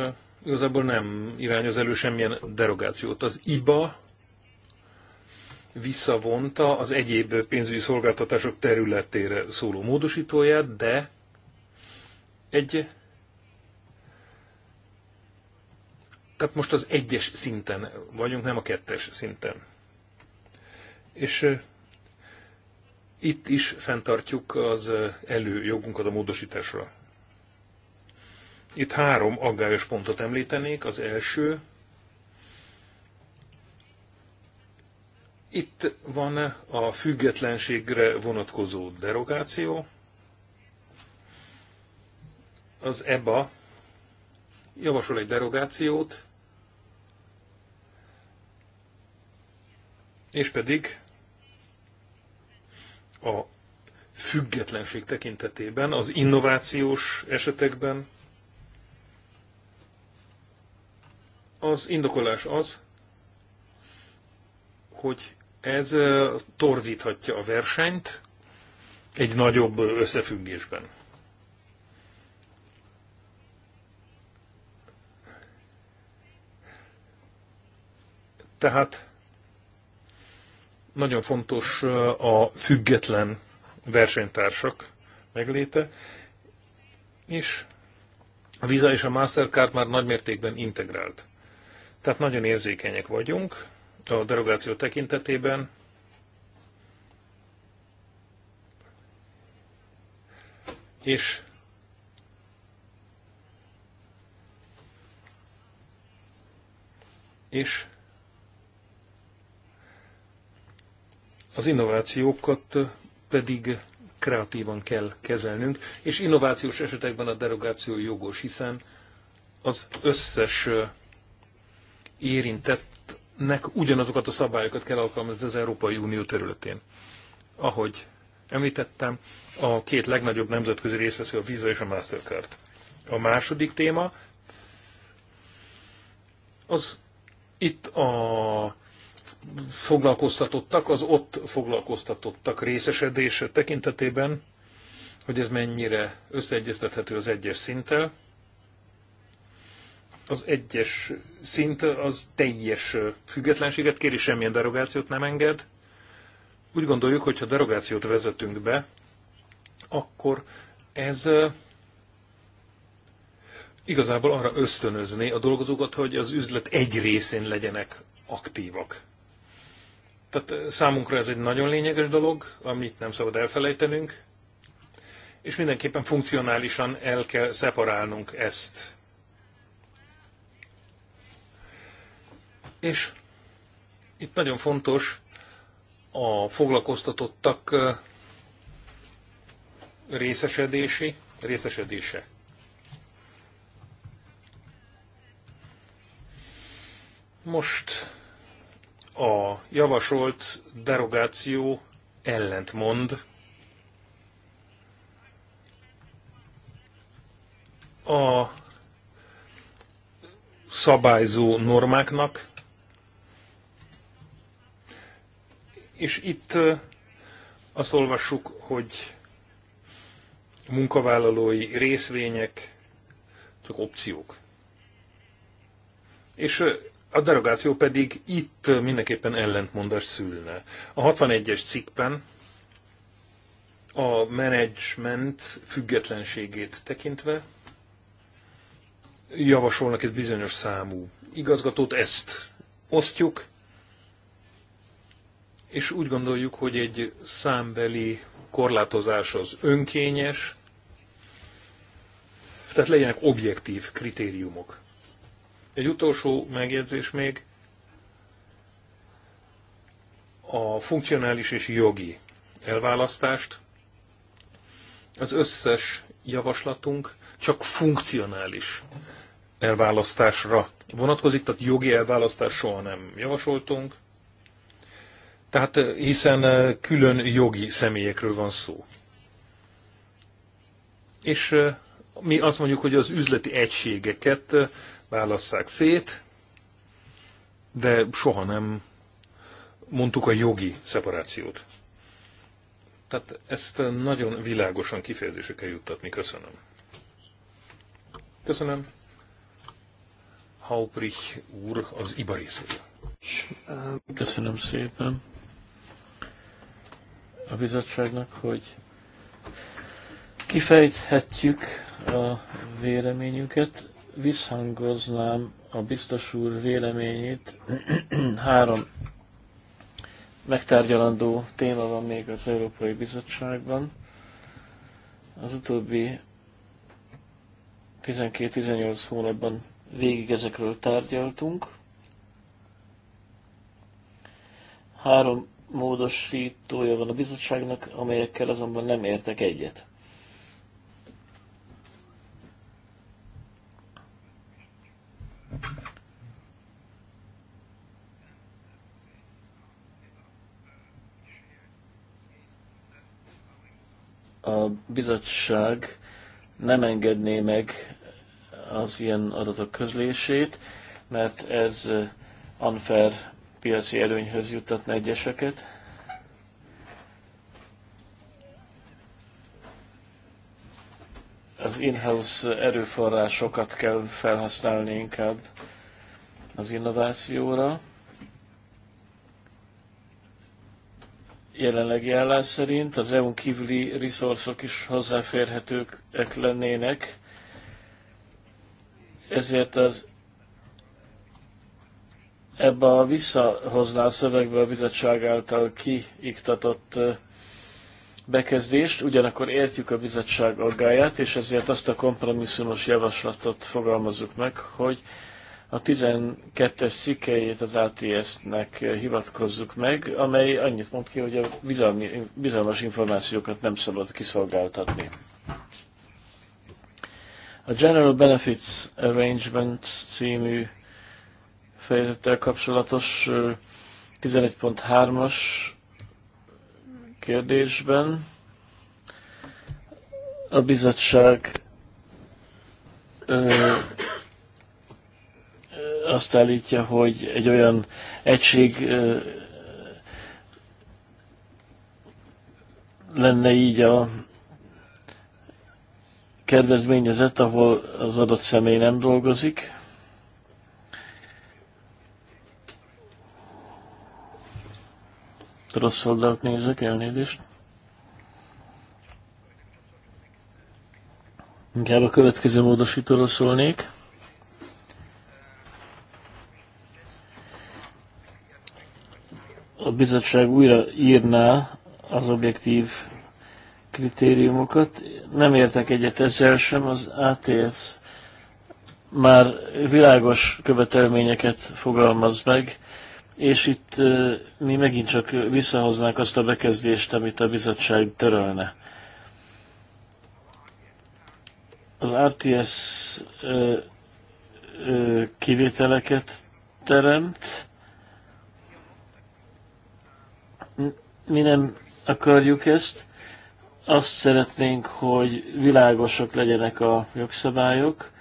igazából nem irányoz elő semmilyen derogációt. Az IBA visszavonta az egyéb pénzügyi szolgáltatások területére szóló módosítóját, de egy tehát most az egyes szinten vagyunk, nem a kettes szinten. És itt is fenntartjuk az előjogunkat a módosításra. Itt három aggályos pontot említenék. Az első, Itt van a függetlenségre vonatkozó derogáció. Az EBA javasol egy derogációt, és pedig a függetlenség tekintetében, az innovációs esetekben az indokolás az, hogy ez torzíthatja a versenyt egy nagyobb összefüggésben. Tehát nagyon fontos a független versenytársak megléte, és a Visa és a Mastercard már nagymértékben integrált. Tehát nagyon érzékenyek vagyunk, a derogáció tekintetében. És és az innovációkat pedig kreatívan kell kezelnünk, és innovációs esetekben a derogáció jogos, hiszen az összes érintett nek ugyanazokat a szabályokat kell alkalmazni az Európai Unió területén. Ahogy említettem, a két legnagyobb nemzetközi részvesző a Visa és a Mastercard. A második téma az itt a foglalkoztatottak, az ott foglalkoztatottak részesedése tekintetében, hogy ez mennyire összeegyeztethető az egyes szinttel az egyes szint az teljes függetlenséget kéri, semmilyen derogációt nem enged. Úgy gondoljuk, hogy ha derogációt vezetünk be, akkor ez igazából arra ösztönözni a dolgozókat, hogy az üzlet egy részén legyenek aktívak. Tehát számunkra ez egy nagyon lényeges dolog, amit nem szabad elfelejtenünk, és mindenképpen funkcionálisan el kell szeparálnunk ezt És itt nagyon fontos a foglalkoztatottak részesedési, részesedése. Most a javasolt derogáció ellentmond a szabályzó normáknak, És itt azt olvassuk, hogy munkavállalói részvények, csak opciók. És a derogáció pedig itt mindenképpen ellentmondást szülne. A 61-es cikkben a menedzsment függetlenségét tekintve javasolnak egy bizonyos számú igazgatót, ezt osztjuk, és úgy gondoljuk, hogy egy számbeli korlátozás az önkényes, tehát legyenek objektív kritériumok. Egy utolsó megjegyzés még, a funkcionális és jogi elválasztást. Az összes javaslatunk csak funkcionális elválasztásra vonatkozik, tehát jogi elválasztás soha nem javasoltunk. Tehát hiszen külön jogi személyekről van szó. És mi azt mondjuk, hogy az üzleti egységeket válasszák szét, de soha nem mondtuk a jogi szeparációt. Tehát ezt nagyon világosan kifejezésre kell juttatni. Köszönöm. Köszönöm. Hauprich úr az Ibarészéről. Köszönöm szépen a bizottságnak, hogy kifejthetjük a véleményünket. Visszhangoznám a biztos úr véleményét. Három megtárgyalandó téma van még az Európai Bizottságban. Az utóbbi 12-18 hónapban végig ezekről tárgyaltunk. Három módosítója van a bizottságnak, amelyekkel azonban nem értek egyet. A bizottság nem engedné meg az ilyen adatok közlését, mert ez unfair piaci előnyhöz juttatna egyeseket. Az in-house erőforrásokat kell felhasználni inkább az innovációra. Jelenlegi állás szerint az EU-n kívüli resourcok is hozzáférhetők lennének, ezért az ebbe a visszahozná a szövegbe a bizottság által kiiktatott bekezdést, ugyanakkor értjük a bizottság aggáját, és ezért azt a kompromisszumos javaslatot fogalmazzuk meg, hogy a 12-es cikkejét az ATS-nek hivatkozzuk meg, amely annyit mond ki, hogy a bizalmi, bizalmas információkat nem szabad kiszolgáltatni. A General Benefits Arrangement című fejezettel kapcsolatos 11.3-as kérdésben a bizottság ö, azt állítja, hogy egy olyan egység ö, lenne így a kedvezményezett, ahol az adott személy nem dolgozik, rossz oldalt nézek, elnézést. Inkább a következő módosítóra szólnék. A bizottság újra írná az objektív kritériumokat. Nem értek egyet ezzel sem, az ATF már világos követelményeket fogalmaz meg és itt mi megint csak visszahoznánk azt a bekezdést, amit a bizottság törölne. Az RTS kivételeket teremt. Mi nem akarjuk ezt. Azt szeretnénk, hogy világosak legyenek a jogszabályok,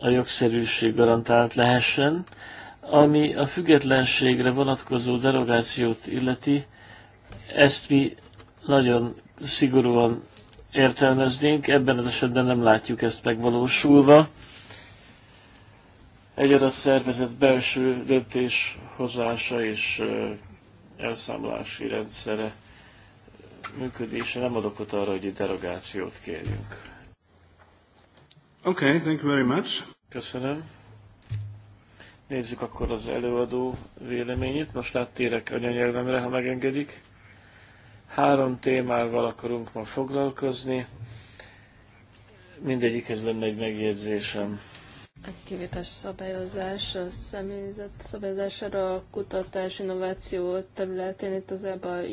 a jogszerűség garantált lehessen, ami a függetlenségre vonatkozó derogációt illeti, ezt mi nagyon szigorúan értelmeznénk, ebben az esetben nem látjuk ezt megvalósulva. Egy adott szervezet belső döntéshozása és elszámolási rendszere működése nem ad okot arra, hogy derogációt kérjünk. Okay, thank you very much. Köszönöm. Nézzük akkor az előadó véleményét. Most láttérek anyanyelvemre, ha megengedik. Három témával akarunk ma foglalkozni. Mindegyikhez lenne egy megjegyzésem. A kivétes szabályozás, a személyzet szabályozására a kutatás, innováció területén itt az ebben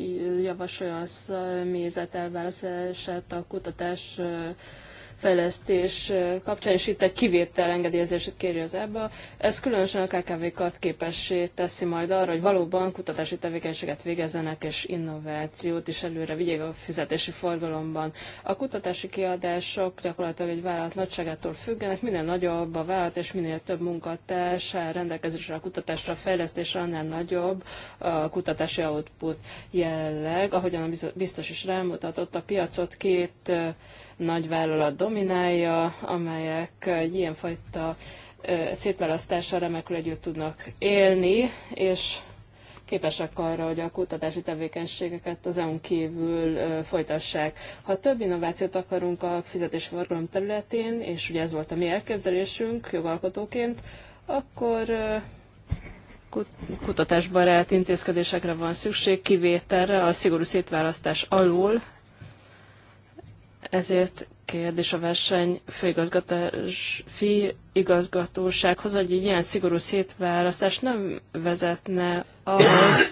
javasolja a személyzet elválasztását a kutatás fejlesztés kapcsán, és itt egy kivétel engedélyezését kéri az EBA. Ez különösen a KKV-kat képessé teszi majd arra, hogy valóban kutatási tevékenységet végezzenek, és innovációt is előre vigyék a fizetési forgalomban. A kutatási kiadások gyakorlatilag egy vállalat nagyságától függenek, minél nagyobb a vállalat, és minél több munkatárs rendelkezésre a kutatásra, a fejlesztésre, annál nagyobb a kutatási output jelleg. Ahogyan a biztos is rámutatott, a piacot két nagyvállalat dominálja, amelyek egy ilyenfajta szétválasztásra remekül együtt tudnak élni, és képesek arra, hogy a kutatási tevékenységeket az EU-n kívül folytassák. Ha több innovációt akarunk a fizetési forgalom területén, és ugye ez volt a mi elképzelésünk jogalkotóként, akkor kutatásbarát intézkedésekre van szükség, kivételre a szigorú szétválasztás alól, ezért kérdés a verseny főigazgatósághoz, hogy egy ilyen szigorú szétválasztás nem vezetne ahhoz,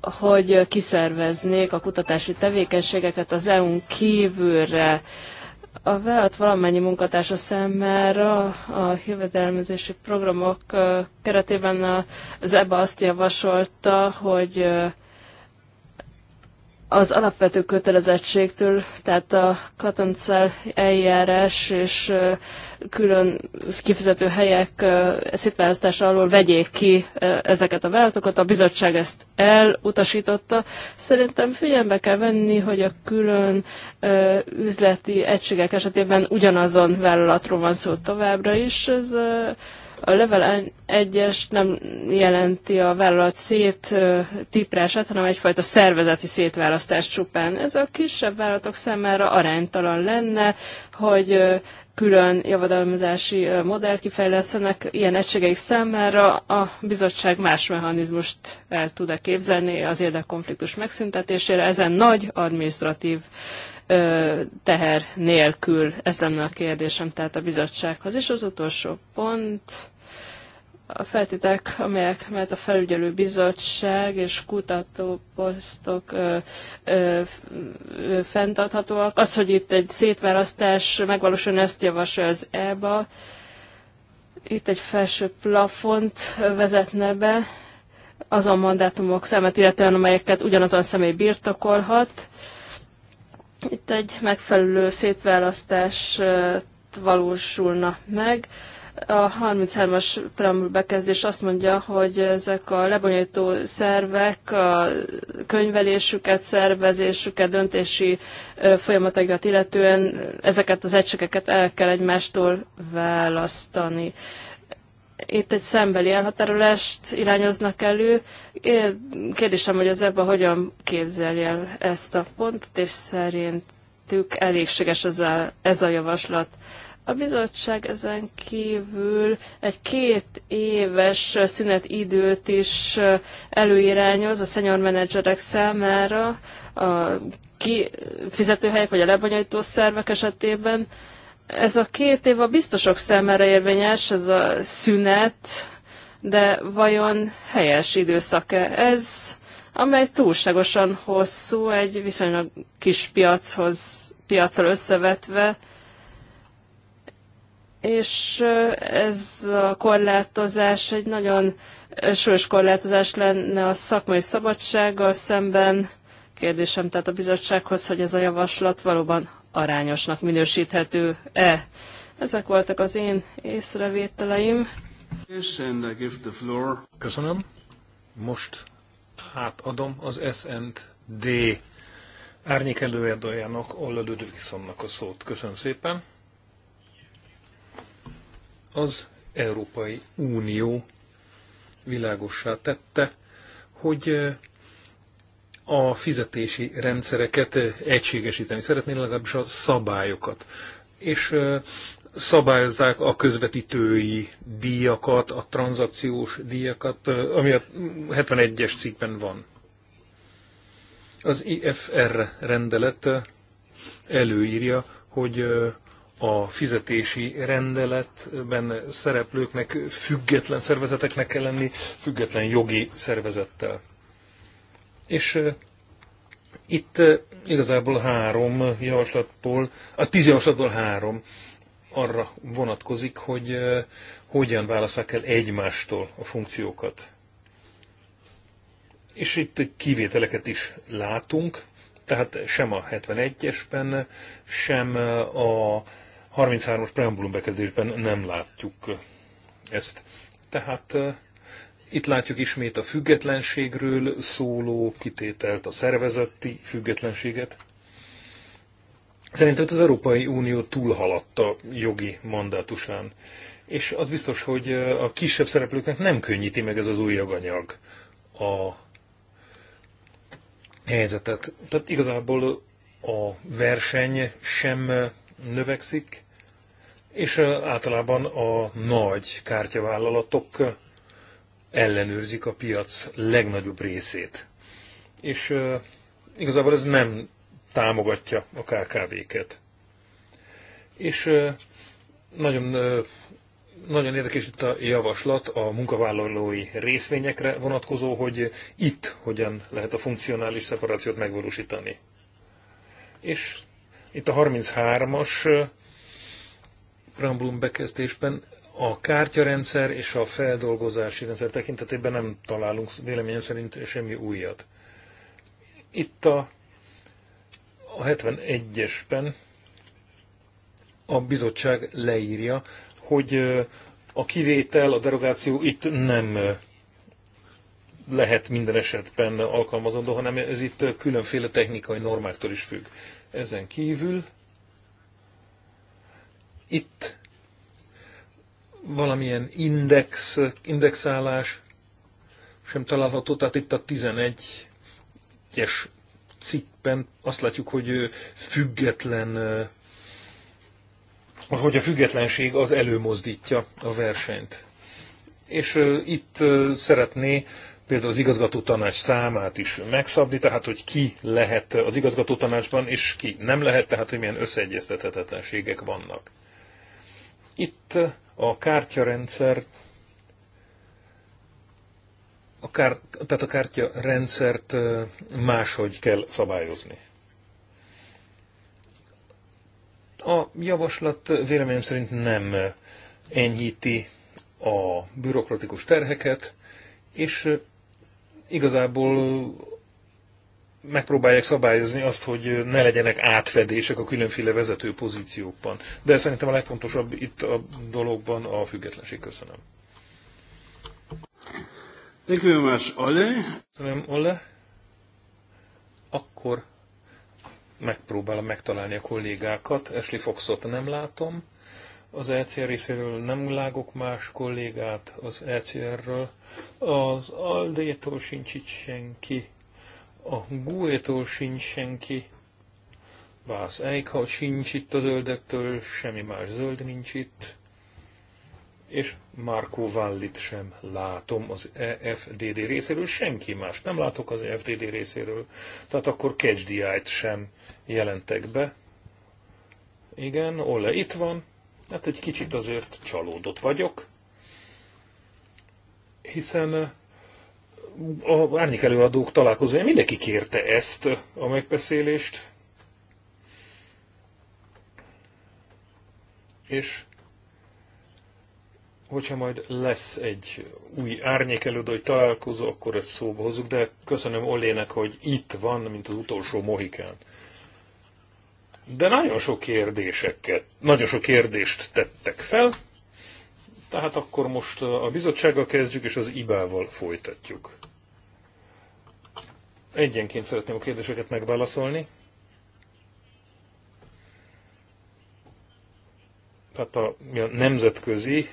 hogy kiszerveznék a kutatási tevékenységeket az EU-n kívülre. A VEAT valamennyi munkatársa számára a jövedelmezési programok keretében az EBA azt javasolta, hogy az alapvető kötelezettségtől, tehát a katoncel eljárás és külön kifizető helyek szétválasztása alól vegyék ki ezeket a vállalatokat. A bizottság ezt elutasította. Szerintem figyelembe kell venni, hogy a külön üzleti egységek esetében ugyanazon vállalatról van szó továbbra is. Ez a level 1-es nem jelenti a vállalat szét tiprását, hanem egyfajta szervezeti szétválasztás csupán. Ez a kisebb vállalatok számára aránytalan lenne, hogy külön javadalmazási modellt kifejlesztenek ilyen egységeik számára, a bizottság más mechanizmust el tud-e képzelni az érdekkonfliktus megszüntetésére. Ezen nagy administratív uh, teher nélkül. Ez lenne a kérdésem tehát a bizottsághoz. És az utolsó pont a feltételek, amelyek mert a felügyelő bizottság és kutatóposztok fenntarthatóak. Az, hogy itt egy szétválasztás megvalósulni, ezt javasolja az EBA. Itt egy felső plafont vezetne be azon mandátumok számát, illetően amelyeket ugyanazon személy birtokolhat. Ö, itt egy megfelelő szétválasztás valósulna meg. A 33-as preambul bekezdés azt mondja, hogy ezek a lebonyolító szervek a könyvelésüket, szervezésüket, döntési folyamatokat illetően ezeket az egységeket el kell egymástól választani itt egy szembeli elhatárolást irányoznak elő. Én kérdésem, hogy az ebben hogyan képzelj el ezt a pontot, és szerintük elégséges ez a, ez a javaslat. A bizottság ezen kívül egy két éves szünet időt is előirányoz a senior menedzserek számára, a kifizetőhelyek vagy a lebonyolító szervek esetében. Ez a két év a biztosok számára érvényes, ez a szünet, de vajon helyes időszak-e ez, amely túlságosan hosszú, egy viszonylag kis piachoz, piacra összevetve, és ez a korlátozás egy nagyon súlyos korlátozás lenne a szakmai szabadsággal szemben. Kérdésem tehát a bizottsághoz, hogy ez a javaslat valóban arányosnak minősíthető-e. Ezek voltak az én észrevételeim. Köszönöm. Most átadom az SND árnyék előadójának, Olla Ludvigsonnak a szót. Köszönöm szépen. Az Európai Unió világossá tette, hogy a fizetési rendszereket egységesíteni szeretnél, legalábbis a szabályokat. És szabályozzák a közvetítői díjakat, a tranzakciós díjakat, ami a 71-es cikkben van. Az IFR rendelet előírja, hogy a fizetési rendeletben szereplőknek független szervezeteknek kell lenni, független jogi szervezettel. És itt igazából három javaslatból, a tíz javaslatból három arra vonatkozik, hogy hogyan válaszolják el egymástól a funkciókat. És itt kivételeket is látunk, tehát sem a 71-esben, sem a 33-as preambulum bekezdésben nem látjuk ezt. Tehát itt látjuk ismét a függetlenségről szóló kitételt, a szervezeti függetlenséget. Szerintem az Európai Unió túlhaladta jogi mandátusán. És az biztos, hogy a kisebb szereplőknek nem könnyíti meg ez az új joganyag a helyzetet. Tehát igazából a verseny sem növekszik, és általában a nagy kártyavállalatok ellenőrzik a piac legnagyobb részét. És uh, igazából ez nem támogatja a KKV-ket. És uh, nagyon, uh, nagyon érdekes itt a javaslat a munkavállalói részvényekre vonatkozó, hogy itt hogyan lehet a funkcionális szeparációt megvalósítani. És itt a 33-as preambulum bekezdésben a kártyarendszer és a feldolgozási rendszer tekintetében nem találunk véleményem szerint semmi újat. Itt a, a 71-esben a bizottság leírja, hogy a kivétel, a derogáció itt nem lehet minden esetben alkalmazandó, hanem ez itt különféle technikai normáktól is függ. Ezen kívül itt valamilyen index, indexálás sem található, tehát itt a 11-es cikkben azt látjuk, hogy független, hogy a függetlenség az előmozdítja a versenyt. És itt szeretné például az igazgató tanács számát is megszabni, tehát hogy ki lehet az igazgató tanácsban, és ki nem lehet, tehát hogy milyen összeegyeztethetetlenségek vannak. Itt a kártyarendszer a kár, tehát a kártyarendszert máshogy kell szabályozni. A javaslat véleményem szerint nem enyhíti a bürokratikus terheket, és igazából megpróbálják szabályozni azt, hogy ne legyenek átfedések a különféle vezető pozíciókban. De szerintem a legfontosabb itt a dologban a függetlenség. Köszönöm. Thank you very much, Ole. Köszönöm, Ole. Akkor megpróbálom megtalálni a kollégákat. Ashley Foxot nem látom. Az ECR részéről nem lágok más kollégát az ECR-ről. Az Aldétól sincs itt senki. A gue sincs senki, Bász Eichhaut sincs itt a zöldektől, semmi más zöld nincs itt, és Marco Vallit sem látom az EFDD részéről, senki más nem látok az EFDD részéről, tehát akkor Catch sem jelentek be. Igen, Ole itt van, hát egy kicsit azért csalódott vagyok, hiszen a árnyék előadók találkozója mindenki kérte ezt a megbeszélést. És hogyha majd lesz egy új árnyék előadói találkozó, akkor ezt szóba hozzuk, de köszönöm Olének, hogy itt van, mint az utolsó mohikán. De nagyon sok kérdéseket, nagyon sok kérdést tettek fel, tehát akkor most a bizottsággal kezdjük, és az IBA-val folytatjuk. Egyenként szeretném a kérdéseket megválaszolni. Tehát a, a nemzetközi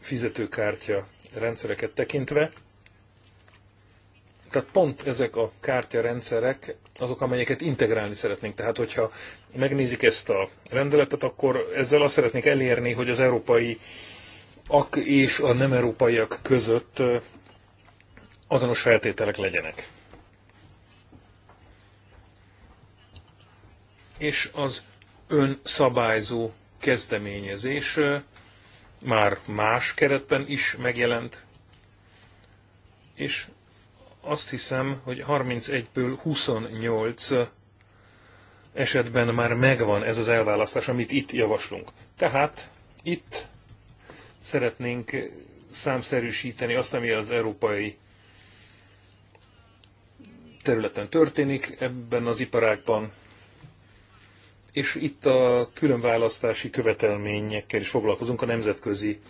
fizetőkártya rendszereket tekintve tehát pont ezek a kártyarendszerek azok, amelyeket integrálni szeretnénk. Tehát, hogyha megnézik ezt a rendeletet, akkor ezzel azt szeretnék elérni, hogy az európai ak és a nem európaiak között azonos feltételek legyenek. És az önszabályzó kezdeményezés már más keretben is megjelent, és azt hiszem, hogy 31-ből 28 esetben már megvan ez az elválasztás, amit itt javaslunk. Tehát itt szeretnénk számszerűsíteni azt, ami az európai területen történik ebben az iparágban, és itt a különválasztási követelményekkel is foglalkozunk a nemzetközi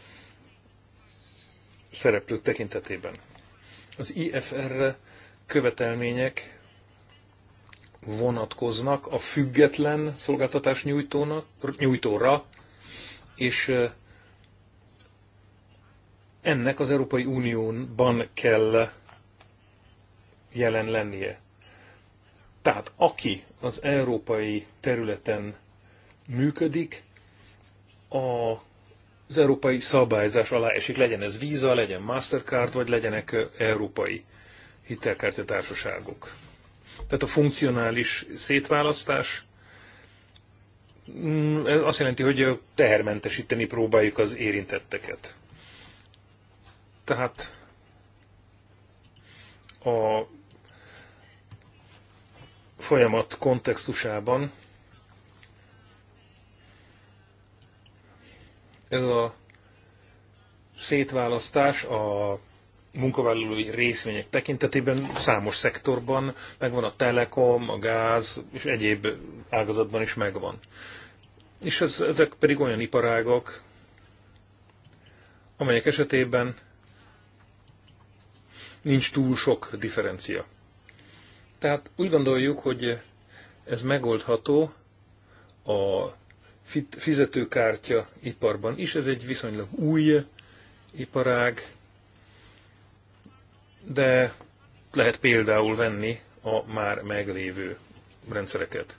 szereplők tekintetében. Az IFR követelmények vonatkoznak a független szolgáltatás nyújtónak, nyújtóra, és ennek az Európai Unióban kell jelen lennie. Tehát aki az európai területen működik, a az európai szabályzás alá esik, legyen ez Visa, legyen Mastercard, vagy legyenek európai hitelkártyatársaságok. Tehát a funkcionális szétválasztás mm, ez azt jelenti, hogy tehermentesíteni próbáljuk az érintetteket. Tehát a folyamat kontextusában Ez a szétválasztás a munkavállalói részvények tekintetében számos szektorban megvan a telekom, a gáz és egyéb ágazatban is megvan. És ez, ezek pedig olyan iparágak, amelyek esetében nincs túl sok differencia. Tehát úgy gondoljuk, hogy ez megoldható a fizetőkártya iparban is. Ez egy viszonylag új iparág, de lehet például venni a már meglévő rendszereket.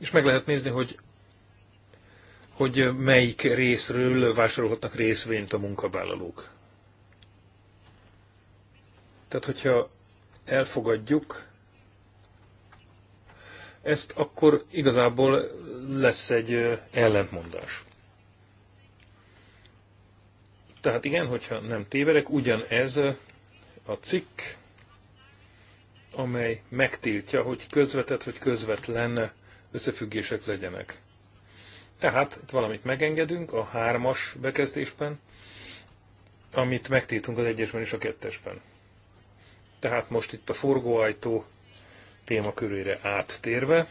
És meg lehet nézni, hogy, hogy melyik részről vásárolhatnak részvényt a munkavállalók. Tehát, hogyha elfogadjuk ezt, akkor igazából lesz egy ellentmondás. Tehát igen, hogyha nem tévedek, ugyanez a cikk, amely megtiltja, hogy közvetett vagy közvetlen összefüggések legyenek. Tehát itt valamit megengedünk a hármas bekezdésben, amit megtiltunk az egyesben és a kettesben. Tehát most itt a forgóajtó témakörére áttérve,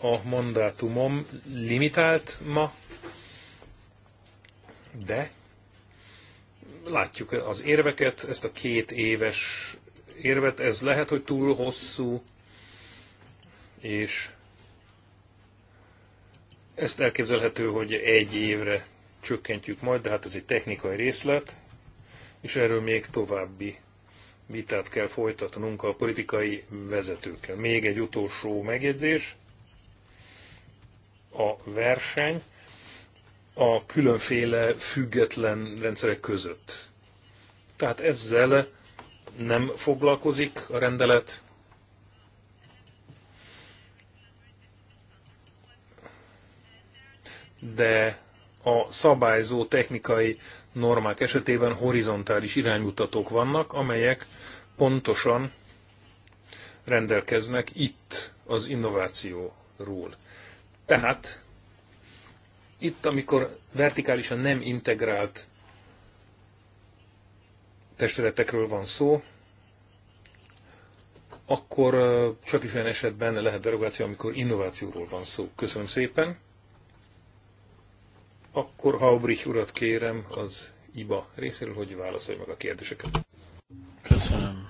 a mandátumom limitált ma, de látjuk az érveket, ezt a két éves érvet, ez lehet, hogy túl hosszú, és ezt elképzelhető, hogy egy évre csökkentjük majd, de hát ez egy technikai részlet, és erről még további vitát kell folytatnunk a politikai vezetőkkel. Még egy utolsó megjegyzés. A verseny a különféle független rendszerek között. Tehát ezzel nem foglalkozik a rendelet. De a szabályzó technikai normák esetében horizontális iránymutatók vannak, amelyek pontosan rendelkeznek itt az innovációról. Tehát itt, amikor vertikálisan nem integrált testületekről van szó, akkor csak is olyan esetben lehet derogáció, amikor innovációról van szó. Köszönöm szépen! Akkor Haubrich urat kérem az IBA részéről, hogy válaszolj meg a kérdéseket. Köszönöm.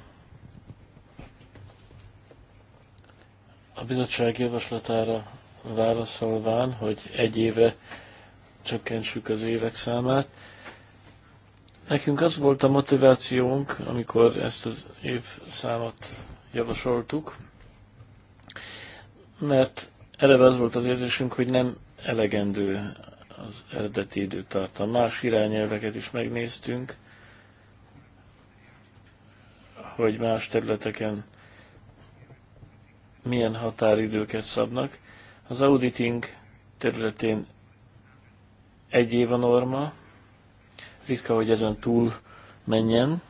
A bizottság javaslatára válaszolván, hogy egy évre csökkentsük az évek számát. Nekünk az volt a motivációnk, amikor ezt az évszámot javasoltuk, mert eleve az volt az érzésünk, hogy nem elegendő az eredeti időtartam. Más irányelveket is megnéztünk, hogy más területeken milyen határidőket szabnak. Az auditing területén egy év a norma, ritka, hogy ezen túl menjen.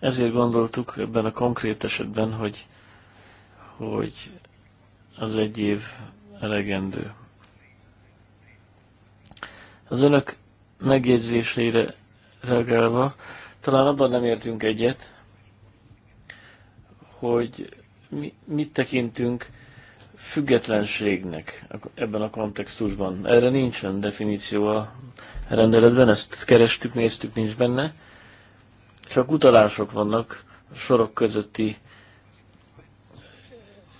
Ezért gondoltuk ebben a konkrét esetben, hogy, hogy az egy év elegendő. Az önök megjegyzésére reagálva, talán abban nem értünk egyet, hogy mi, mit tekintünk függetlenségnek ebben a kontextusban. Erre nincsen definíció a rendeletben, ezt kerestük, néztük, nincs benne. Csak utalások vannak a sorok közötti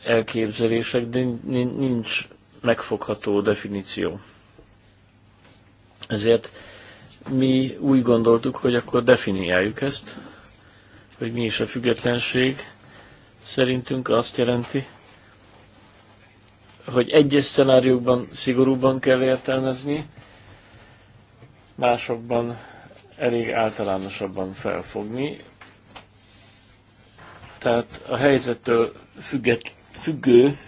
elképzelések, de nincs megfogható definíció. Ezért mi úgy gondoltuk, hogy akkor definiáljuk ezt, hogy mi is a függetlenség. Szerintünk azt jelenti, hogy egyes szenáriókban szigorúban kell értelmezni, másokban elég általánosabban felfogni. Tehát a helyzettől függet, függő,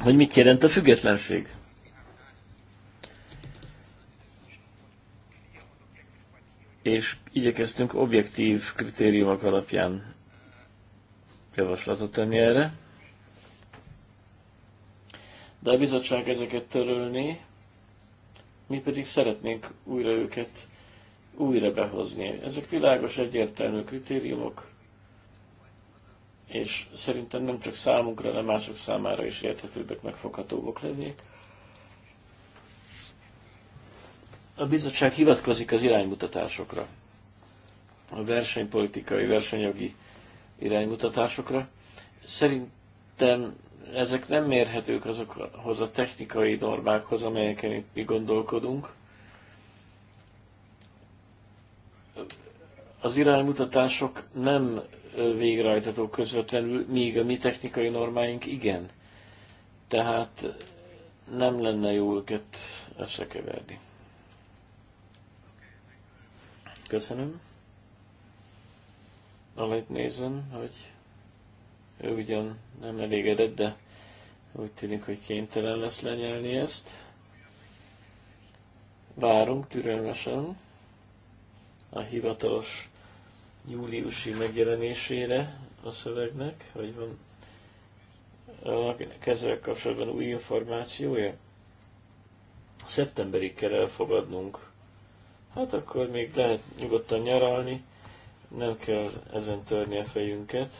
hogy mit jelent a függetlenség. és igyekeztünk objektív kritériumok alapján javaslatot tenni erre. De a bizottság ezeket törölni, mi pedig szeretnénk újra őket újra behozni. Ezek világos, egyértelmű kritériumok, és szerintem nem csak számunkra, de mások számára is érthetőbbek, megfoghatóbbak lennék. A bizottság hivatkozik az iránymutatásokra, a versenypolitikai, versenyjogi iránymutatásokra. Szerintem ezek nem mérhetők azokhoz a technikai normákhoz, amelyeken itt mi gondolkodunk. Az iránymutatások nem végrehajtatók közvetlenül, míg a mi technikai normáink igen. Tehát nem lenne jó őket összekeverni. Köszönöm. Alig nézem, hogy ő ugyan nem elégedett, de úgy tűnik, hogy kénytelen lesz lenyelni ezt. Várunk türelmesen a hivatalos júliusi megjelenésére a szövegnek, hogy van a kezel kapcsolatban új információja. Szeptemberig kell elfogadnunk hát akkor még lehet nyugodtan nyaralni, nem kell ezen törni a fejünket.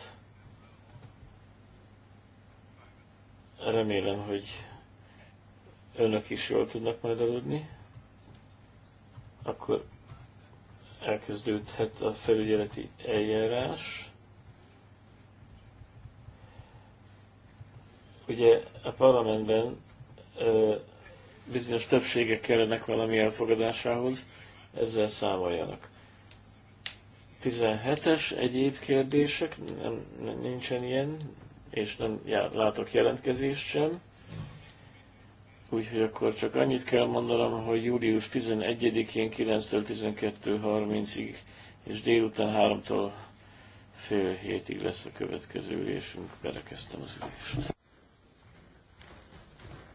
Remélem, hogy önök is jól tudnak majd aludni. Akkor elkezdődhet a felügyeleti eljárás. Ugye a parlamentben ö, bizonyos többségek kellenek valami elfogadásához, ezzel számoljanak. 17-es egyéb kérdések, nem, nincsen ilyen, és nem já, látok jelentkezést sem. Úgyhogy akkor csak annyit kell mondanom, hogy július 11-én 9-től 12.30-ig és délután 3-tól fél hétig lesz a következő ülésünk. Berekeztem az ülést.